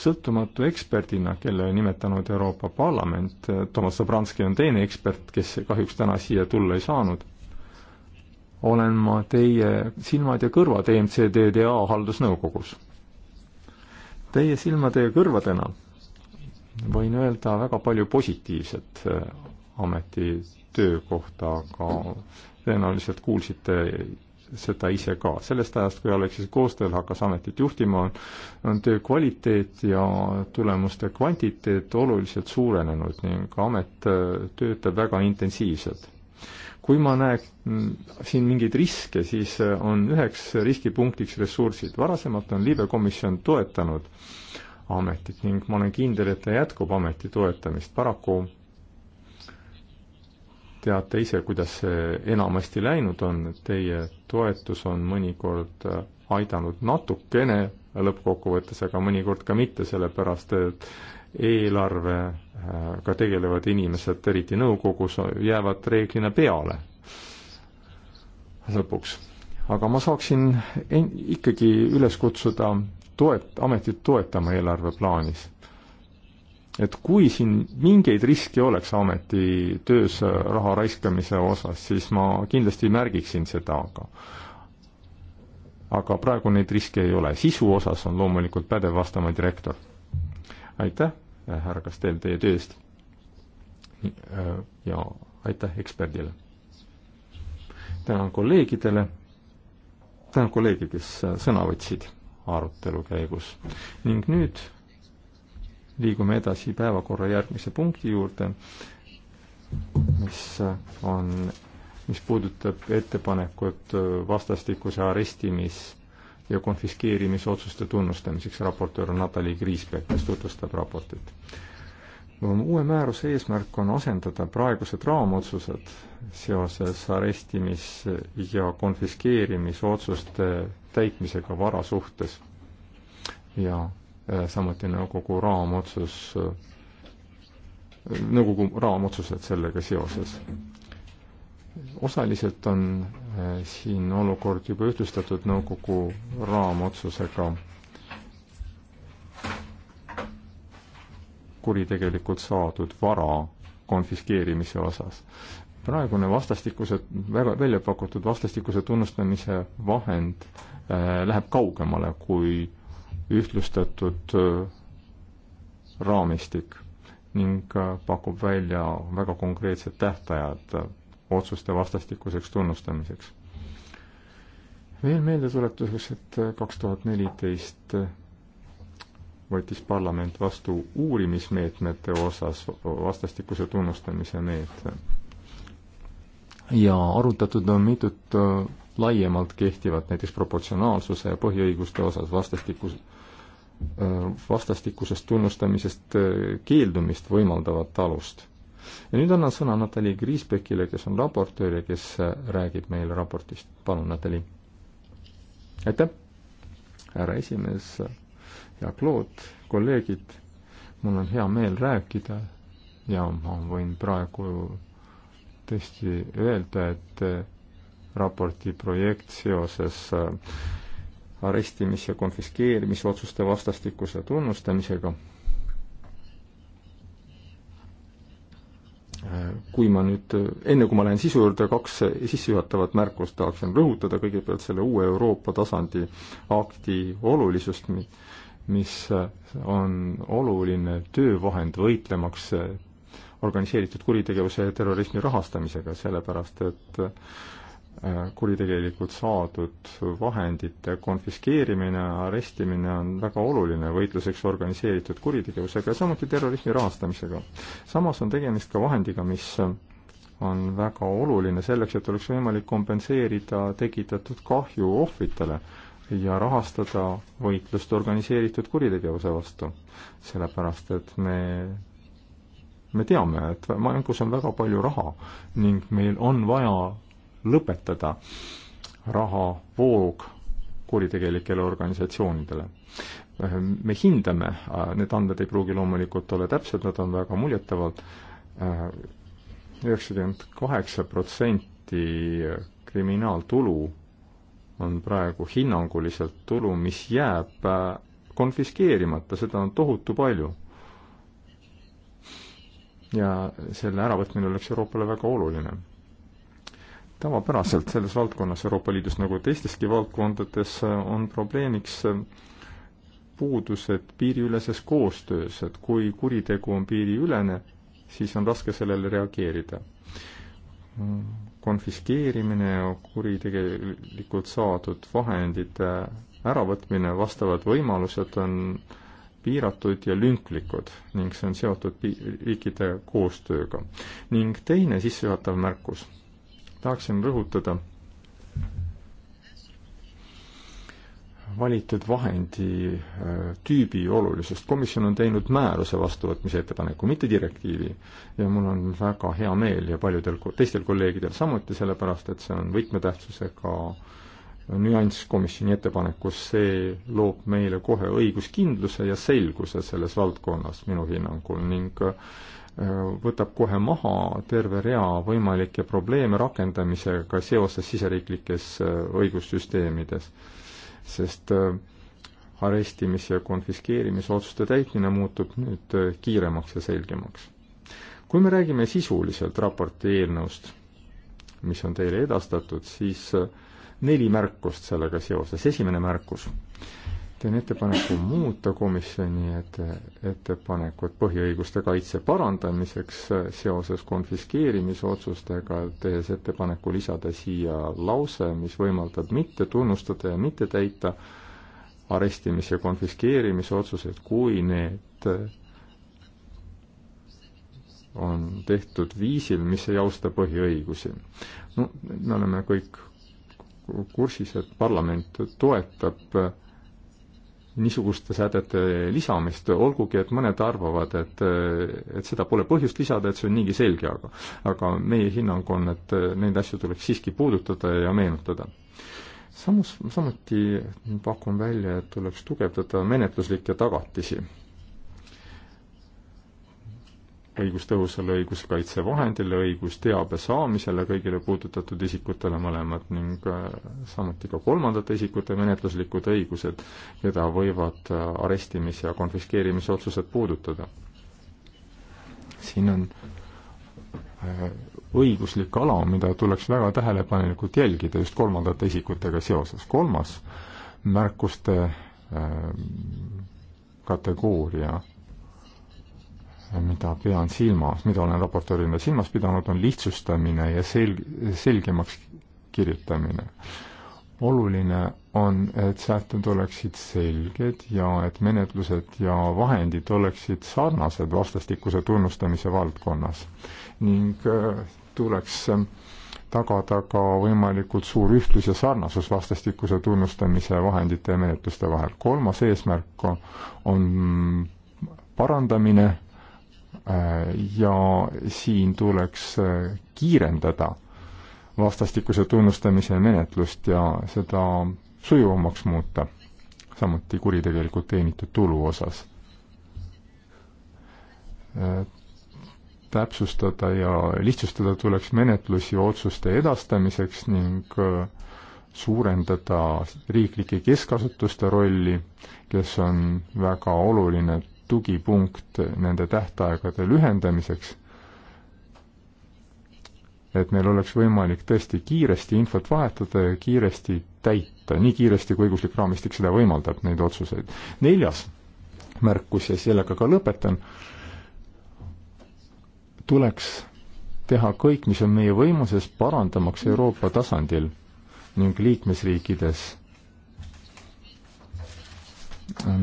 Speaker 1: sõltumatu eksperdina, kelle on nimetanud Euroopa Parlament, Toomas Sobranski on teine ekspert, kes kahjuks täna siia tulla ei saanud, olen ma teie silmad ja kõrvad EMCDDA haldusnõukogus. Teie silmade ja kõrvadena võin öelda väga palju positiivset äh, ameti töö kohta, aga tõenäoliselt kuulsite seda ise ka. sellest ajast, kui Alexis Koostööl hakkas ametit juhtima, on, on töö kvaliteet ja tulemuste kvantiteet oluliselt suurenenud ning amet äh, töötab väga intensiivselt. kui ma näen mm, siin mingeid riske, siis äh, on üheks riskipunktiks ressursid. varasemalt on Liibe komisjon toetanud ametit ning ma olen kindel, et ta jätkub ameti toetamist. paraku teate ise, kuidas see enamasti läinud on, et teie toetus on mõnikord äh, aidanud natukene lõppkokkuvõttes, aga mõnikord ka mitte, sellepärast et eelarvega äh, tegelevad inimesed, eriti nõukogus, jäävad reeglina peale lõpuks. aga ma saaksin en-, ikkagi üles kutsuda toet-, ametit toetama eelarve plaanis et kui siin mingeid riske oleks ameti töös raha raiskamise osas, siis ma kindlasti märgiksin seda, aga aga praegu neid riske ei ole. sisu osas on loomulikult pädev vastama direktor. aitäh, äh, härra Kastel, teie töö eest! ja aitäh eksperdile! tänan kolleegidele, tänan kolleege, kes sõna võtsid arutelu käigus ning nüüd liigume edasi päevakorra järgmise punkti juurde, mis äh, on, mis puudutab ettepanekut äh, vastastikuse arestimis- ja konfiskeerimisotsuste tunnustamiseks. raportöör on Natali Kriisbeck, kes tutvustab raportit. uue määruse eesmärk on asendada praegused raamotsused seoses arestimis- ja konfiskeerimisotsuste täitmisega vara suhtes ja Äh, samuti nõukogu raamotsus, äh, nõukogu raamotsused sellega seoses. osaliselt on äh, siin olukord juba ühtlustatud nõukogu raamotsusega kuritegelikult saadud vara konfiskeerimise osas. praegune vastastikuse, väga välja pakutud vastastikuse tunnustamise vahend äh, läheb kaugemale kui äh, ühtlustatud äh, raamistik ning pakub välja väga konkreetsed tähtajad äh, otsuste vastastikuseks tunnustamiseks. veel meeldetuletuseks, et äh, kaks tuhat neliteist võttis parlament vastu uurimismeetmete osas vastastikuse tunnustamise meetme. ja arutatud on mitut laiemalt kehtivat, näiteks proportsionaalsuse ja põhiõiguste osas vastastikus, vastastikusest tunnustamisest äh, keeldumist võimaldavat alust. ja nüüd annan sõna Natalja Kriisbekile, kes on raportöör ja kes äh, räägib meile raportist. palun, Natalja. aitäh, härra esimees, hea Claude, kolleegid, mul on hea meel rääkida ja ma võin praegu tõesti öelda, et äh, raporti projekt seoses äh, arestimis- ja konfiskeerimisotsuste vastastikuse tunnustamisega. kui ma nüüd, enne kui ma lähen sisu juurde, kaks sissejuhatavat märkust tahaksin rõhutada, kõigepealt selle uue Euroopa tasandi akti olulisust, mis on oluline töövahend võitlemaks organiseeritud kuritegevuse ja terrorismi rahastamisega, sellepärast et äh, kuritegelikult saadud vahendite konfiskeerimine, arestimine on väga oluline võitluseks organiseeritud kuritegevusega ja samuti terrorismi rahastamisega. samas on tegemist ka vahendiga, mis on väga oluline selleks, et oleks võimalik kompenseerida tekitatud kahju ohvritele ja rahastada võitlust organiseeritud kuritegevuse vastu. sellepärast, et me me teame, et mängus on väga palju raha ning meil on vaja lõpetada rahavoog kuritegelikele organisatsioonidele. me hindame, äh, need andmed ei pruugi loomulikult olla täpsed, nad on väga muljetavad, äh, üheksakümmend kaheksa protsenti kriminaaltulu on praegu hinnanguliselt tulu, mis jääb äh, konfiskeerimata, seda on tohutu palju. ja selle äravõtmine oleks Euroopale väga oluline tavapäraselt selles valdkonnas Euroopa Liidus nagu teisteski valdkondades äh, on probleemiks äh, puudused piiriüleses koostöös, et kui kuritegu on piiriülene, siis on raske sellele reageerida. konfiskeerimine ja kuritegelikult saadud vahendite äravõtmine, vastavad võimalused on piiratud ja lünklikud ning see on seotud riikide koostööga. ning teine sissejuhatav märkus tahaksin rõhutada valitud vahendi äh, tüübi olulisust. komisjon on teinud määruse vastuvõtmise ettepaneku, mitte direktiivi. ja mul on väga hea meel ja paljudel teistel kolleegidel samuti, sellepärast et see on võtmetähtsusega nüanss komisjoni ettepanekus, see loob meile kohe õiguskindluse ja selguse selles valdkonnas minu hinnangul ning äh, võtab kohe maha terve rea võimalikke probleeme rakendamisega seoses siseriiklikes äh, õigussüsteemides. sest äh, arestimis- ja konfiskeerimisotsuste täitmine muutub nüüd äh, kiiremaks ja selgemaks. kui me räägime sisuliselt raporti eelnõust, mis on teile edastatud, siis neli märkust sellega seoses, esimene märkus teen ettepaneku muuta komisjoni ette, ettepanekut põhiõiguste kaitse parandamiseks seoses konfiskeerimisotsustega, tehes ettepaneku lisada siia lause, mis võimaldab mitte tunnustada ja mitte täita arestimis- ja konfiskeerimisotsused, kui need on tehtud viisil, mis ei austa põhiõigusi. no me oleme kõik kursis, et parlament toetab niisuguste sätete lisamist, olgugi et mõned arvavad, et, et seda pole põhjust lisada, et see on niigi selge, aga aga meie hinnang on, et neid asju tuleks siiski puudutada ja meenutada. samus, samuti pakun välja, et tuleks tugevdada menetluslikke tagatisi õigus tõhusale õiguskaitsevahendile, õigus teabe saamisele kõigile puudutatud isikutele mõlemad ning äh, samuti ka kolmandate isikute menetluslikud õigused, keda võivad äh, arestimis- ja konfiskeerimise otsused puudutada. siin on äh, õiguslik ala, mida tuleks väga tähelepanelikult jälgida just kolmandate isikutega seoses. kolmas märkuste kategooria mida pean silmas, mida olen raportöörina silmas pidanud, on lihtsustamine ja sel-, selgemaks kirjutamine. oluline on, et sätted oleksid selged ja et menetlused ja vahendid oleksid sarnased vastastikuse tunnustamise valdkonnas. ning äh, tuleks äh, tagada ka võimalikult suur ühtlus ja sarnasus vastastikuse tunnustamise vahendite ja menetluste vahel. kolmas eesmärk on parandamine Äh, ja siin tuleks äh, kiirendada vastastikuse tunnustamise menetlust ja seda sujuvamaks muuta, samuti kuritegelikult teenitud tulu osas. Äh, täpsustada ja lihtsustada tuleks menetlusi otsuste edastamiseks ning suurendada riiklike keskasutuste rolli, kes on väga oluline tugipunkt nende tähtaegade lühendamiseks, et meil oleks võimalik tõesti kiiresti infot vahetada ja kiiresti täita, nii kiiresti, kui õiguslik raamistik seda võimaldab, neid otsuseid. neljas märkus ja sellega ka lõpetan, tuleks teha kõik, mis on meie võimuses, parandamaks Euroopa tasandil ning liikmesriikides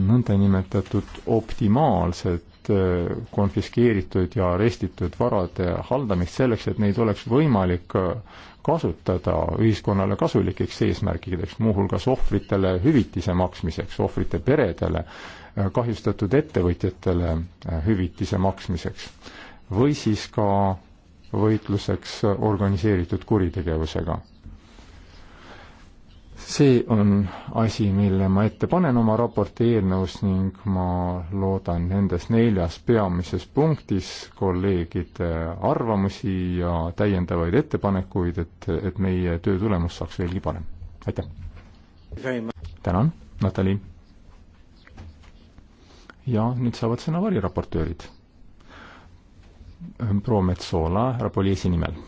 Speaker 1: nõndanimetatud optimaalset äh, konfiskeeritud ja arestitud varade haldamist selleks, et neid oleks võimalik äh, kasutada ühiskonnale kasulikeks eesmärkideks, muuhulgas ohvritele hüvitise maksmiseks, ohvrite peredele, äh, kahjustatud ettevõtjatele hüvitise maksmiseks või siis ka võitluseks organiseeritud kuritegevusega see on asi, mille ma ette panen oma raporti eelnõus ning ma loodan nendes neljas peamises punktis kolleegide arvamusi ja täiendavaid ettepanekuid, et, et meie töö tulemus saaks veelgi parem. aitäh! tänan, Natali! ja nüüd saavad sõna variraportöörid. proua Metsola, härra Poliisi nimel.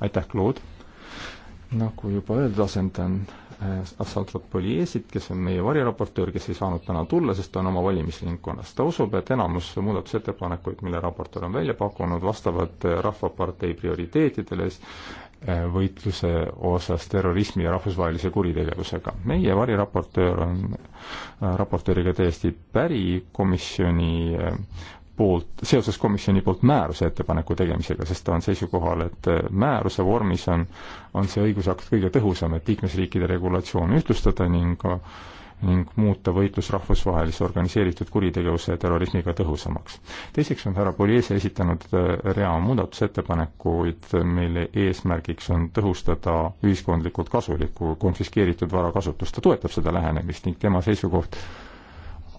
Speaker 1: aitäh, Claude! nagu juba öeldud, asendan Saltropoliesit, kes on meie variraportöör, kes ei saanud täna tulla, sest ta on oma valimisringkonnas. ta usub, et enamus muudatusettepanekuid, mille raportöör on välja pakkunud, vastavad äh, Rahvapartei prioriteetidele äh, võitluse osas terrorismi ja rahvusvahelise kuritegevusega. meie variraportöör on äh, raportööriga täiesti päri komisjoni poolt, seoses komisjoni poolt määruse ettepaneku tegemisega, sest ta on seisukohal, et äh, määruse vormis on, on see õigusakt kõige tõhusam, et liikmesriikide regulatsioone ühtlustada ning ning muuta võitlus rahvusvahelise organiseeritud kuritegevuse ja terrorismiga tõhusamaks. teiseks on härra Poliese esitanud äh, rea muudatusettepanekuid, mille eesmärgiks on tõhustada ühiskondlikult kasulikku konfiskeeritud vara kasutust. ta toetab seda lähenemist ning tema seisukoht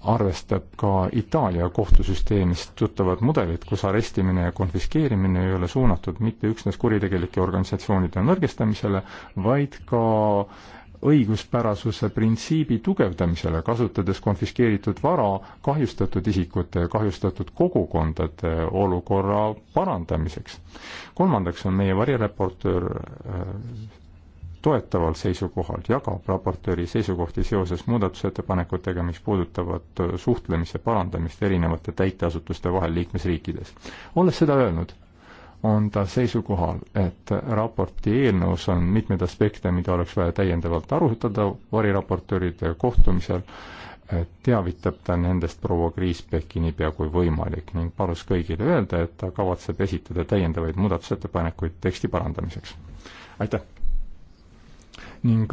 Speaker 1: arvestab ka Itaalia kohtusüsteemist tuttavad mudelid, kus arestimine ja konfiskeerimine ei ole suunatud mitte üksnes kuritegelike organisatsioonide nõrgestamisele, vaid ka õiguspärasuse printsiibi tugevdamisele, kasutades konfiskeeritud vara kahjustatud isikute ja kahjustatud kogukondade olukorra parandamiseks. kolmandaks on meie varireportöör äh, toetaval seisukohal, jagab raportööri seisukohti seoses muudatusettepanekutega, mis puudutavad äh, suhtlemise parandamist erinevate täiteasutuste vahel liikmesriikides. olles seda öelnud, on ta seisukohal, et raporti eelnõus on mitmeid aspekte, mida oleks vaja täiendavalt arutada variraportööride kohtumisel, äh, teavitab ta nendest proua Kriisbecki niipea kui võimalik ning palus kõigile öelda, et ta kavatseb esitada täiendavaid muudatusettepanekuid teksti parandamiseks. aitäh! ning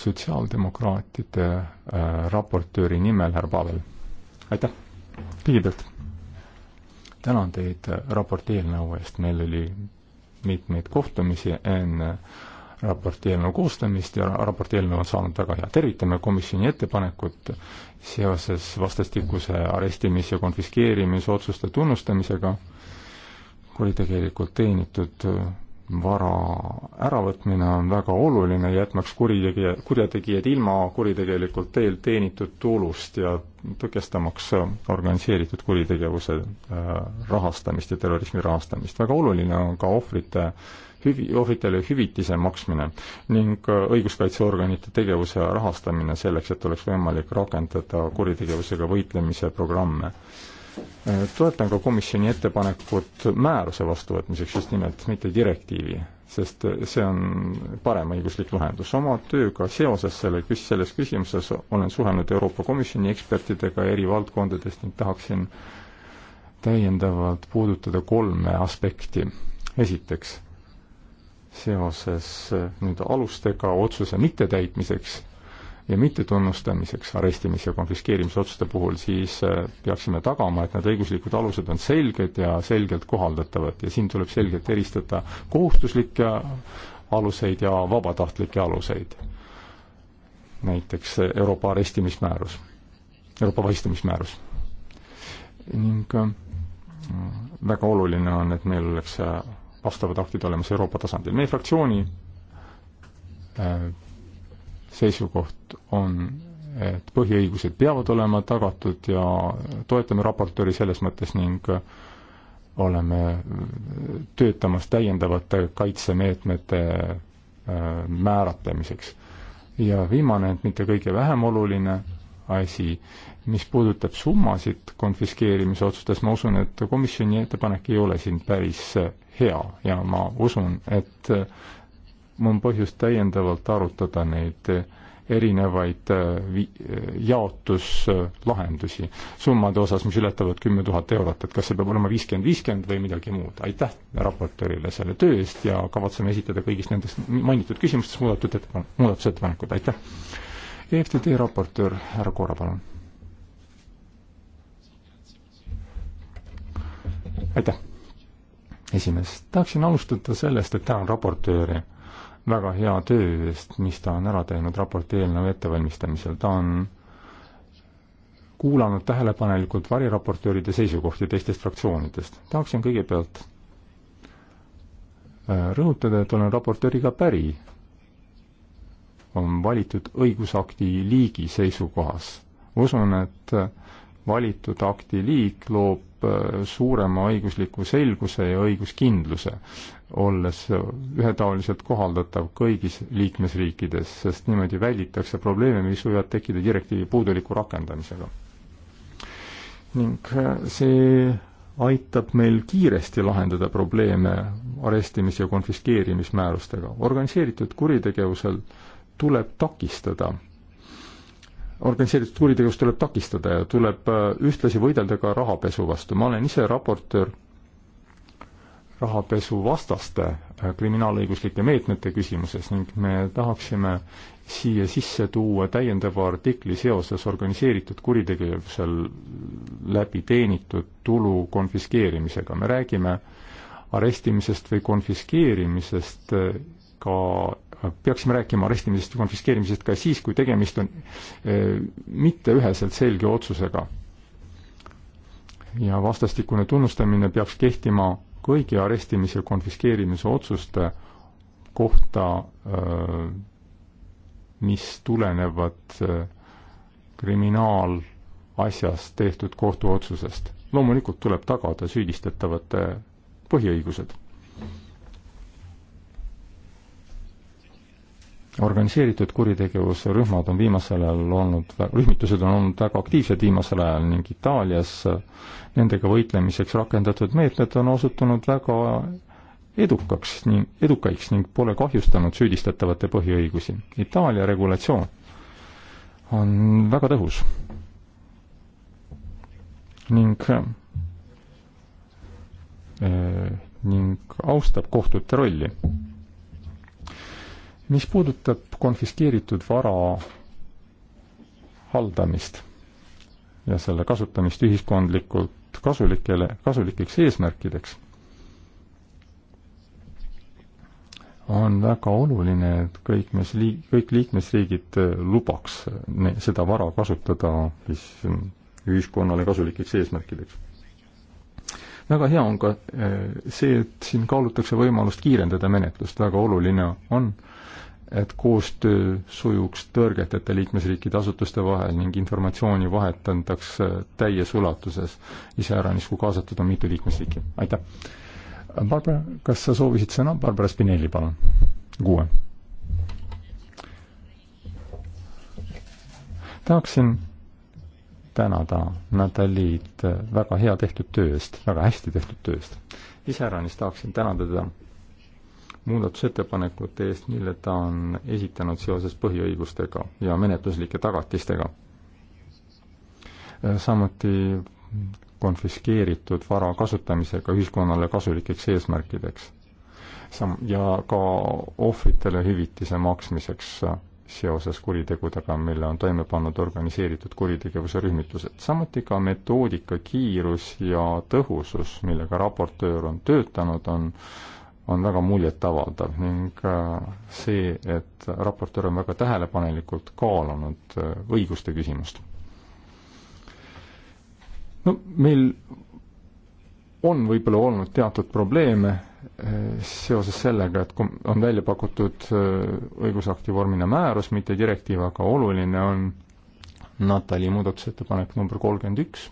Speaker 1: sotsiaaldemokraatide äh, raportööri nimel, härra Pavel, aitäh! kõigepealt tänan teid äh, raporti eelnõu eest, meil oli mitmeid kohtumisi enne raporti eelnõu koostamist ja raporti eelnõu on saanud väga hea. tervitame komisjoni ettepanekut seoses vastastikuse arestimis- ja konfiskeerimisotsuste tunnustamisega kuritegelikult teenitud äh, vara äravõtmine on väga oluline, jätmaks kuritegija, kurjategijad ilma kuritegelikult teel teenitud tulust ja tõkestamaks organiseeritud kuritegevuse äh, rahastamist ja terrorismi rahastamist. väga oluline on ka ohvrite hüvi, ohvritele hüvitise maksmine ning äh, õiguskaitseorganite tegevuse rahastamine selleks, et oleks võimalik rakendada kuritegevusega võitlemise programme Äh, toetan ka komisjoni ettepanekut määruse vastuvõtmiseks just nimelt, mitte direktiivi, sest äh, see on parem õiguslik lahendus. oma tööga seoses selle, selles küsimuses olen suhelnud Euroopa Komisjoni ekspertidega eri valdkondadest ning tahaksin täiendavalt puudutada kolme aspekti. esiteks, seoses äh, nüüd alustega otsuse mittetäitmiseks ja mittetunnustamiseks arestimise ja konfiskeerimise otsuste puhul, siis äh, peaksime tagama, et need õiguslikud alused on selged ja selgelt kohaldatavad ja siin tuleb selgelt eristada kohustuslikke aluseid ja vabatahtlikke aluseid. näiteks Euroopa arestimismäärus, Euroopa vahistamismäärus. ning äh, väga oluline on, et meil oleks äh, vastavad aktid olemas Euroopa tasandil. meie fraktsiooni seisukoht on, et põhiõigused peavad olema tagatud ja toetame raportööri selles mõttes ning oleme töötamas täiendavate kaitsemeetmete äh, määratlemiseks. ja viimane, et mitte kõige vähem oluline asi, mis puudutab summasid konfiskeerimise otsustes, ma usun, et komisjoni ettepanek ei ole siin päris hea ja ma usun, et on põhjust täiendavalt arutada neid erinevaid äh, äh, jaotuslahendusi summade osas, mis ületavad kümme tuhat eurot, et kas see peab olema viiskümmend, viiskümmend või midagi muud. aitäh raportöörile selle töö eest ja kavatseme esitada kõigis nendes mainitud küsimustes muudatud ettepan-, muudatusettepanekud, aitäh! EFTD raportöör härra Koora, palun! aitäh! esimees, tahaksin alustada sellest, et tänan raportööri väga hea töö eest, mis ta on ära teinud raporti eelnõu ettevalmistamisel, ta on kuulanud tähelepanelikult variraportööride seisukohti teistest fraktsioonidest. tahaksin kõigepealt äh, rõhutada, et olen raportööriga päri, on valitud õigusakti liigi seisukohas. usun, et äh, valitud akti liik loob äh, suurema õigusliku selguse ja õiguskindluse, olles ühetaoliselt kohaldatav kõigis liikmesriikides, sest niimoodi välditakse probleeme, mis võivad tekkida direktiivi puuduliku rakendamisega. ning äh, see aitab meil kiiresti lahendada probleeme arestimis- ja konfiskeerimismäärustega. organiseeritud kuritegevusel tuleb takistada organiseeritud kuritegevust tuleb takistada ja tuleb äh, ühtlasi võidelda ka rahapesu vastu. ma olen ise raportöör rahapesuvastaste äh, kriminaalõiguslike meetmete küsimuses ning me tahaksime siia sisse tuua täiendava artikli seoses organiseeritud kuritegevusel läbi teenitud tulu konfiskeerimisega. me räägime arestimisest või konfiskeerimisest äh, ka peaksime rääkima arestimisest ja konfiskeerimisest ka siis, kui tegemist on eh, mitte üheselt selge otsusega. ja vastastikune tunnustamine peaks kehtima kõigi arestimise ja konfiskeerimise otsuste kohta, eh, mis tulenevad eh, kriminaalasjas tehtud kohtuotsusest. loomulikult tuleb tagada süüdistatavate põhiõigused organiseeritud kuritegevuse rühmad on viimasel ajal olnud, rühmitused on olnud väga aktiivsed viimasel ajal ning Itaalias nendega võitlemiseks rakendatud meetmed on osutunud väga edukaks ning, edukaiks ning pole kahjustanud süüdistatavate põhiõigusi. Itaalia regulatsioon on väga tõhus. ning äh, ning austab kohtute rolli mis puudutab konfiskeeritud vara haldamist ja selle kasutamist ühiskondlikult kasulikele, kasulikeks eesmärkideks, on väga oluline, et kõik mees lii-, kõik liikmesriigid äh, lubaks ne-, seda vara kasutada siis mm, ühiskonnale kasulikeks eesmärkideks. väga hea on ka äh, see, et siin kaalutakse võimalust kiirendada menetlust, väga oluline on äh, et koostöö sujuks tõrgeteta liikmesriikide asutuste vahel ning informatsiooni vahetandaks äh, täies ulatuses, iseäranis kui kaasatud on mitu liikmesriiki. aitäh! Barbara, kas sa soovisid sõna? Barbara Spinelli, palun. kuue. tahaksin tänada Natalid äh, väga hea tehtud töö eest, väga hästi tehtud töö eest. iseäranis tahaksin tänada teda muudatusettepanekute eest, mille ta on esitanud seoses põhiõigustega ja menetluslike tagatistega. Äh, samuti konfiskeeritud vara kasutamisega ühiskonnale kasulikeks eesmärkideks. Sam-, ja ka ohvritele hüvitise maksmiseks äh, seoses kuritegudega, mille on toime pannud organiseeritud kuritegevuse rühmitused. samuti ka metoodika kiirus ja tõhusus, millega raportöör on töötanud, on äh, on väga muljetavaldav ning äh, see, et raportöör on väga tähelepanelikult kaalunud äh, õiguste küsimust. no meil on võib-olla olnud teatud probleeme äh, seoses sellega, et on välja pakutud õigusakti vormina määrus, mitte direktiiv, aga oluline on Natali muudatusettepanek number kolmkümmend üks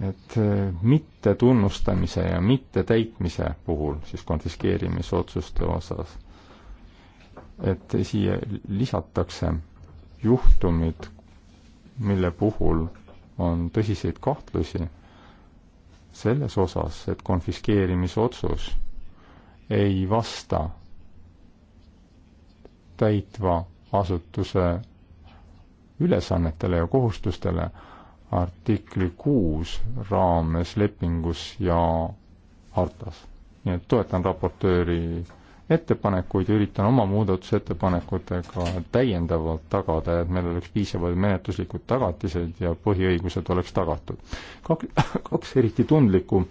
Speaker 1: et eh, mittetunnustamise ja mittetäitmise puhul siis konfiskeerimisotsuste osas, et siia lisatakse juhtumid, mille puhul on tõsiseid kahtlusi selles osas, et konfiskeerimisotsus ei vasta täitva asutuse ülesannetele ja kohustustele artikli kuus raames lepingus ja hartas. nii et toetan raportööri ettepanekuid ja üritan oma muudatusettepanekutega täiendavalt tagada, et meil oleks piisavad menetluslikud tagatised ja põhiõigused oleks tagatud. kaks, [laughs] kaks eriti tundlikku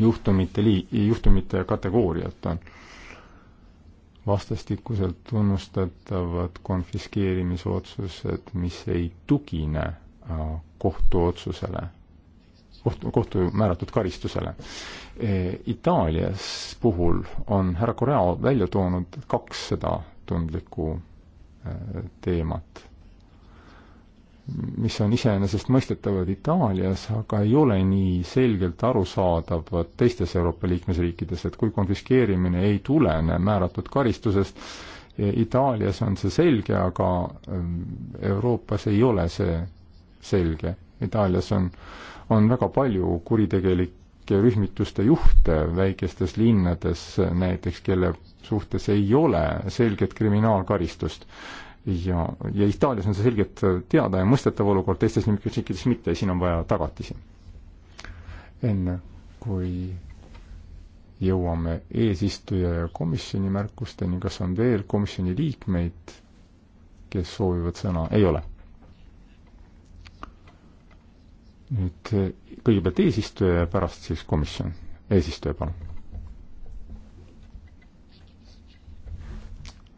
Speaker 1: juhtumite lii-, juhtumite kategooriat on vastastikuselt tunnustatavad konfiskeerimisotsused, mis ei tugine kohtuotsusele, kohtu, kohtu määratud karistusele. E, Itaalias puhul on härra Correa välja toonud kaks seda tundlikku e, teemat, mis on iseenesestmõistetavad Itaalias, aga ei ole nii selgelt arusaadavad teistes Euroopa liikmesriikides, et kui konfiskeerimine ei tulene määratud karistusest, e, Itaalias on see selge, aga Euroopas ei ole see selge. Itaalias on, on väga palju kuritegelike rühmituste juhte väikestes linnades näiteks, kelle suhtes ei ole selget kriminaalkaristust. ja, ja Itaalias on see selgelt teada ja mõistetav olukord, teistes liikmesriikides mitte ja siin on vaja tagatisi. enne kui jõuame eesistuja ja komisjoni märkusteni, kas on veel komisjoni liikmeid, kes soovivad sõna, ei ole nüüd eh, kõigepealt eesistuja ja pärast siis komisjon. eesistuja, palun.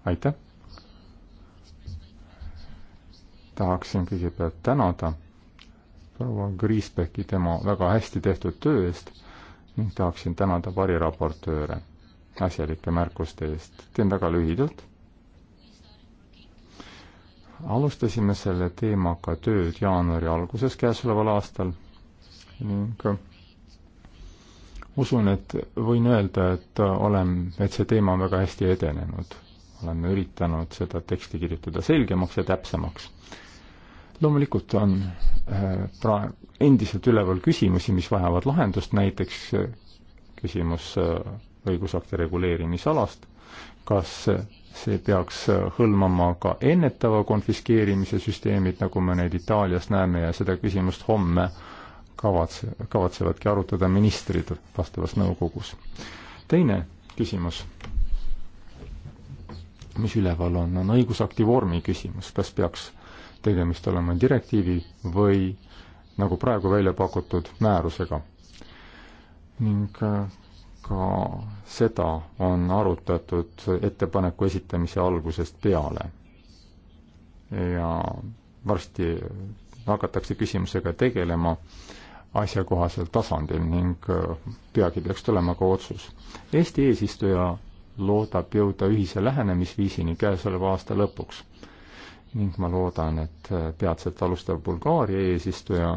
Speaker 1: aitäh. tahaksin kõigepealt tänada proua Kriisbecki tema väga hästi tehtud töö eest ning tahaksin tänada variraportööre asjalike märkuste eest. teen väga lühidalt alustasime selle teemaga tööd jaanuari alguses käesoleval aastal ning usun, et võin öelda, et olen, et see teema on väga hästi edenenud. oleme üritanud seda teksti kirjutada selgemaks ja täpsemaks. loomulikult on äh, pra-, endiselt üleval küsimusi, mis vajavad lahendust, näiteks äh, küsimus äh, õigusakti reguleerimisalast, kas see peaks äh, hõlmama ka ennetava konfiskeerimise süsteemid, nagu me neid Itaalias näeme ja seda küsimust homme kavatse, kavatsevatki arutada ministrid vastavas nõukogus. teine küsimus, mis üleval on, on õigusakti vormi küsimus, kas peaks tegemist olema direktiivi või nagu praegu välja pakutud, määrusega. ning äh, ka seda on arutatud ettepaneku esitamise algusest peale. ja varsti hakatakse küsimusega tegelema asjakohasel tasandil ning peagi äh, peaks tulema ka otsus. Eesti eesistuja loodab jõuda ühise lähenemisviisini käesoleva aasta lõpuks ning ma loodan, et äh, peatselt alustav Bulgaaria eesistuja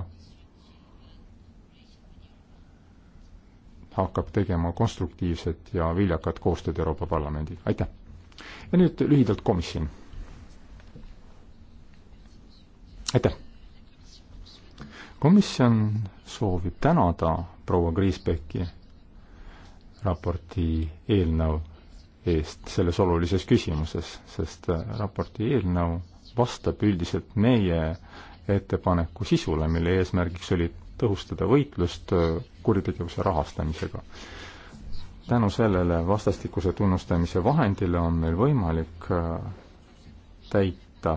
Speaker 1: hakkab tegema konstruktiivset ja viljakat koostööd Euroopa Parlamendiga, aitäh! ja nüüd lühidalt komisjon. aitäh! komisjon soovib tänada proua Kriisbecki raporti eelnõu eest selles olulises küsimuses, sest raporti eelnõu vastab üldiselt meie ettepaneku sisule, mille eesmärgiks oli tõhustada võitlust kuritegevuse rahastamisega. tänu sellele vastastikuse tunnustamise vahendile on meil võimalik äh, täita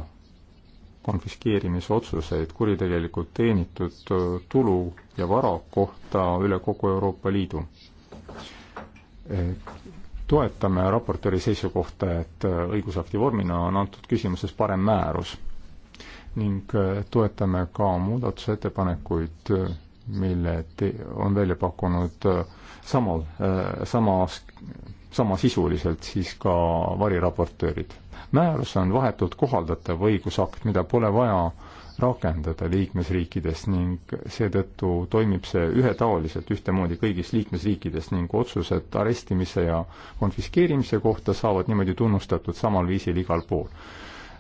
Speaker 1: konfiskeerimisotsuseid kuritegelikult teenitud äh, tulu ja vara kohta üle kogu Euroopa Liidu. Äh, toetame raportööri seisukohta, et õigusakti vormina on antud küsimuses parem määrus ning toetame ka muudatusettepanekuid mille te, on välja pakkunud äh, samal, äh, samas, samasisuliselt siis ka variraportöörid. määrus on vahetult kohaldatav õigusakt, mida pole vaja rakendada liikmesriikides ning seetõttu toimib see ühetaoliselt ühtemoodi kõigis liikmesriikides ning otsused arestimise ja konfiskeerimise kohta saavad niimoodi tunnustatud samal viisil igal pool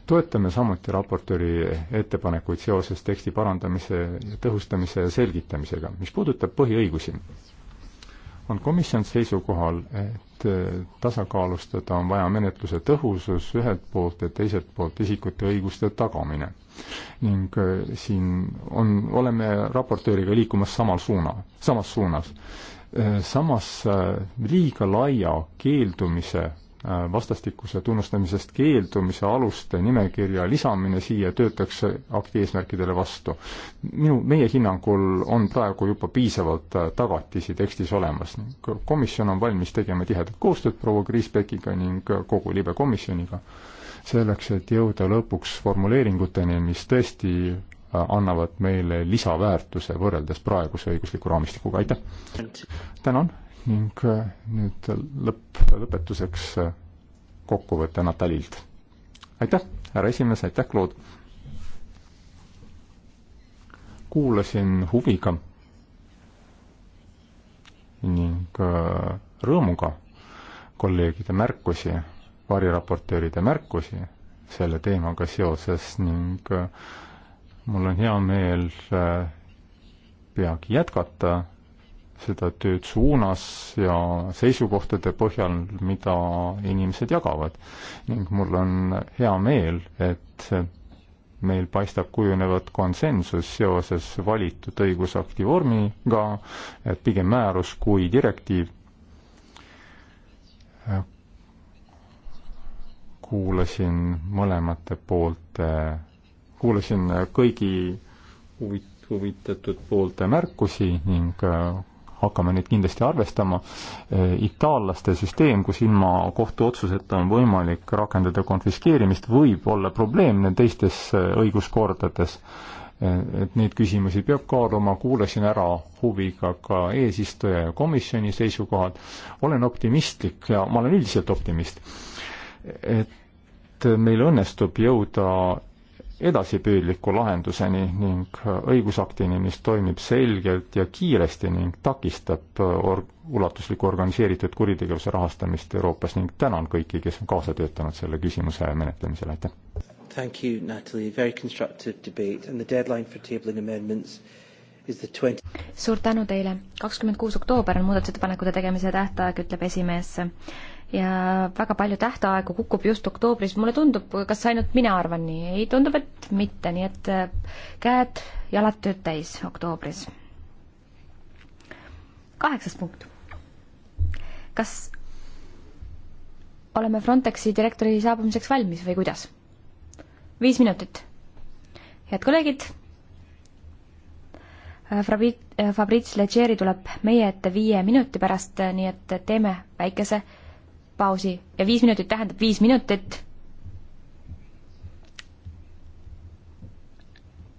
Speaker 1: toetame samuti raportööri ettepanekuid seoses teksti parandamise, tõhustamise ja selgitamisega. mis puudutab põhiõigusi, on komisjon seisukohal, et tasakaalustada on vaja menetluse tõhusus ühelt poolt ja teiselt poolt isikute õiguste tagamine. ning äh, siin on, oleme raportööriga liikumas samal suuna, samas suunas. Äh, samas äh, liiga laia keeldumise Äh, vastastikuse tunnustamisest keeldumise aluste nimekirja lisamine siia töötaks akti eesmärkidele vastu. minu, meie hinnangul on praegu juba piisavalt äh, tagatisi tekstis olemas. komisjon on valmis tegema tihedat koostööd proua Kriisbekiga ning äh, kogu libe komisjoniga, selleks, et jõuda lõpuks formuleeringuteni, mis tõesti annavad meile lisaväärtuse võrreldes praeguse õigusliku raamistikuga, aitäh! tänan ning äh, nüüd lõpp, lõpetuseks äh, kokkuvõte Natalilt. aitäh, härra esimees, aitäh, Claude! kuulasin huviga ning äh, rõõmuga kolleegide märkusi, variraportööride märkusi selle teemaga seoses ning mul on hea meel peagi jätkata seda tööd suunas ja seisukohtade põhjal, mida inimesed jagavad. ning mul on hea meel, et meil paistab kujunevat konsensus seoses valitud õigusakti vormiga, et pigem määrus kui direktiiv. kuulasin mõlemate poolt, kuulasin kõigi huvit-, huvitatud poolte märkusi ning hakkame neid kindlasti arvestama. Äh, itaallaste süsteem, kus ilma kohtuotsuseta on võimalik rakendada konfiskeerimist, võib olla probleemne teistes äh, õiguskordades. Äh, et neid küsimusi peab kaaluma, kuulasin ära huviga ka eesistuja ja komisjoni seisukohad. olen optimistlik ja ma olen üldiselt optimist. et meil õnnestub jõuda edasipüüdliku lahenduseni ning õigusaktini, mis toimib selgelt ja kiiresti ning takistab or-, ulatuslikku organiseeritud kuritegevuse rahastamist Euroopas ning tänan kõiki, kes on kaasa töötanud selle küsimuse menetlemisel, aitäh!
Speaker 2: Thank you, Natalie, very constructive debate and the deadline for tabling amendments is the twenty
Speaker 3: suur tänu teile, kakskümmend kuus oktoober on muudatusettepanekute tegemise tähtaeg, ütleb esimees ja väga palju tähtaegu kukub just oktoobris, mulle tundub, kas ainult mina arvan nii, ei tundub, et mitte, nii et äh, käed-jalad tööd täis oktoobris. kaheksas punkt. kas oleme Frontexi direktori saabumiseks valmis või kuidas? viis minutit. head kolleegid, äh, äh, Fabrice Leggeri tuleb meie ette viie minuti pärast, nii et teeme väikese pausi ja viis minutit tähendab viis minutit.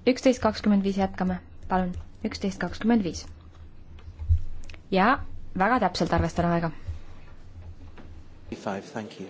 Speaker 3: üksteist kakskümmend viis jätkame, palun, üksteist kakskümmend viis. ja väga täpselt arvestan aega.
Speaker 2: Five, thank you.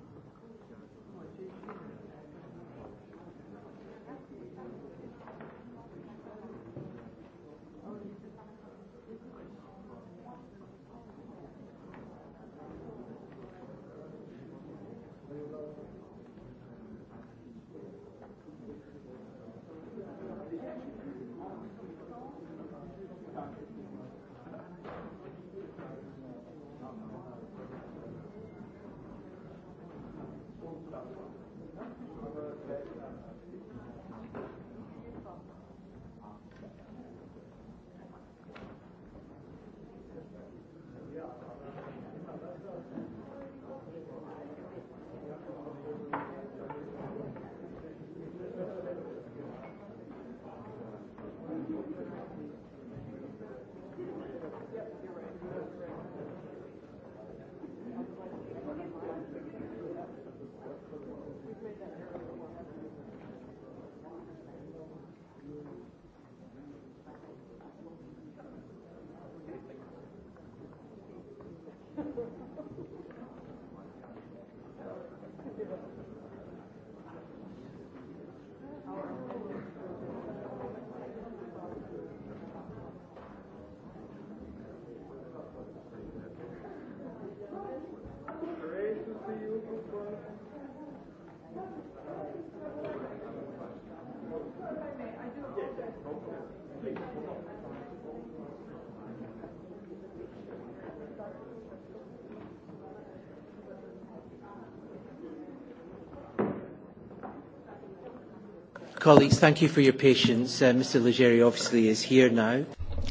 Speaker 2: Colleagues, thank you for your patience. Uh, Mr Legeri obviously is here now.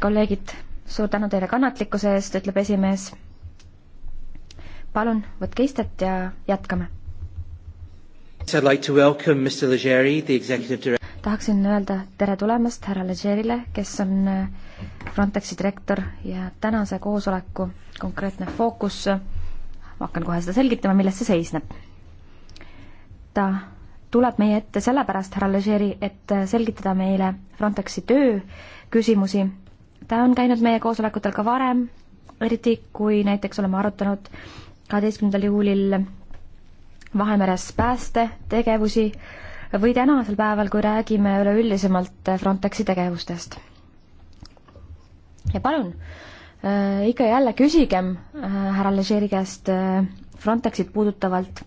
Speaker 3: kolleegid, suur tänu teile kannatlikkuse eest, ütleb esimees. palun võtke istet ja jätkame.
Speaker 2: I'd like to welcome Mr Legeri, the executive director
Speaker 3: tahaksin öelda tere tulemast härra Legerile, kes on äh, Frontexi direktor ja tänase koosoleku konkreetne fookus, ma hakkan kohe seda selgitama, milles see seisneb. ta tuleb meie ette sellepärast, härra Legeri, et selgitada meile Frontexi töö küsimusi. ta on käinud meie koosolekutel ka varem, eriti kui näiteks oleme arutanud kaheteistkümnendal juulil Vahemeres päästetegevusi või tänasel päeval, kui räägime üleüldisemalt Frontexi tegevustest. ja palun äh,, ikka ja jälle küsigem äh, härra Legeri käest äh, Frontexit puudutavalt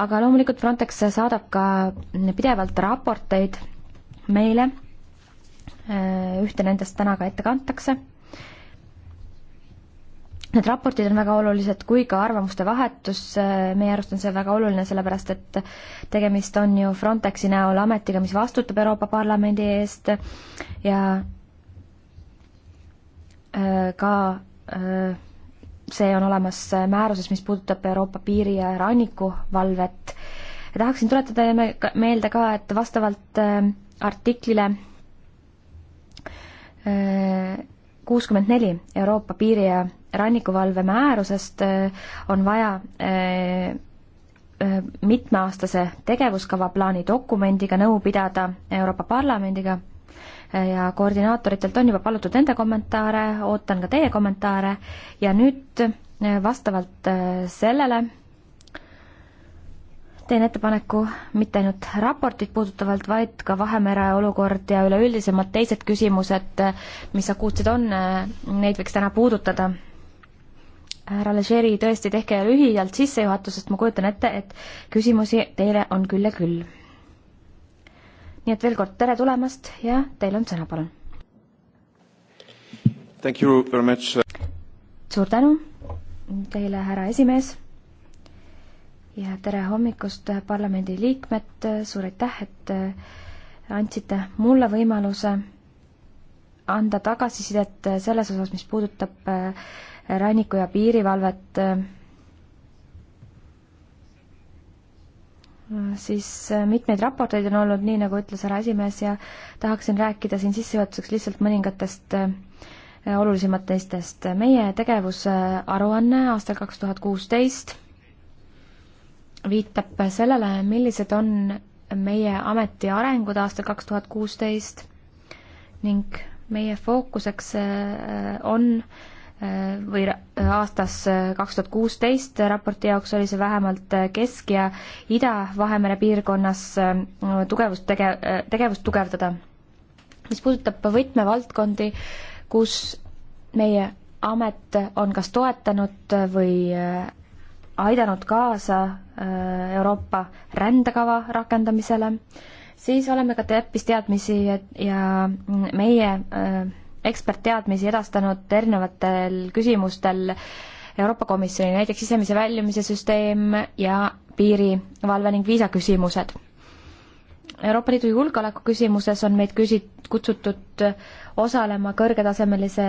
Speaker 3: aga loomulikult Frontex saadab ka pidevalt raporteid meile, äh, ühte nendest täna ka ette kantakse. Need raportid on väga olulised, kui ka arvamuste vahetus, äh, meie arust on see väga oluline, sellepärast et tegemist on ju Frontexi näol ametiga, mis vastutab Euroopa Parlamendi eest ja äh, ka see on olemas määruses, mis puudutab Euroopa piiri- ja rannikuvalvet. tahaksin tuletada meelde ka, et vastavalt äh, artiklile äh, kuuskümmend neli Euroopa piiri- ja rannikuvalve määrusest äh, on vaja mitmeaastase tegevuskava plaani dokumendiga nõu pidada Euroopa Parlamendiga ja koordinaatoritelt on juba palutud nende kommentaare, ootan ka teie kommentaare ja nüüd eh, vastavalt eh, sellele teen ettepaneku mitte ainult raportit puudutavalt, vaid ka Vahemere olukord ja üleüldisemad teised küsimused, eh, mis akuutsed on, neid võiks täna puudutada. härra Legeri, tõesti, tehke lühidalt sissejuhatusest, ma kujutan ette, et küsimusi teile on küll ja küll nii et veel kord tere tulemast ja teil on sõna, palun. suur tänu teile, härra esimees. ja tere hommikust, äh, parlamendi liikmed, äh, suur aitäh, et äh, andsite mulle võimaluse anda tagasisidet selles osas, mis puudutab ranniku- ja piirivalvet siis äh, mitmeid raporteid on olnud, nii nagu ütles härra esimees ja tahaksin rääkida siin sissejuhatuseks lihtsalt mõningatest äh, olulisemad teistest. meie tegevusaruanne äh, aastal kaks tuhat kuusteist viitab sellele, millised on meie ameti arengud aastal kaks tuhat kuusteist ning meie fookuseks on või aastas äh, kaks tuhat kuusteist raporti jaoks oli see vähemalt äh, Kesk- ja Ida-Vahemere piirkonnas äh, tugevust tege-, tegevust tugevdada. mis puudutab võtmevaldkondi, kus meie amet on kas toetanud või aidanud kaasa Euroopa rändekava rakendamisele, siis oleme ka täppisteadmisi ja, ja meie ekspertteadmisi edastanud erinevatel küsimustel Euroopa Komisjoni, näiteks sisemise väljumise süsteem ja piirivalve ning viisaküsimused. Euroopa Liidu julgeoleku küsimuses on meid küsi-, kutsutud osalema kõrgetasemelise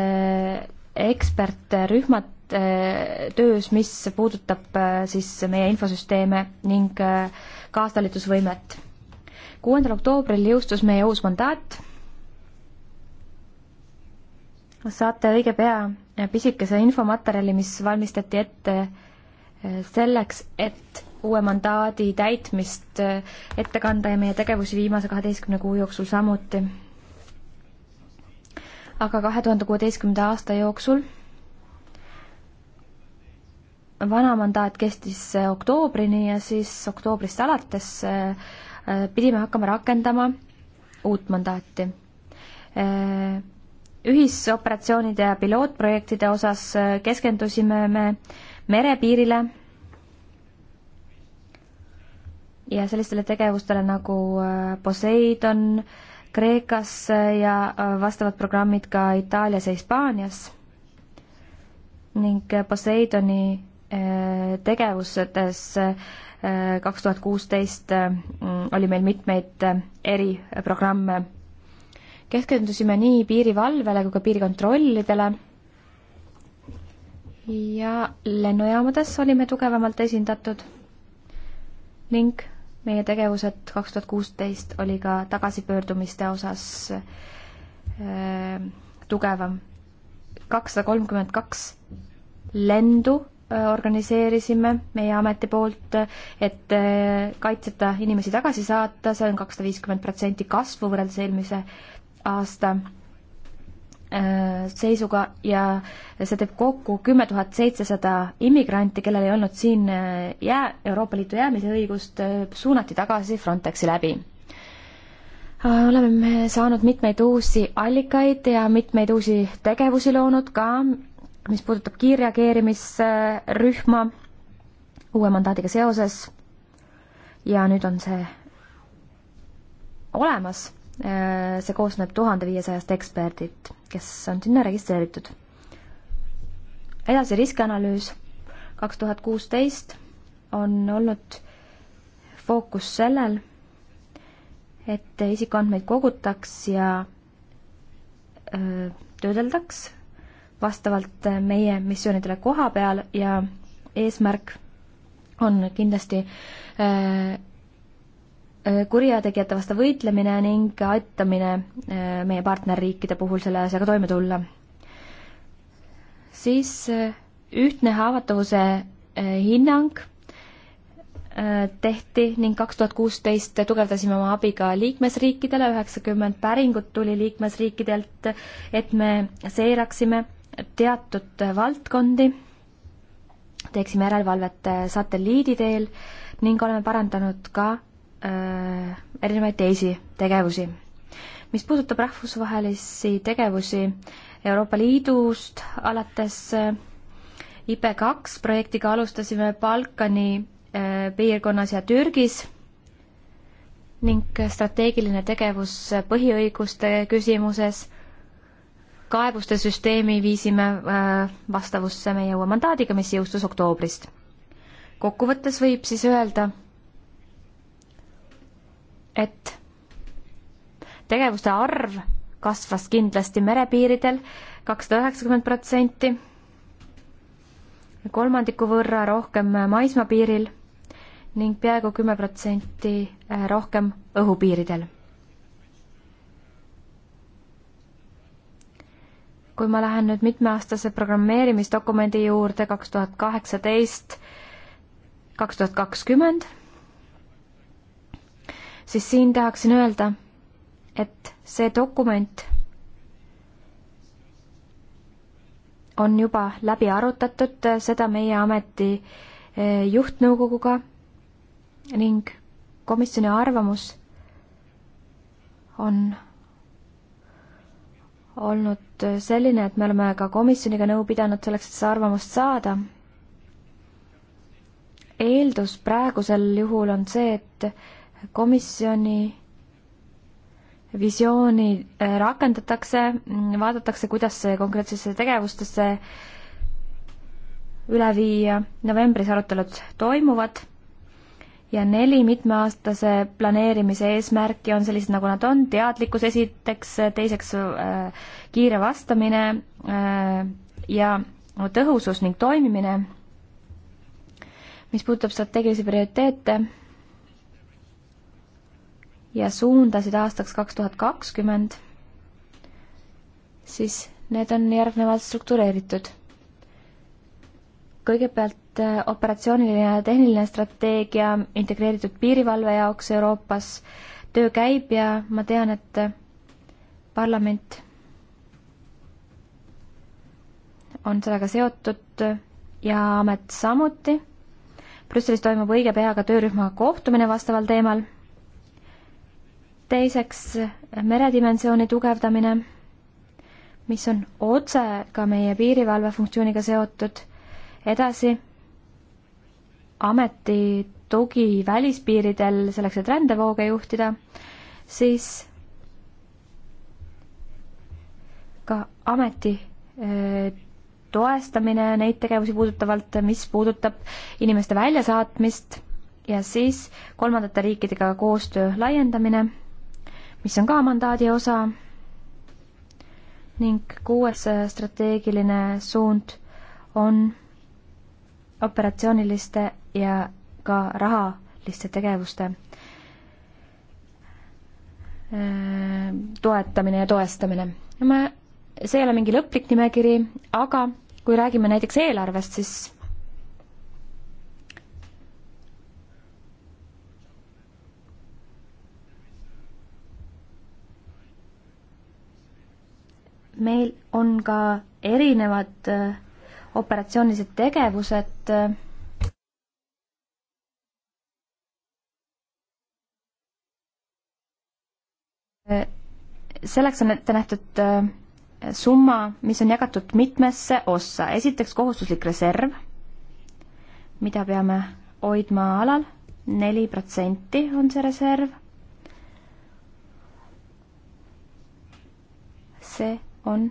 Speaker 3: ekspertrühma eh, töös, mis puudutab eh, siis meie infosüsteeme ning eh, kaastalitusvõimet. kuuendal oktoobril jõustus meie uus mandaat saate õige pea pisikese infomaterjali, mis valmistati ette eh, selleks, et uue mandaadi täitmist eh, ette kanda ja meie tegevusi viimase kaheteistkümne kuu jooksul samuti. aga kahe tuhande kuueteistkümnenda aasta jooksul vana mandaat kestis eh, oktoobrini ja siis oktoobrist alates pidime hakkama rakendama uut mandaati ühisoperatsioonide ja pilootprojektide osas äh, keskendusime me merepiirile ja sellistele tegevustele nagu äh, Poseidon Kreekas äh, ja vastavad programmid ka Itaalias ja Hispaanias ning Poseidoni tegevustes kaks tuhat kuusteist oli meil mitmeid eriprogramme keskendusime nii piirivalvele kui ka piirikontrollidele ja lennujaamades olime tugevamalt esindatud ning meie tegevused kaks tuhat kuusteist oli ka tagasipöördumiste osas äh, tugevam. kakssada kolmkümmend kaks lendu äh, organiseerisime meie ameti poolt, et äh, kaitseta inimesi tagasi saata, see on kakssada viiskümmend protsenti kasvu võrreldes eelmise äh, aasta äh, seisuga ja see teeb kokku kümme tuhat seitsesada immigranti, kellel ei olnud siin äh, jää, Euroopa Liitu jäämise õigust, äh, suunati tagasi Frontexi läbi. oleme me saanud mitmeid uusi allikaid ja mitmeid uusi tegevusi loonud ka, mis puudutab kiirreageerimisrühma uue mandaadiga seoses ja nüüd on see olemas Äh, see koosneb tuhande viiesajast eksperdit, kes on sinna registreeritud. edasi riskianalüüs kaks tuhat kuusteist on olnud fookus sellel, et isikuandmeid kogutaks ja öö, äh, töödeldaks vastavalt äh, meie missioonidele koha peal ja eesmärk on kindlasti öö, Äh, kurjategijate vastu võitlemine ning aitamine äh, meie partnerriikide puhul selle asjaga toime tulla. siis äh, ühtne haavatavuse hinnang tehti ning kaks tuhat kuusteist tugevdasime oma abi ka liikmesriikidele, üheksakümmend päringut tuli liikmesriikidelt, et me seiraksime teatud valdkondi, teeksime järelevalvet satelliidi teel ning oleme parandanud ka Äh, erinevaid teisi tegevusi. mis puudutab rahvusvahelisi tegevusi Euroopa Liidust alates äh, IPE kaks projektiga alustasime Balkani äh, piirkonnas ja Türgis ning strateegiline tegevus põhiõiguste küsimuses, kaebuste süsteemi viisime vastavusse meie uue mandaadiga, mis jõustus oktoobrist. kokkuvõttes võib siis öelda, et tegevuste arv kasvas kindlasti merepiiridel kakssada üheksakümmend protsenti, kolmandiku võrra rohkem maismaapiiril ning peaaegu kümme protsenti eh, rohkem õhupiiridel. kui ma lähen nüüd mitmeaastase programmeerimisdokumendi juurde kaks tuhat kaheksateist, kaks tuhat kakskümmend siis siin tahaksin öelda, et see dokument on juba läbi arutatud, seda meie ameti eh, juhtnõukoguga ning komisjoni arvamus on olnud selline, et me oleme ka komisjoniga nõu pidanud selleks, et seda arvamust saada. eeldus praegusel juhul on see, et komisjoni visiooni äh, rakendatakse, vaadatakse, kuidas see konkreetsesse tegevustesse üle viia, novembris arutelud toimuvad ja neli mitmeaastase planeerimise eesmärki on sellised, nagu nad on, teadlikkus esiteks, teiseks äh, kiire vastamine äh, ja tõhusus ning toimimine. mis puudutab strateegilisi prioriteete ja suundasid aastaks kaks tuhat kakskümmend, siis need on järgnevalt struktureeritud. kõigepealt äh, operatsiooniline ja tehniline strateegia integreeritud piirivalve jaoks Euroopas, töö käib ja ma tean, et äh, parlament on sellega seotud äh, ja amet samuti. Brüsselis toimub õige pea ka töörühma kohtumine vastaval teemal teiseks meredimensiooni tugevdamine, mis on otse ka meie piirivalve funktsiooniga seotud, edasi ameti tugi välispiiridel selleks, et rändevooge juhtida, siis ka ameti öö, äh, toestamine neid tegevusi puudutavalt, mis puudutab inimeste väljasaatmist ja siis kolmandate riikidega koostöö laiendamine mis on ka mandaadi osa ning kuues äh, strateegiline suund on operatsiooniliste ja ka rahaliste tegevuste äh, toetamine ja toestamine. ma, see ei ole mingi lõplik nimekiri, aga kui räägime näiteks eelarvest, siis meil on ka erinevad äh, operatsioonilised tegevused, äh, selleks on ette nähtud äh, summa, mis on jagatud mitmesse ossa. esiteks kohustuslik reserv, mida peame hoidma alal, neli protsenti on see reserv. see on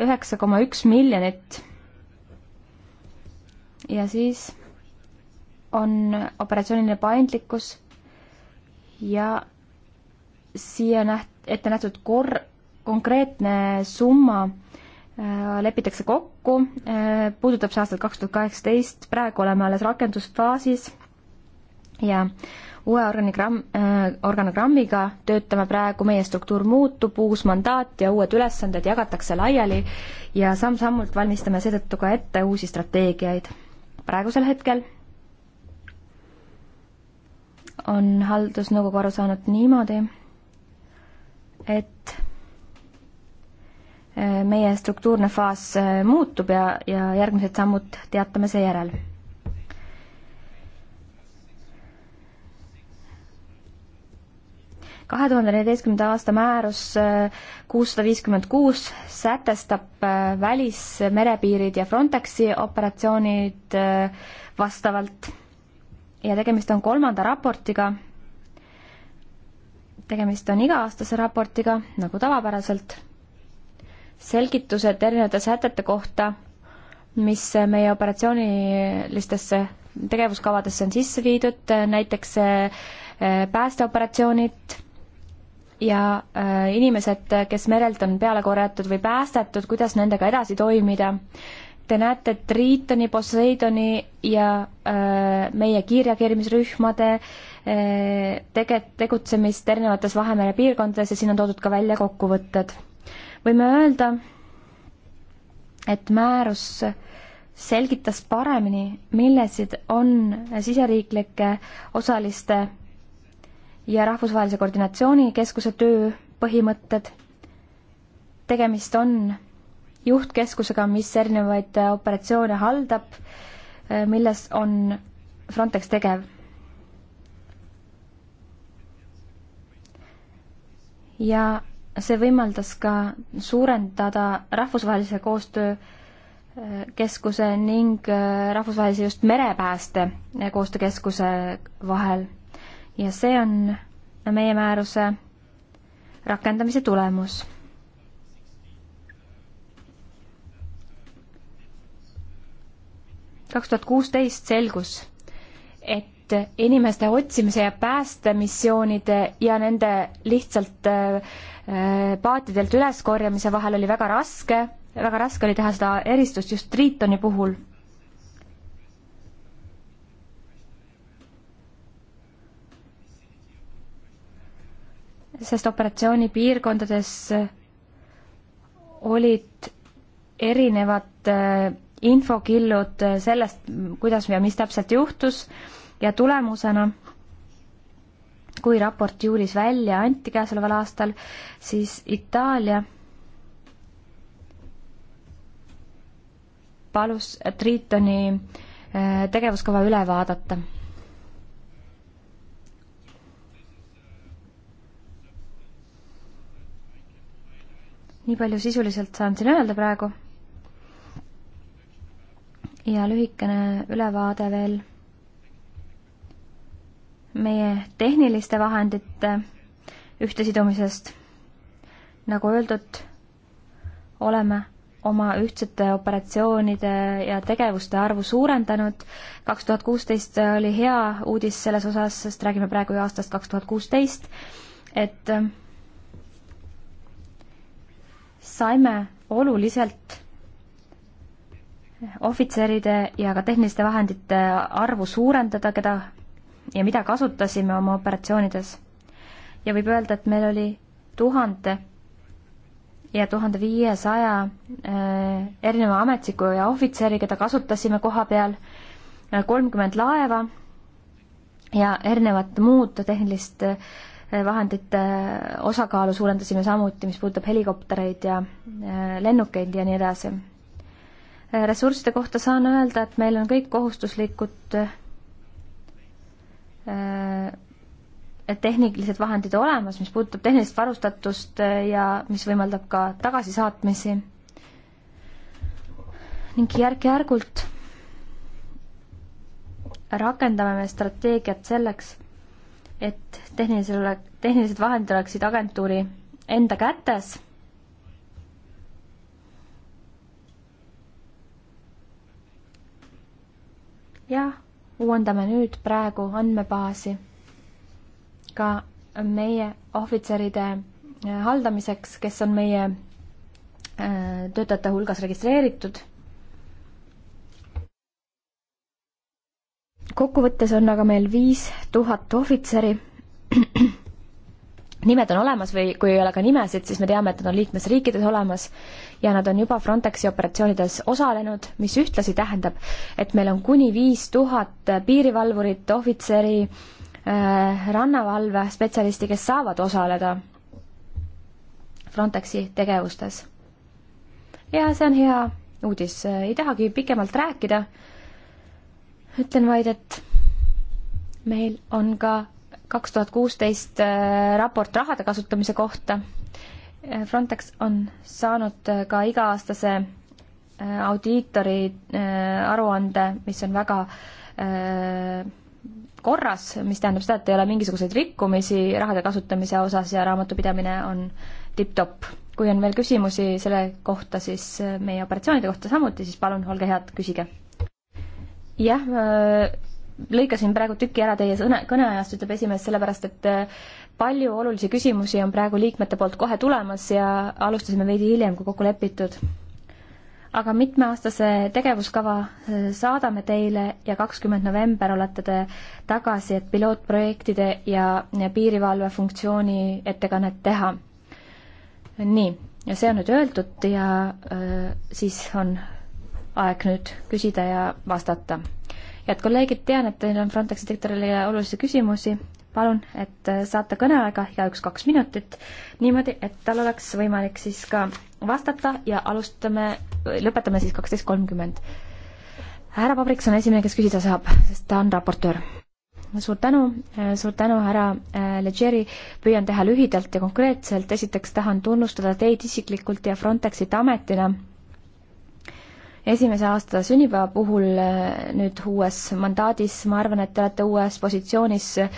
Speaker 3: üheksa koma üks miljonit. ja siis on operatsiooniline paindlikkus ja siia näht-, ette nähtud kor-, konkreetne summa äh, lepitakse kokku äh,, puudutab see aastat kaks tuhat kaheksateist, praegu oleme alles rakendusfaasis ja uue organigramm äh,, organogrammiga töötame praegu, meie struktuur muutub, uus mandaat ja uued ülesanded jagatakse laiali ja samm-sammult valmistame seetõttu ka ette uusi strateegiaid. praegusel hetkel on haldusnõukogu aru saanud niimoodi, et äh, meie struktuurne faas äh, muutub ja, ja järgmised sammud teatame seejärel kahe tuhande neljateistkümnenda aasta määrus äh, kuussada viiskümmend kuus sätestab äh, välismerepiirid ja Frontexi operatsioonid äh, vastavalt ja tegemist on kolmanda raportiga, tegemist on iga-aastase raportiga, nagu tavapäraselt, selgitused erinevate sätete kohta, mis meie operatsioonilistesse tegevuskavadesse on sisse viidud, näiteks päästeoperatsioonid, ja äh, inimesed, kes merelt on peale korjatud või päästetud, kuidas nendega edasi toimida. Te näete Triitoni, Poseidoni ja äh, meie kiirreageerimisrühmade äh, tege-, tegutsemist erinevates Vahemere piirkondades ja siin on toodud ka välja kokkuvõtted. võime öelda, et määrus selgitas paremini, millised on siseriiklike osaliste ja Rahvusvahelise Koordinatsioonikeskuse töö põhimõtted. tegemist on juhtkeskusega, mis erinevaid äh, operatsioone haldab, äh, milles on Frontex tegev. ja see võimaldas ka suurendada rahvusvahelise koostöö äh, keskuse ning rahvusvahelise just merepääste koostöökeskuse vahel ja see on meie määruse rakendamise tulemus. kaks tuhat kuusteist selgus, et inimeste otsimise ja päästemissioonide ja nende lihtsalt äh, paatidelt üleskorjamise vahel oli väga raske, väga raske oli teha seda eristust just Triitoni puhul sest operatsioonipiirkondades olid erinevad äh, infokillud äh, sellest, kuidas ja mis täpselt juhtus ja tulemusena, kui raport juulis välja anti käesoleval aastal, siis Itaalia palus Tritoni äh, tegevuskava üle vaadata nii palju sisuliselt saan siin öelda praegu. ja lühikene ülevaade veel meie tehniliste vahendite ühtesidumisest. nagu öeldud, oleme oma ühtsete operatsioonide ja tegevuste arvu suurendanud. kaks tuhat kuusteist oli hea uudis selles osas, sest räägime praegu ju aastast kaks tuhat kuusteist, et saime oluliselt ohvitseride ja ka tehniliste vahendite arvu suurendada, keda ja mida kasutasime oma operatsioonides. ja võib öelda, et meil oli tuhande ja tuhande viiesaja äh, erineva ametniku ja ohvitseri, keda kasutasime koha peal, äh, kolmkümmend laeva ja erinevat muud tehnilist äh, vahendite osakaalu suurendasime samuti, mis puudutab helikoptereid ja äh, lennukeid ja nii edasi. Äh, ressursside kohta saan öelda, et meil on kõik kohustuslikud äh, tehnilised vahendid olemas, mis puudutab tehnilist varustatust ja mis võimaldab ka tagasisaatmisi ning järk-järgult rakendame me strateegiat selleks et tehnilised ole-, tehnilised vahendid oleksid agentuuri enda kätes ja uuendame nüüd praegu andmebaasi ka meie ohvitseride eh, haldamiseks, kes on meie eh, töötajate hulgas registreeritud kokkuvõttes on aga meil viis tuhat ohvitseri. nimed on olemas või kui ei ole ka nimesid, siis me teame, et nad on liikmesriikides olemas ja nad on juba Frontexi operatsioonides osalenud, mis ühtlasi tähendab, et meil on kuni viis tuhat piirivalvurit, ohvitseri äh,, rannavalvespetsialisti, kes saavad osaleda Frontexi tegevustes. ja see on hea uudis, ei tahagi pikemalt rääkida ütlen vaid, et meil on ka kaks tuhat kuusteist äh, raport rahade kasutamise kohta. Äh, Frontex on saanud äh, ka iga-aastase audiitori aruande, mis on väga korras, mis tähendab seda, et ei ole mingisuguseid rikkumisi rahade kasutamise osas ja raamatupidamine on tipp-topp. kui on veel küsimusi selle kohta, siis meie operatsioonide kohta samuti, siis palun, olge head, küsige jah, lõikasin praegu tüki ära teie sõne, kõneajast, ütleb esimees, sellepärast et äh, palju olulisi küsimusi on praegu liikmete poolt kohe tulemas ja alustasime veidi hiljem, kui kokku lepitud. aga mitmeaastase tegevuskava äh, saadame teile ja kakskümmend november olete te tagasi, et pilootprojektide ja, ja piirivalve funktsiooni ettekannet teha. nii, ja see on nüüd öeldud ja öö, äh, siis on aeg nüüd küsida ja vastata. head kolleegid, tean, et teil on Frontexi direktorile olulisi küsimusi. palun, et saate kõneaega igaüks kaks minutit, niimoodi, et tal oleks võimalik siis ka vastata ja alustame, lõpetame siis kaksteist kolmkümmend. härra Pabriks on esimene, kes küsida saab, sest ta on raportöör suur tänu, suur tänu, härra äh, Leggeri. püüan teha lühidalt ja konkreetselt. esiteks tahan tunnustada teid isiklikult ja Frontexit ametina esimese aasta sünnipäeva puhul eh, nüüd uues mandaadis, ma arvan, et te olete uues positsioonis öö,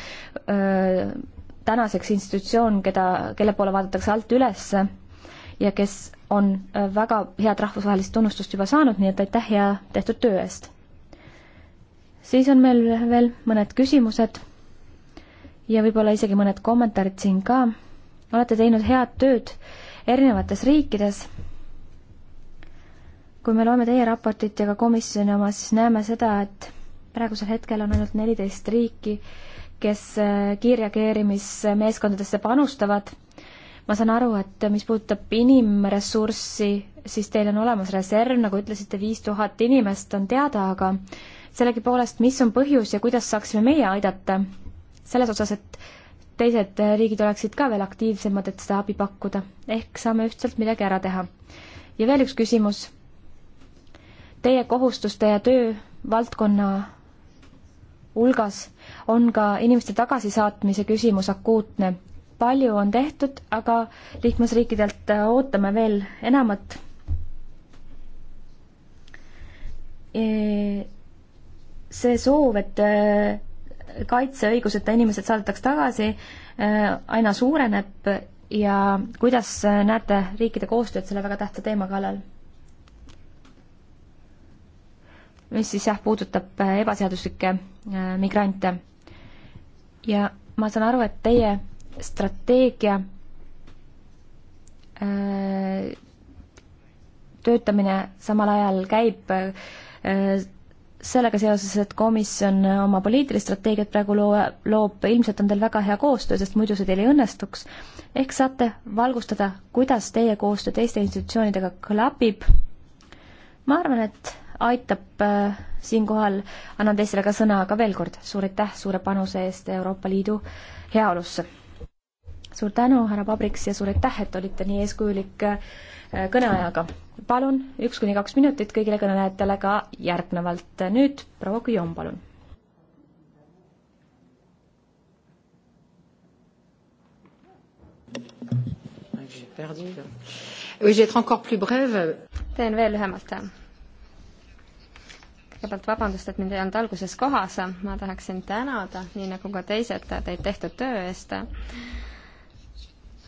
Speaker 3: eh, tänaseks institutsioon, keda, kelle poole vaadatakse alt üles ja kes on eh, väga head rahvusvahelist tunnustust juba saanud, nii et aitäh ja tehtud töö eest! siis on meil veel mõned küsimused ja võib-olla isegi mõned kommentaarid siin ka. olete teinud head tööd erinevates riikides kui me loeme teie raportit ja ka komisjoni oma, siis näeme seda, et praegusel hetkel on ainult neliteist riiki, kes äh, kiirreageerimismeeskondadesse panustavad. ma saan aru, et mis puudutab inimressurssi, siis teil on olemas reserv, nagu ütlesite, viis tuhat inimest on teada, aga sellegipoolest, mis on põhjus ja kuidas saaksime meie aidata selles osas, et teised riigid oleksid ka veel aktiivsemad, et seda abi pakkuda, ehk saame ühtselt midagi ära teha. ja veel üks küsimus teie kohustuste ja töövaldkonna hulgas on ka inimeste tagasisaatmise küsimus akuutne. palju on tehtud, aga liikmesriikidelt ootame veel enamat. E, see soov, et e, kaitseõiguseta inimesed saadetaks tagasi, e, aina suureneb ja kuidas näete riikide koostööd selle väga tähtsa teema kallal? mis siis jah, puudutab äh, ebaseaduslikke äh, migrante. ja ma saan aru, et teie strateegia äh, töötamine samal ajal käib sellega seoses, et komisjon oma poliitilist strateegiat praegu loo-, loob, ilmselt on teil väga hea koostöö, sest muidu see teil ei õnnestuks. ehk saate valgustada, kuidas teie koostöö teiste institutsioonidega klapib? ma arvan, et aitab äh, siinkohal, annan teistele ka sõna, aga veel kord suur aitäh suure panuse eest Euroopa Liidu heaolusse. suur tänu, härra Pabriks, ja suur aitäh, et olite nii eeskujulik äh, kõneajaga. palun, üks kuni kaks minutit kõigile kõnelejatele ka järgnevalt. nüüd proua Guillaume, palun
Speaker 4: perdu. Oui, je vais être encore plus brève. Teen veel lühemalt kõigepealt vabandust, et mind ei olnud alguses kohas, ma tahaksin tänada, nii nagu ka teised, teid tehtud töö eest.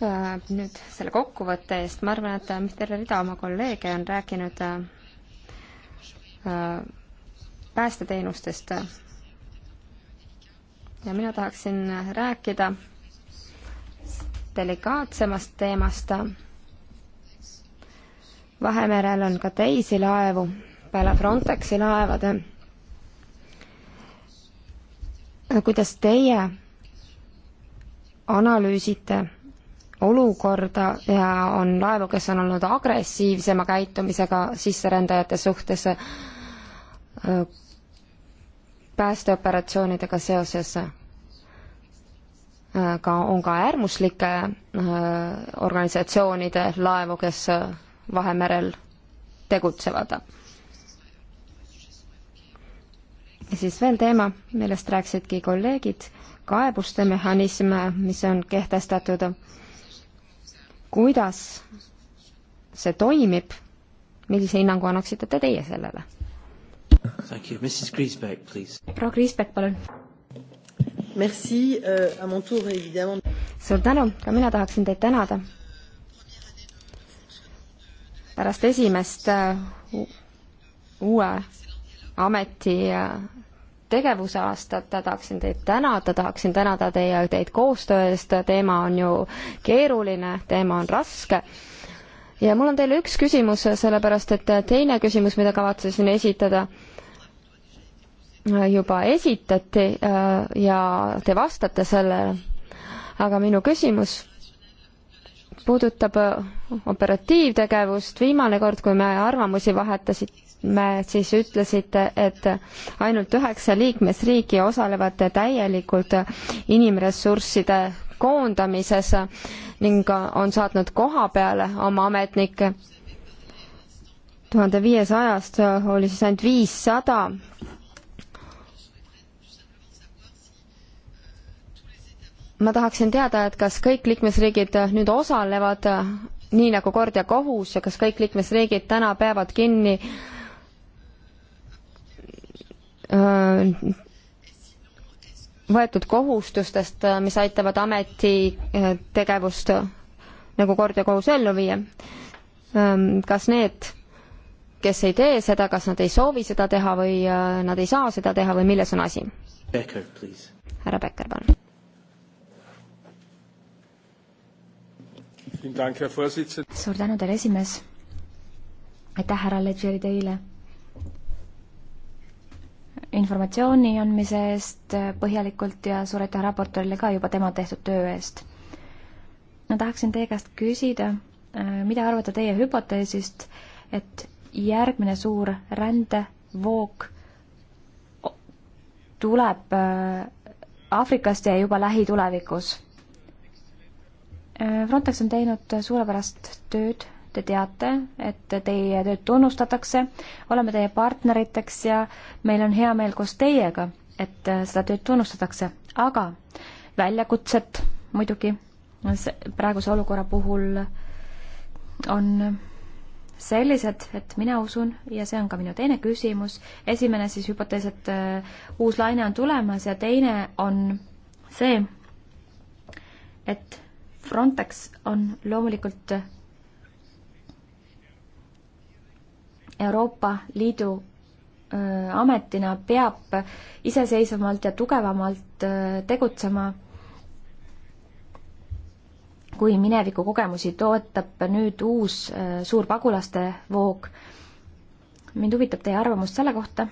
Speaker 4: Äh, nüüd selle kokkuvõtte eest, ma arvan, et äh, terve rida oma kolleege on rääkinud äh, päästeteenustest. ja mina tahaksin rääkida delikaatsemast teemast Vahemerel on ka teisi laevu, kokkuleppele Frontexi laevade. kuidas teie analüüsite olukorda ja on laevu, kes on olnud agressiivsema käitumisega sisserändajate suhtes äh, päästeoperatsioonidega seoses, äh, ka on ka äärmuslike äh, organisatsioonide laevu, kes Vahemerel tegutsevad ja siis veel teema, millest rääkisidki kolleegid, kaebuste mehhanism, mis on kehtestatud. kuidas see toimib, millise hinnangu annaksite te teie sellele? proua Kriisbeck, palun. Euh, suur tänu, ka mina tahaksin teid tänada. pärast esimest äh, uue ameti äh, tegevusaastat, tahaksin teid tänada, tahaksin tänada teie, teid koostöö eest, teema on ju keeruline, teema on raske. ja mul on teile üks küsimus, sellepärast et teine küsimus, mida kavatsesin esitada, äh, juba esitati äh, ja te vastate sellele. aga minu küsimus puudutab operatiivtegevust, viimane kord, kui me arvamusi vahetasid, me siis ütlesite, et ainult üheksa liikmesriiki osalevad täielikult inimressursside koondamises ning on saatnud koha peale oma ametnikke. tuhande viiesajast oli siis ainult viissada. ma tahaksin teada, et kas kõik liikmesriigid nüüd osalevad nii nagu kord ja kohus ja kas kõik liikmesriigid täna peavad kinni äh, Äh, võetud kohustustest, äh, mis aitavad ameti äh, tegevust nagu kord ja kohus ellu viia. Ähm, kas need, kes ei tee seda, kas nad ei soovi seda teha või nad ei saa seda teha või milles on asi?
Speaker 1: härra
Speaker 4: Becker,
Speaker 3: palun. suur tänu teile, esimees. aitäh, härra Ledgeri, teile informatsiooni andmise eest põhjalikult ja suur aitäh raportöörile ka juba tema tehtud töö eest. ma tahaksin teie käest küsida, äh, mida arvate teie hüpoteesist, et järgmine suur rändevoog tuleb äh, Aafrikast ja juba lähitulevikus. Äh, Frontex on teinud suurepärast tööd te teate, et teie tööd tunnustatakse, oleme teie partneriteks ja meil on hea meel koos teiega, et seda tööd tunnustatakse, aga väljakutset muidugi praeguse olukorra puhul on sellised, et mina usun ja see on ka minu teine küsimus, esimene siis hüpotees, et äh, uus laine on tulemas ja teine on see, et Frontex on loomulikult Euroopa Liidu ametina peab iseseisvamalt ja tugevamalt tegutsema. kui mineviku kogemusi toetab nüüd uus suur pagulaste voog. mind huvitab teie arvamus selle kohta.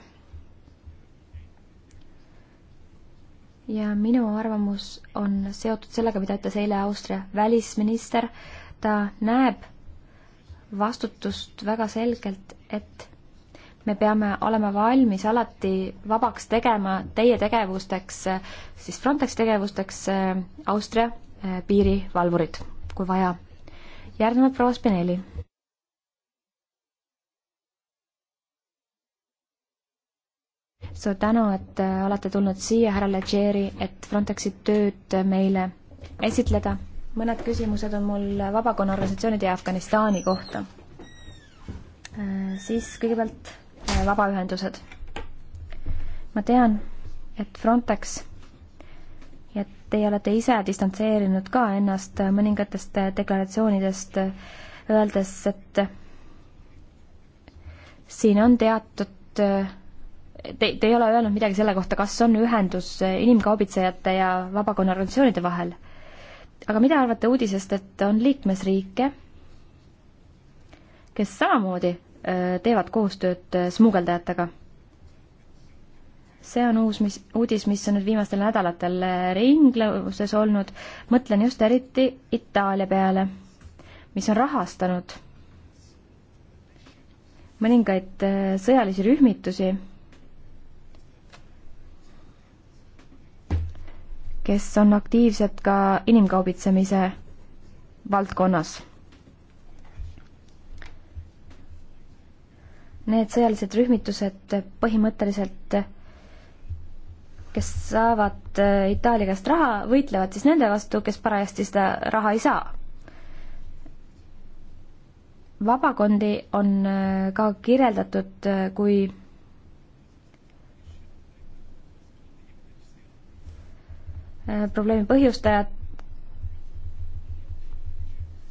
Speaker 3: ja minu arvamus on seotud sellega, mida ütles eile Austria välisminister. ta näeb vastutust väga selgelt, et me peame olema valmis alati vabaks tegema teie tegevusteks, siis Frontex tegevusteks äh, Austria äh, piirivalvurid, kui vaja. järgnevalt proua Spinelli. suur tänu, et äh, olete tulnud siia, härra Leggeri, et Frontexi tööd meile esitleda mõned küsimused on mul vabakonna organisatsioonide ja Afganistani kohta. Äh, siis kõigepealt äh, vabaühendused. ma tean, et Frontex ja teie olete ise distantseerinud ka ennast mõningatest äh, deklaratsioonidest, öeldes, et siin on teatud te, te ei ole öelnud midagi selle kohta, kas on ühendus inimkaubitsejate ja vabakonna organisatsioonide vahel aga mida arvate uudisest, et on liikmesriike, kes samamoodi äh, teevad koostööd äh, smugeldajatega? see on uus, mis, uudis, mis on nüüd viimastel nädalatel äh, ringluses olnud, mõtlen just eriti Itaalia peale, mis on rahastanud mõningaid sõjalisi rühmitusi kes on aktiivsed ka inimkaubitsemise valdkonnas. Need sõjalised rühmitused põhimõtteliselt, kes saavad eh, Itaalia käest raha, võitlevad siis nende vastu, kes parajasti seda raha ei saa. vabakondi on eh, ka kirjeldatud eh, kui Äh, probleemi põhjustajad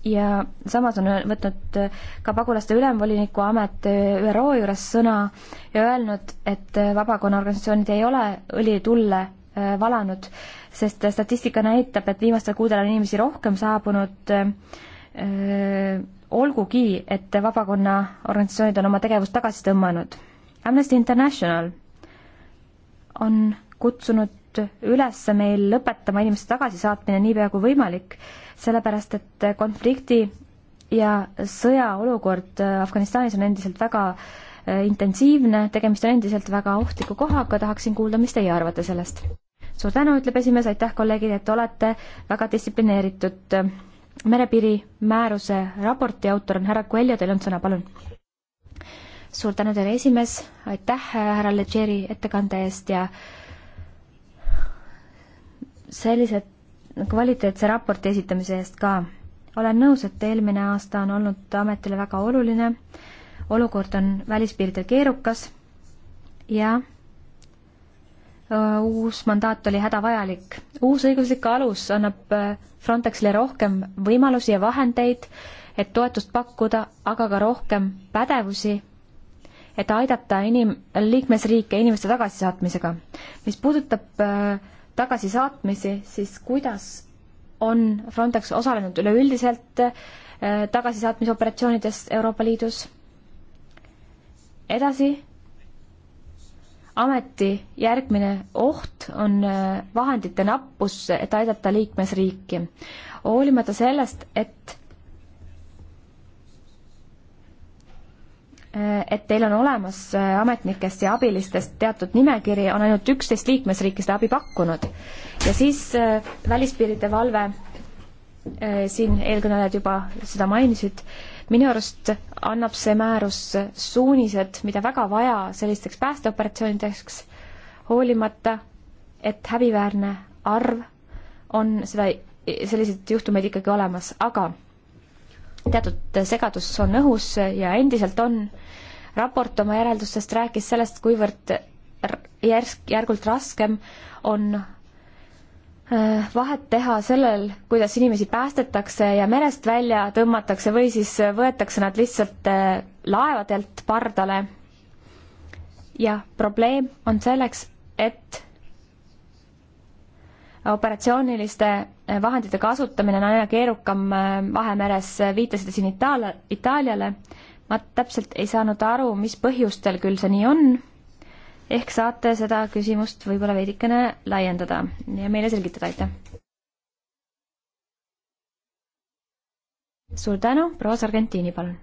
Speaker 3: ja samas on võtnud äh, ka pagulaste ülemvoliniku amet äh, ÜRO juures sõna ja öelnud, et vabakonnaorganisatsioonid ei ole õlitulle valanud, sest statistika näitab, et viimastel kuudel on inimesi rohkem saabunud äh,, olgugi, et vabakonnaorganisatsioonid on oma tegevust tagasi tõmmanud. Amnesty International on kutsunud üles meil lõpetama inimeste tagasisaatmine niipea kui võimalik, sellepärast et konflikti ja sõjaolukord Afganistanis on endiselt väga äh, intensiivne, tegemist on endiselt väga ohtliku kohaga, tahaksin kuulda, mis teie arvate sellest. suur tänu, ütleb esimees, aitäh kolleegid, et olete väga distsiplineeritud. Äh, merepiiri määruse raporti autor on härra Coelho, teil on sõna, palun. suur tänu teile, esimees, aitäh härra Leggeri ettekande eest ja äh, sellise kvaliteetse raporti esitamise eest ka. olen nõus, et eelmine aasta on olnud ametile väga oluline, olukord on välispiiridel keerukas ja uus mandaat oli hädavajalik. uus õiguslik alus annab Frontexile rohkem võimalusi ja vahendeid, et toetust pakkuda, aga ka rohkem pädevusi, et aidata inim-, liikmesriike inimeste tagasisaatmisega. mis puudutab äh, tagasisaatmisi, siis kuidas on Frontex osalenud üleüldiselt äh, tagasisaatmisoperatsioonides Euroopa Liidus? edasi, ameti järgmine oht on äh, vahendite nappus, et aidata liikmesriiki. hoolimata sellest, et Äh, et teil on olemas äh, ametnikest ja abilistest teatud nimekiri, on ainult üksteist liikmesriiki seda abi pakkunud. ja siis äh, välispiiride valve, siin eelkõnelejad juba seda mainisid, minu arust annab see määrus suunised, mida väga vaja sellisteks päästeoperatsioonideks, hoolimata, et häbiväärne arv on seda, selliseid juhtumeid ikkagi olemas, aga teatud segadus on õhus ja endiselt on. raport oma järeldustest rääkis sellest, kuivõrd järsk, järgult raskem on äh, vahet teha sellel, kuidas inimesi päästetakse ja merest välja tõmmatakse või siis võetakse nad lihtsalt äh, laevadelt pardale. ja probleem on selleks, et operatsiooniliste vahendite kasutamine on aina keerukam äh, Vahemeres, viitasite siin Itaalia, Itaaliale. ma täpselt ei saanud aru, mis põhjustel küll see nii on. ehk saate seda küsimust võib-olla veidikene laiendada ja meile selgitada, aitäh. suur tänu, proua Sargentini, palun.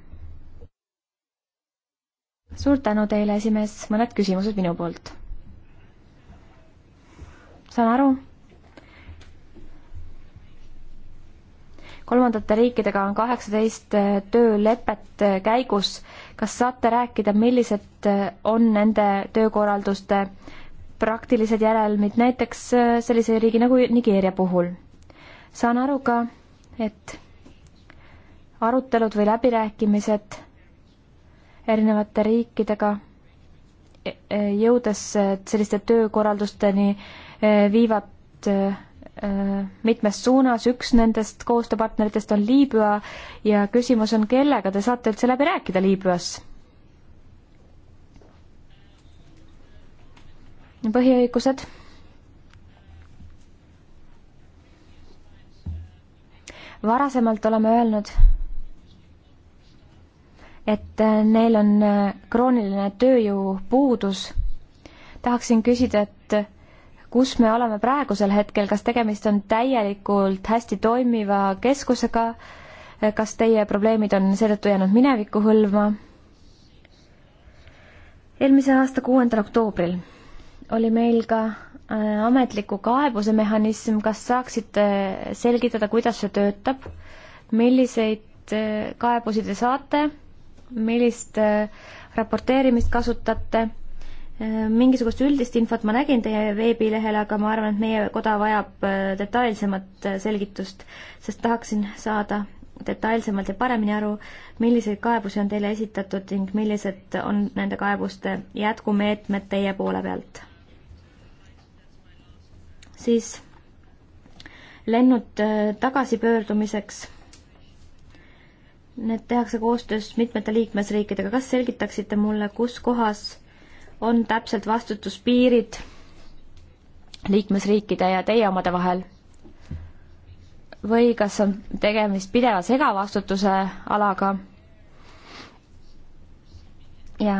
Speaker 3: suur tänu teile, esimees, mõned küsimused minu poolt. saan aru kolmandate riikidega on kaheksateist äh, töölepet äh, käigus. kas saate rääkida, millised äh, on nende töökorralduste praktilised järelmid näiteks sellise riigi nagu Nigeeria puhul? saan aru ka, et arutelud või läbirääkimised erinevate riikidega, e, e, jõudes selliste töökorraldusteni, viivad mitmes suunas, üks nendest koostööpartneritest on Liibüa ja küsimus on, kellega te saate üldse läbi rääkida Liibüas? põhiõigused varasemalt oleme öelnud, et neil on krooniline tööjõupuudus. tahaksin küsida, et kus me oleme praegusel hetkel, kas tegemist on täielikult hästi toimiva keskusega, kas teie probleemid on seetõttu jäänud minevikku hõlma? eelmise aasta kuuendal oktoobril oli meil ka äh, ametliku kaebuse mehhanism, kas saaksite selgitada, kuidas see töötab, milliseid äh, kaebusi te saate, millist äh, raporteerimist kasutate Äh, mingisugust üldist infot ma nägin teie veebilehel, aga ma arvan, et meie koda vajab äh, detailsemat äh, selgitust, sest tahaksin saada detailsemalt ja paremini aru, milliseid kaebusi on teile esitatud ning millised on nende kaebuste jätkumeetmed teie poole pealt. siis lennud tagasipöördumiseks Need tehakse koostöös mitmete liikmesriikidega. kas selgitaksite mulle, kus kohas on täpselt vastutuspiirid liikmesriikide ja teie omade vahel? või kas on tegemist pideva segavastutuse alaga? ja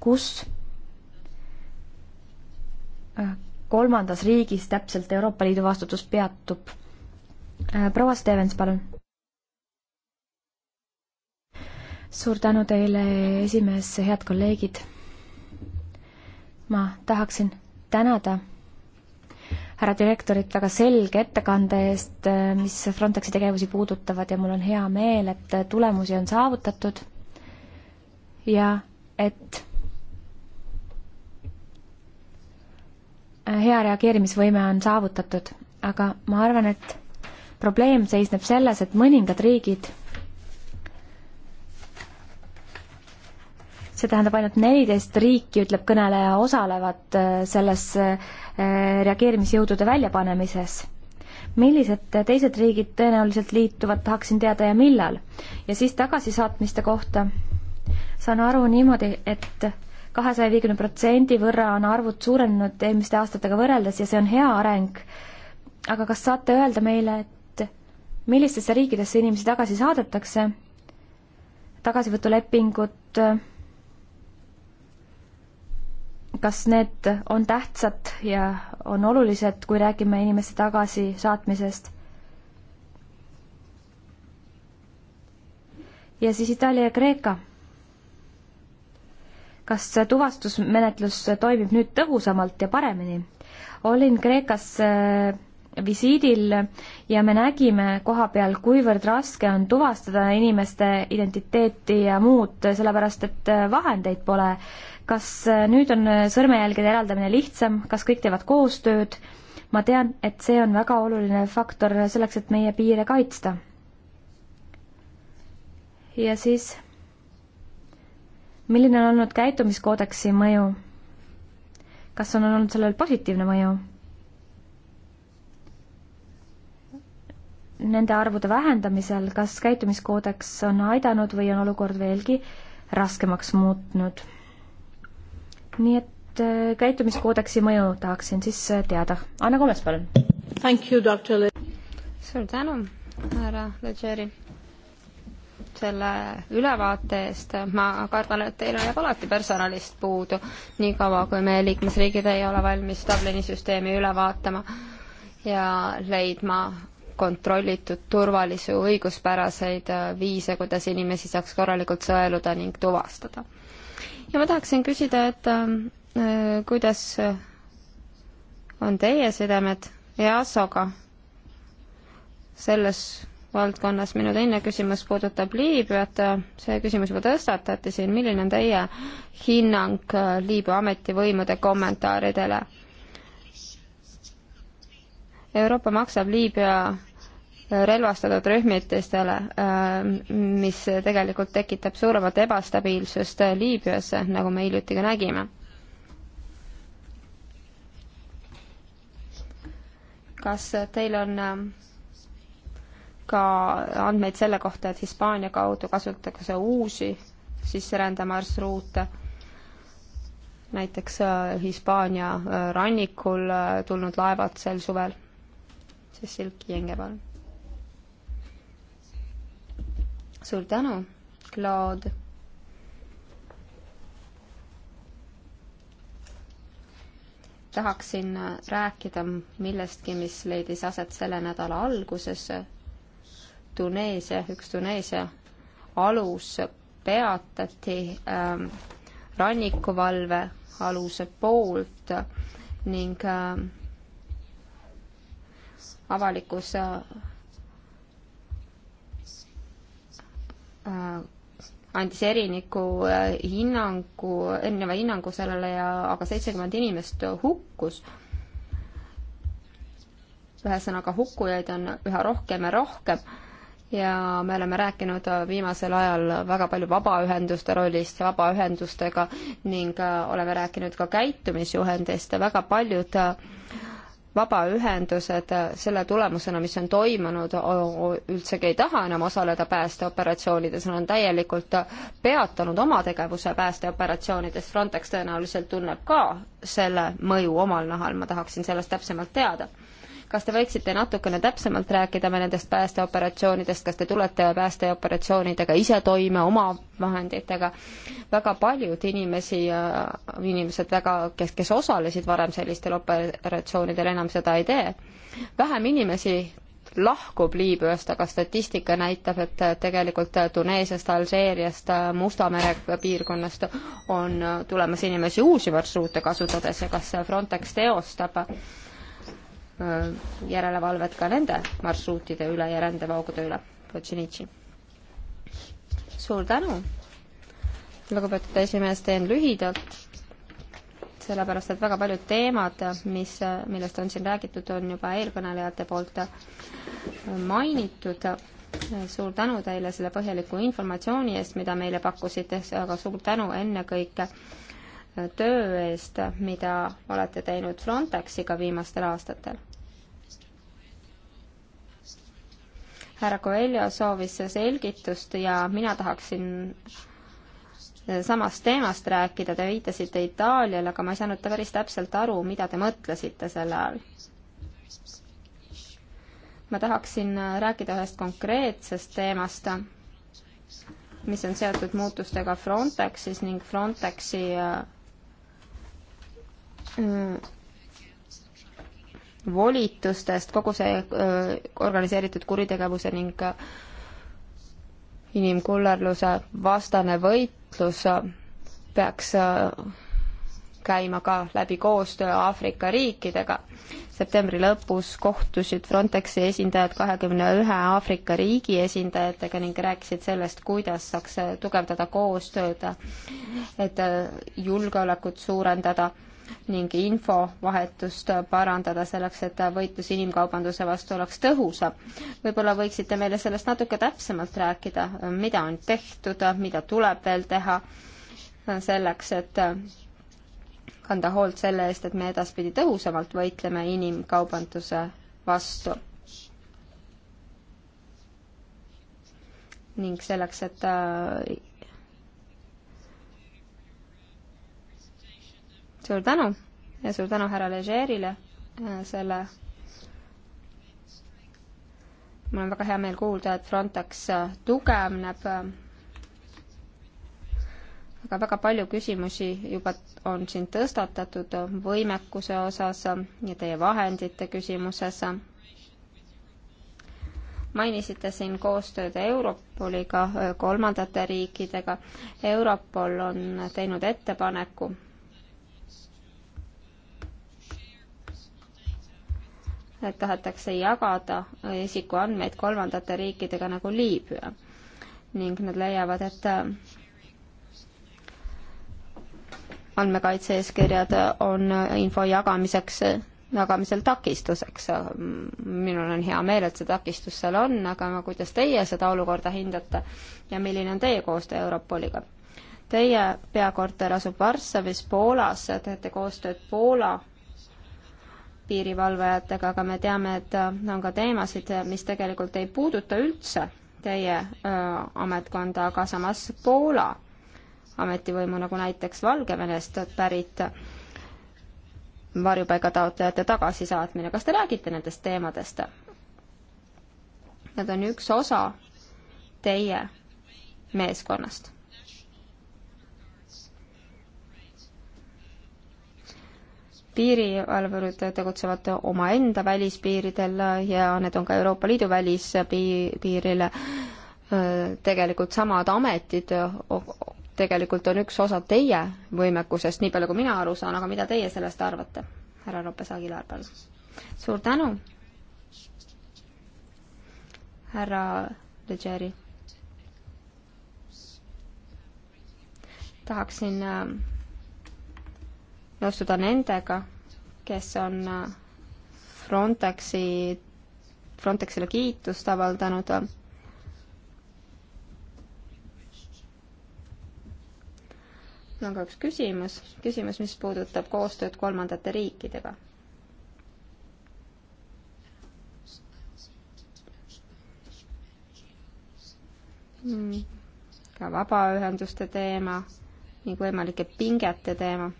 Speaker 3: kus äh, kolmandas riigis täpselt Euroopa Liidu vastutus peatub? Äh, proua Stevens, palun. suur tänu teile, esimees, head kolleegid ma tahaksin tänada härra direktorit väga selge ettekande eest, mis Frontexi tegevusi puudutavad ja mul on hea meel, et tulemusi on saavutatud ja et hea reageerimisvõime on saavutatud, aga ma arvan, et probleem seisneb selles, et mõningad riigid see tähendab ainult neliteist riiki, ütleb kõneleja, osalevad äh, selles äh, reageerimisjõudude väljapanemises. millised teised riigid tõenäoliselt liituvad, tahaksin teada ja millal. ja siis tagasisaatmiste kohta saan aru niimoodi, et kahesaja viiekümne protsendi võrra on arvud suurenenud eelmiste aastatega võrreldes ja see on hea areng. aga kas saate öelda meile, et millistesse riikidesse inimesi tagasi saadetakse? tagasivõtulepingud äh, kas need on tähtsad ja on olulised, kui räägime inimeste tagasisaatmisest. ja siis Itaalia ja Kreeka. kas tuvastusmenetlus toimib nüüd tõhusamalt ja paremini? olin Kreekas äh, visiidil ja me nägime koha peal, kuivõrd raske on tuvastada inimeste identiteeti ja muud, sellepärast et äh, vahendeid pole kas äh, nüüd on äh, sõrmejälgede eraldamine lihtsam, kas kõik teevad koostööd? ma tean, et see on väga oluline faktor selleks, et meie piire kaitsta. ja siis, milline on olnud käitumiskoodeksi mõju? kas on olnud sellel positiivne mõju? Nende arvude vähendamisel, kas käitumiskoodeks on aidanud või on olukord veelgi raskemaks muutnud? nii et äh, käitumiskoodeksi mõju tahaksin siis äh, teada. Anna Komes, palun.
Speaker 4: suur tänu, härra Legeri, selle ülevaate eest. ma kardan, et teil jääb nagu alati personalist puudu, niikaua kui meie liikmesriigid ei ole valmis Dublini süsteemi üle vaatama ja leidma kontrollitud, turvalisi, õiguspäraseid äh, viise, kuidas inimesi saaks korralikult sõeluda ning tuvastada ja ma tahaksin küsida, et äh, kuidas on teie sidemed EASO-ga selles valdkonnas, minu teine küsimus puudutab Liibüat, see küsimus juba tõstatati siin, milline on teie hinnang äh, Liibüa ametivõimude kommentaaridele? Euroopa maksab Liibüa relvastatud rühmitistele, mis tegelikult tekitab suuremat ebastabiilsust Liibüas, nagu me hiljuti ka nägime. kas teil on äh, ka andmeid selle kohta, et Hispaania kaudu kasutatakse uusi sisserändemarsruute? näiteks äh, Hispaania äh, rannikul tulnud laevad sel suvel. Cecil Kienge, palun suur tänu, Claude. tahaksin äh, rääkida millestki, mis leidis aset selle nädala alguses. Tuneesia, üks Tuneesia alus peatati ähm, rannikuvalve aluse poolt ning äh, avalikus äh, Äh, andis eriniku äh, hinnangu, erineva hinnangu sellele ja, aga seitsekümmend inimest hukkus. ühesõnaga, hukkujaid on üha rohkem ja rohkem ja me oleme rääkinud äh, viimasel ajal väga palju vabaühenduste rollist ja vabaühendustega ning oleme rääkinud ka käitumisjuhendist ja väga paljud äh, vabaühendused selle tulemusena, mis on toimunud, üldsegi ei taha enam osaleda päästeoperatsioonides, nad on täielikult peatanud oma tegevuse päästeoperatsioonides, Frontex tõenäoliselt tunneb ka selle mõju omal nahal, ma tahaksin sellest täpsemalt teada kas te võiksite natukene täpsemalt rääkida me nendest päästeoperatsioonidest, kas te tulete päästeoperatsioonidega ise toime oma vahenditega? väga paljud inimesi, inimesed väga, kes, kes osalesid varem sellistel operatsioonidel, enam seda ei tee. vähem inimesi lahkub Liibüast, aga statistika näitab, et tegelikult Tuneesiast, Alžeeriast, Musta mere piirkonnast on tulemas inimesi uusi marsruute kasutades ja kas Frontex teostab Äh, järelevalvet ka nende marsruutide üle ja rändevoogude üle, Potšinitši. suur tänu, lugupeetud esimees, teen lühidalt, sellepärast et väga paljud teemad, mis, millest on siin räägitud, on juba eelkõnelejate poolt mainitud. suur tänu teile selle põhjaliku informatsiooni eest, mida meile pakkusite, aga suur tänu ennekõike töö eest, mida olete teinud Frontexiga viimastel aastatel. härra Coelho soovis selgitust ja mina tahaksin samast teemast rääkida, te viitasite Itaaliale, aga ma ei saanud päris täpselt aru, mida te mõtlesite selle all. ma tahaksin rääkida ühest konkreetsest teemast, mis on seotud muutustega Frontexis ning Frontexi äh, volitustest, kogu see öö, organiseeritud kuritegevuse ning inimkullerluse vastane võitlus peaks öö, käima ka läbi koostöö Aafrika riikidega. septembri lõpus kohtusid Frontexi esindajad kahekümne ühe Aafrika riigi esindajatega ning rääkisid sellest, kuidas saaks tugevdada koostööd, et julgeolekut suurendada ning infovahetust parandada selleks, et võitlus inimkaubanduse vastu oleks tõhusam. võib-olla võiksite meile sellest natuke täpsemalt rääkida, mida on tehtud, mida tuleb veel teha selleks, et kanda hoolt selle eest, et me edaspidi tõhusamalt võitleme inimkaubanduse vastu. ning selleks, et suur tänu ja suur tänu härra Legeerile äh, selle mul on väga hea meel kuulda, et Frontex äh, tugevneb. Äh, aga väga palju küsimusi juba on siin tõstatatud võimekuse osas ja teie vahendite küsimuses. mainisite siin koostööd Europoliga, kolmandate riikidega. Europol on teinud ettepaneku et tahetakse jagada isikuandmeid kolmandate riikidega nagu Liibüa ning nad leiavad, et äh, andmekaitse-eeskirjad on info jagamiseks, jagamisel takistuseks. minul on hea meel, et see takistus seal on, aga kuidas teie seda olukorda hindate ja milline on teie koostöö Europoliga? Teie peakorter asub Varssavis, Poolas, teete koostööd Poola piirivalvajatega, aga me teame, et äh, on ka teemasid, äh, mis tegelikult ei puuduta üldse teie öö, äh, ametkonda, aga samas Poola ametivõimu, nagu näiteks Valgevenest pärit varjupaigataotlejate tagasisaatmine. kas te räägite nendest teemadest? Nad on üks osa teie meeskonnast piirivalvurid tegutsevad omaenda välispiiridel ja need on ka Euroopa Liidu välispiiril tegelikult samad ametid, tegelikult on üks osa teie võimekusest, nii palju kui mina aru saan, aga mida teie sellest arvate, härra Ropes-Agilar, palun? suur tänu, härra Legeri. tahaksin äh, nõustuda nendega, kes on äh, Frontexi, Frontexile kiitust avaldanud. mul on ka üks küsimus, küsimus, mis puudutab koostööd kolmandate riikidega. Hmm, ka vabaühenduste teema ning võimalike pingete teema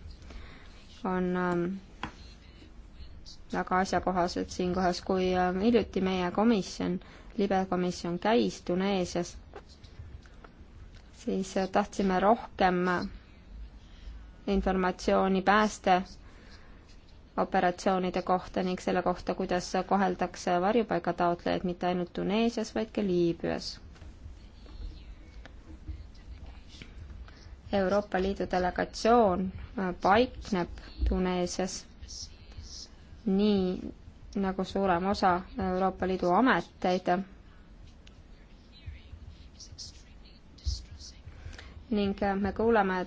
Speaker 4: on ähm, väga asjakohased siinkohas, kui ähm, hiljuti meie komisjon, libekomisjon käis Tuneesias, siis äh, tahtsime rohkem äh, informatsiooni päästeoperatsioonide kohta ning selle kohta, kuidas äh, koheldakse varjupaigataotlejaid mitte ainult Tuneesias, vaid ka Liibüas. Euroopa Liidu delegatsioon paikneb Tuneesias, nii nagu suurem osa Euroopa Liidu ameteid ning me kuuleme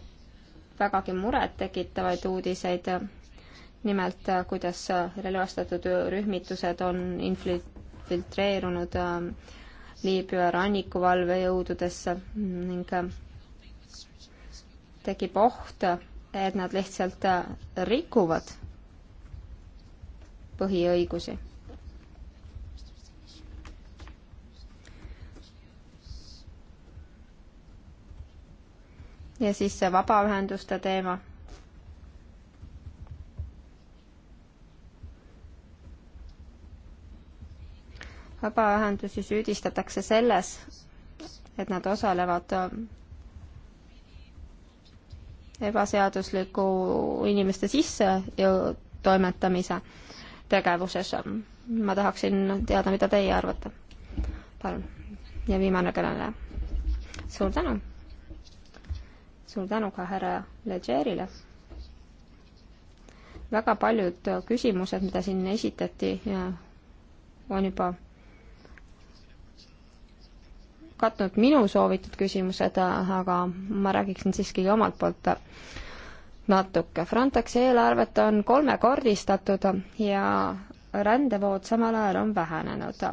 Speaker 4: vägagi murettekitavaid uudiseid, nimelt kuidas relvastatud rühmitused on infiltreerunud ähm, Liibüa rannikuvalvejõududesse ning ähm, tekib oht et nad lihtsalt äh, rikuvad põhiõigusi. ja siis see vabaühenduste teema vabaühendusi süüdistatakse selles, et nad osalevad äh, ebaseadusliku inimeste sisse toimetamise tegevuses. ma tahaksin teada, mida teie arvate. palun. ja viimane kõneleja. suur tänu. suur tänu ka härra Legerile. väga paljud küsimused, mida siin esitati, on juba katnud minu soovitud küsimused, aga ma räägiksin siiski omalt poolt natuke. Frontexi eelarvet on kolmekordistatud ja rändevood samal ajal on vähenenud.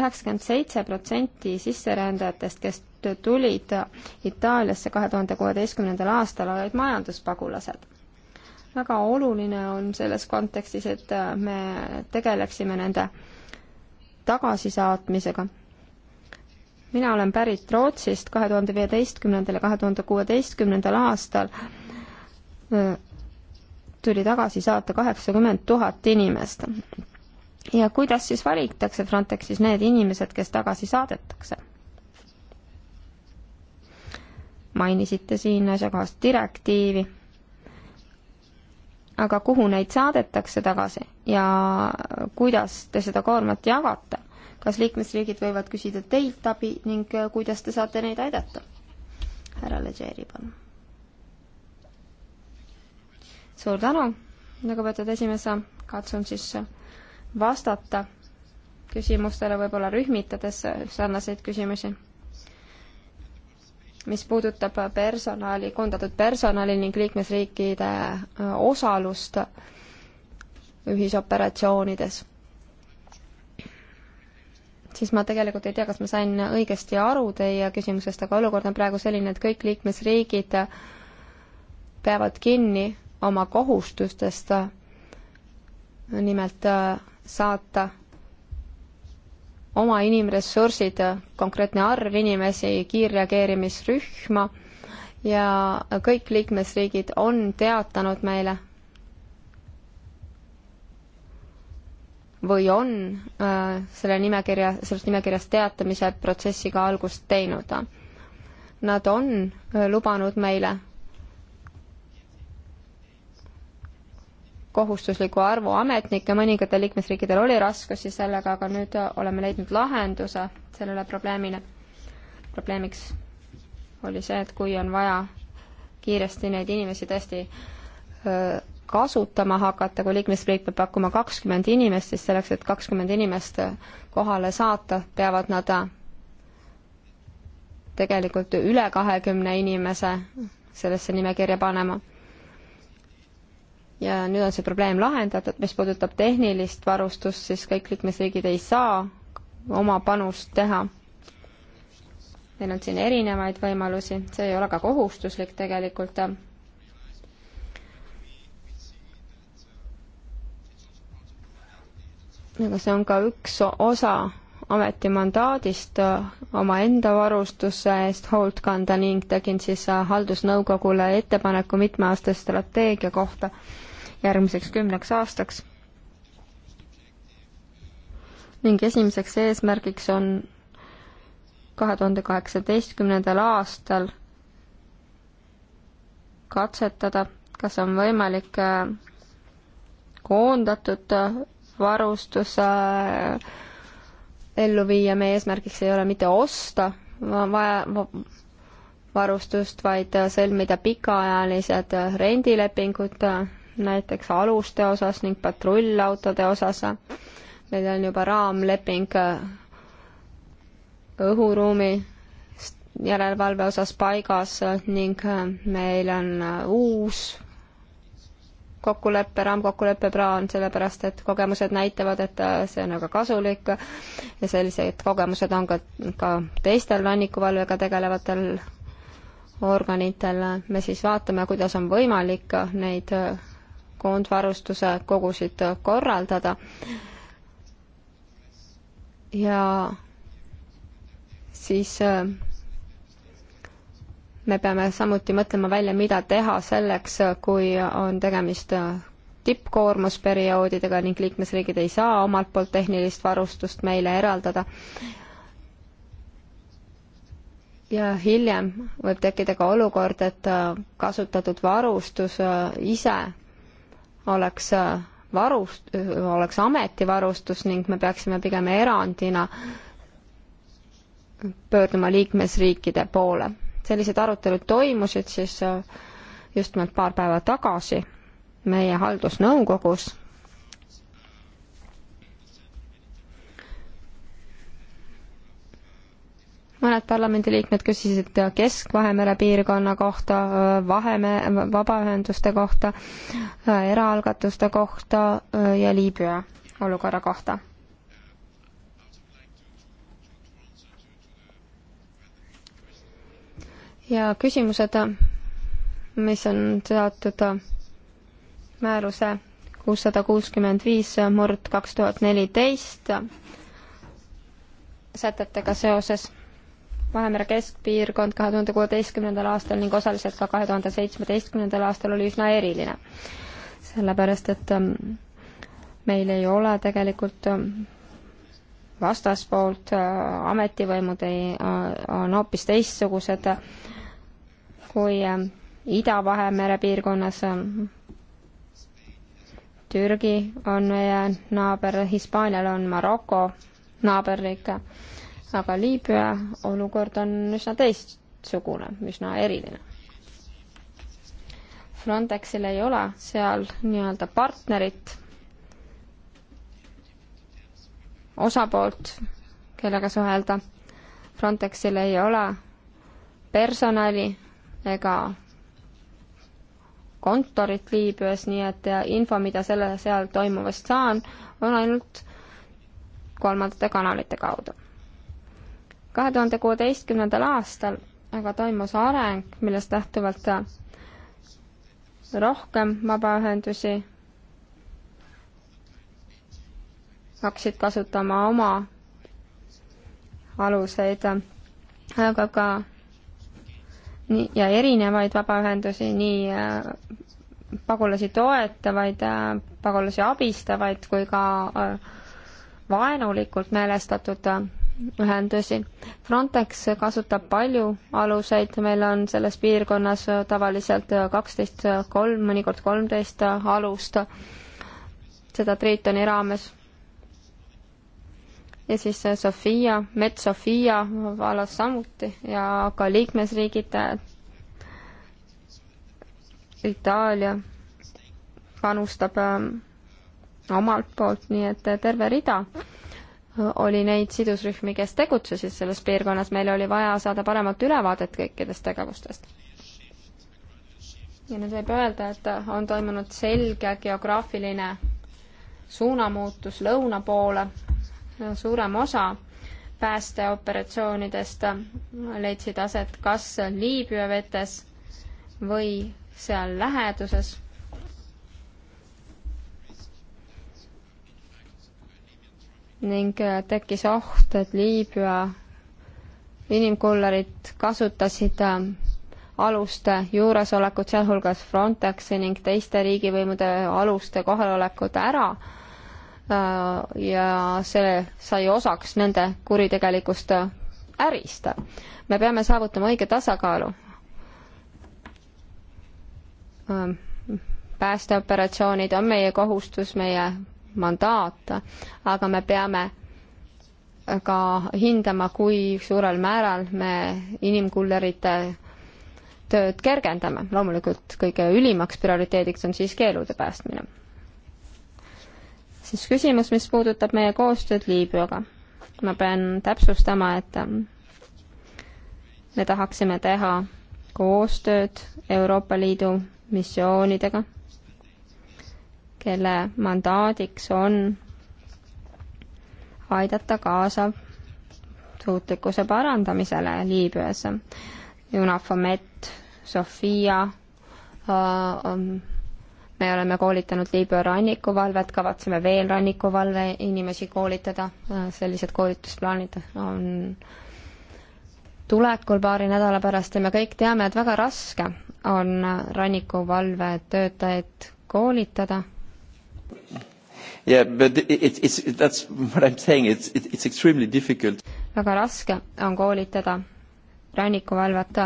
Speaker 4: üheksakümmend seitse protsenti sisserändajatest, kes tulid Itaaliasse kahe tuhande kuueteistkümnendal aastal, olid majanduspagulased. väga oluline on selles kontekstis, et me tegeleksime nende tagasisaatmisega mina olen pärit Rootsist kahe tuhande viieteistkümnendal ja kahe tuhande kuueteistkümnendal aastal tuli tagasi saata kaheksakümmend tuhat inimest. ja kuidas siis valitakse Frontexis need inimesed, kes tagasi saadetakse? mainisite siin asjakohast direktiivi, aga kuhu neid saadetakse tagasi ja kuidas te seda koormat jagate? kas liikmesriigid võivad küsida teilt abi ning äh, kuidas te saate neid aidata? härra Legeri, palun. suur tänu, lugupeetud esimees, katsun siis äh, vastata küsimustele võib-olla rühmitades äh, sarnaseid küsimusi mis puudutab personali, koondatud personali ning liikmesriikide osalust ühisoperatsioonides siis ma tegelikult ei tea, kas ma sain õigesti aru teie küsimusest, aga olukord on praegu selline, et kõik liikmesriigid peavad kinni oma kohustustest, nimelt äh, saata oma inimressursid, konkreetne arv inimesi kiirreageerimisrühma ja kõik liikmesriigid on teatanud meile või on äh, selle nimekirja, sellest nimekirjast teatamise protsessiga algust teinud. Nad on äh, lubanud meile kohustusliku arvu ametnikke, mõningatel liikmesriikidel oli raskusi sellega, aga nüüd äh, oleme leidnud lahenduse sellele probleemile. probleemiks oli see, et kui on vaja kiiresti neid inimesi tõesti kasutama hakata, kui liikmesriik peab pakkuma kakskümmend inimest, siis selleks, et kakskümmend inimest kohale saata, peavad nad tegelikult üle kahekümne inimese sellesse nimekirja panema. ja nüüd on see probleem lahendatud, mis puudutab tehnilist varustust, siis kõik liikmesriigid ei saa oma panust teha. Neil on siin erinevaid võimalusi, see ei ole ka kohustuslik tegelikult aga see on ka üks osa ametimandaadist äh, omaenda varustuse eest hoolt kanda ning tegin siis äh, haldusnõukogule ettepaneku mitmeaastase strateegia kohta järgmiseks kümneks aastaks. ning esimeseks eesmärgiks on kahe tuhande kaheksateistkümnendal aastal katsetada, kas on võimalik äh, koondatud varustuse äh, ellu viia, meie eesmärgiks ei ole mitte osta vaja varustust, vaid äh, sõlmida pikaajalised äh, rendilepingud näiteks aluste osas ning patrullautode osas. meil on juba raamleping õhuruumi järelevalve osas paigas ning meil on uus kokkuleppe, raamkokkuleppe plaan, sellepärast et kogemused näitavad, et äh, see on väga kasulik ja sellised kogemused on ka, ka teistel rannikuvalvega tegelevatel organitel. me siis vaatame, kuidas on võimalik neid äh, koondvarustuse kogusid korraldada ja siis äh, me peame samuti mõtlema välja, mida teha selleks, kui on tegemist tippkoormusperioodidega ning liikmesriigid ei saa omalt poolt tehnilist varustust meile eraldada. ja hiljem võib tekkida ka olukord, et kasutatud varustus ise oleks varust-, oleks ametivarustus ning me peaksime pigem erandina pöörduma liikmesriikide poole sellised arutelud toimusid siis äh, just nimelt paar päeva tagasi meie haldusnõukogus. mõned parlamendiliikmed küsisid Kesk-Vahemere piirkonna kohta, äh, Vahemere, vabaühenduste kohta, äh, eraalgatuste kohta ja Liibüa olukorra kohta ja küsimused, mis on seotud määruse kuussada kuuskümmend viis murd kaks tuhat neliteist sätetega seoses Vahemere keskpiirkond kahe tuhande kuueteistkümnendal aastal ning osaliselt ka kahe tuhande seitsmeteistkümnendal aastal oli üsna eriline. sellepärast, et ähm, meil ei ole tegelikult ähm, vastaspoolt, äh, ametivõimud ei, äh, on hoopis teistsugused kui äh, Ida-Vahemere piirkonnas äh, Türgi on meie naaber, Hispaanial on Maroko naaberriik, aga Liibüa olukord on üsna teistsugune, üsna eriline. Frontexil ei ole seal nii-öelda partnerit, osapoolt, kellega suhelda. Frontexil ei ole personali ega kontorit Liibüas, nii et info, mida selle, seal toimuvast saan, on ainult kolmandate kanalite kaudu. kahe tuhande kuueteistkümnendal aastal aga toimus areng, millest lähtuvalt rohkem vabaühendusi hakkasid kasutama oma aluseid, aga ka ja erinevaid vabaühendusi, nii äh, pagulasi toetavaid, äh, pagulasi abistavaid kui ka äh, vaenulikult meelestatud ühendusi. Frontex kasutab palju aluseid, meil on selles piirkonnas tavaliselt kaksteist, kolm, mõnikord kolmteist alust seda Tritoni raames ja siis Sofia, Met-Sofia valas samuti ja ka liikmesriigid, Itaalia panustab ähm, omalt poolt, nii et terve rida oli neid sidusrühmi, kes tegutsesid selles piirkonnas, meil oli vaja saada paremat ülevaadet kõikidest tegevustest. ja nüüd võib öelda, et on toimunud selge geograafiline suunamuutus lõuna poole suurem osa päästeoperatsioonidest leidsid aset kas Liibüa vetes või seal läheduses. ning äh, tekkis oht, et Liibüa inimkullarid kasutasid äh, aluste juuresolekut, sealhulgas Frontexi ning teiste riigivõimude aluste kohalolekut ära Äh, ja see sai osaks nende kuritegelikust äh, ärist. me peame saavutama õige tasakaalu ähm, päästeoperatsioonid on meie kohustus, meie mandaat, aga me peame ka hindama, kui suurel määral me inimkullerite tööd kergendame. loomulikult kõige ülimaks prioriteediks on siiski elude päästmine siis küsimus, mis puudutab meie koostööd Liibüaga. ma pean täpsustama, et ähm, me tahaksime teha koostööd Euroopa Liidu missioonidega, kelle mandaadiks on aidata kaasa suutlikkuse parandamisele Liibüas. UNAFOMET, Sofia äh,, ähm, me oleme koolitanud Liibüa rannikuvalvet, kavatseme veel rannikuvalve inimesi koolitada, sellised koolitusplaanid on tulekul paari nädala pärast ja me kõik teame, et väga raske on rannikuvalve töötajaid koolitada.
Speaker 2: Yeah, but it, it's, that's what
Speaker 1: I'm saying, it's, it, it's extremely difficult.
Speaker 4: väga raske on koolitada rannikuvalvet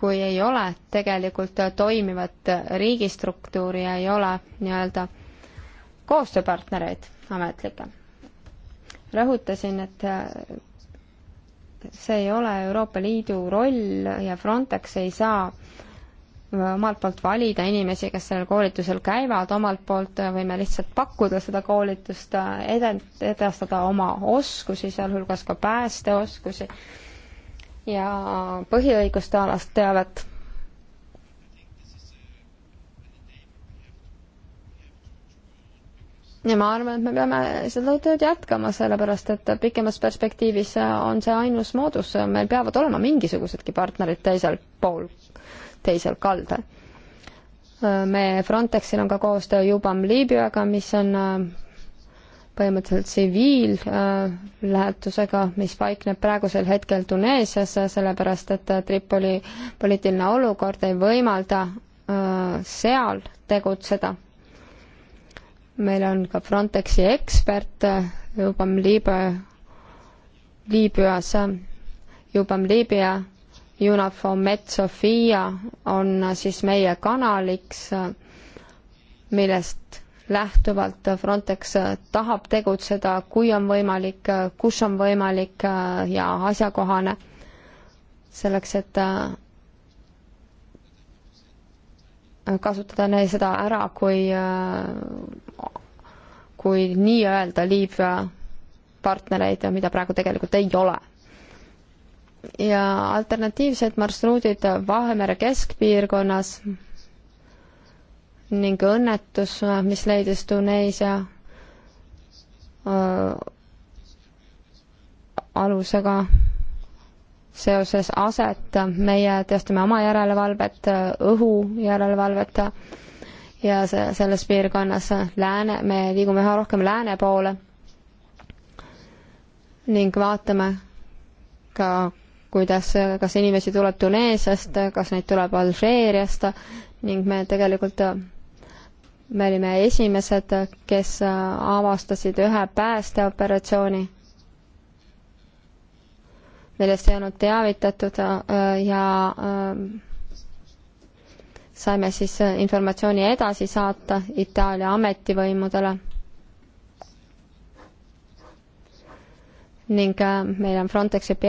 Speaker 4: kui ei ole tegelikult toimivat riigistruktuuri ja ei ole nii-öelda koostööpartnereid ametlikke. rõhutasin, et äh, see ei ole Euroopa Liidu roll ja Frontex ei saa äh, omalt poolt valida inimesi, kes sellel koolitusel käivad, omalt poolt äh, võime lihtsalt pakkuda seda koolitust, edend-, edastada oma oskusi, sealhulgas ka päästeoskusi ja põhiõiguste alast teavet. ja ma arvan, et me peame seda tööd jätkama, sellepärast et pikemas perspektiivis on see ainus moodus, meil peavad olema mingisugusedki partnerid teisel pool, teisel kaldal. me Frontexil on ka koostöö juba Liibüaga, mis on põhimõtteliselt tsiviillähetusega, mis paikneb praegusel hetkel Tuneesias, sellepärast et Tripoli poliitiline olukord ei võimalda äh, seal tegutseda. meil on ka Frontexi ekspert äh, juba Liibüa, Liibüas, juba Liibüa UNAFO Med-Sophia on siis meie kanaliks, äh, millest lähtuvalt Frontex tahab tegutseda, kui on võimalik, kus on võimalik ja asjakohane, selleks et äh, kasutada seda ära, kui, äh, kui nii-öelda Liibüa partnereid, mida praegu tegelikult ei ole. ja alternatiivsed marsruudid Vahemere keskpiirkonnas ning õnnetus, mis leidis Tuneesia alusega seoses aset, meie teostame oma järelevalvet, õhujärelevalvet ja see, selles piirkonnas lääne, me liigume üha rohkem lääne poole ning vaatame ka, kuidas, kas inimesi tuleb Tuneesiast, kas neid tuleb Alžeeriast ning me tegelikult me olime esimesed, kes äh, avastasid ühe päästeoperatsiooni, millest ei olnud teavitatud äh, ja äh, saime siis informatsiooni edasi saata Itaalia ametivõimudele. ning meil on Frontexi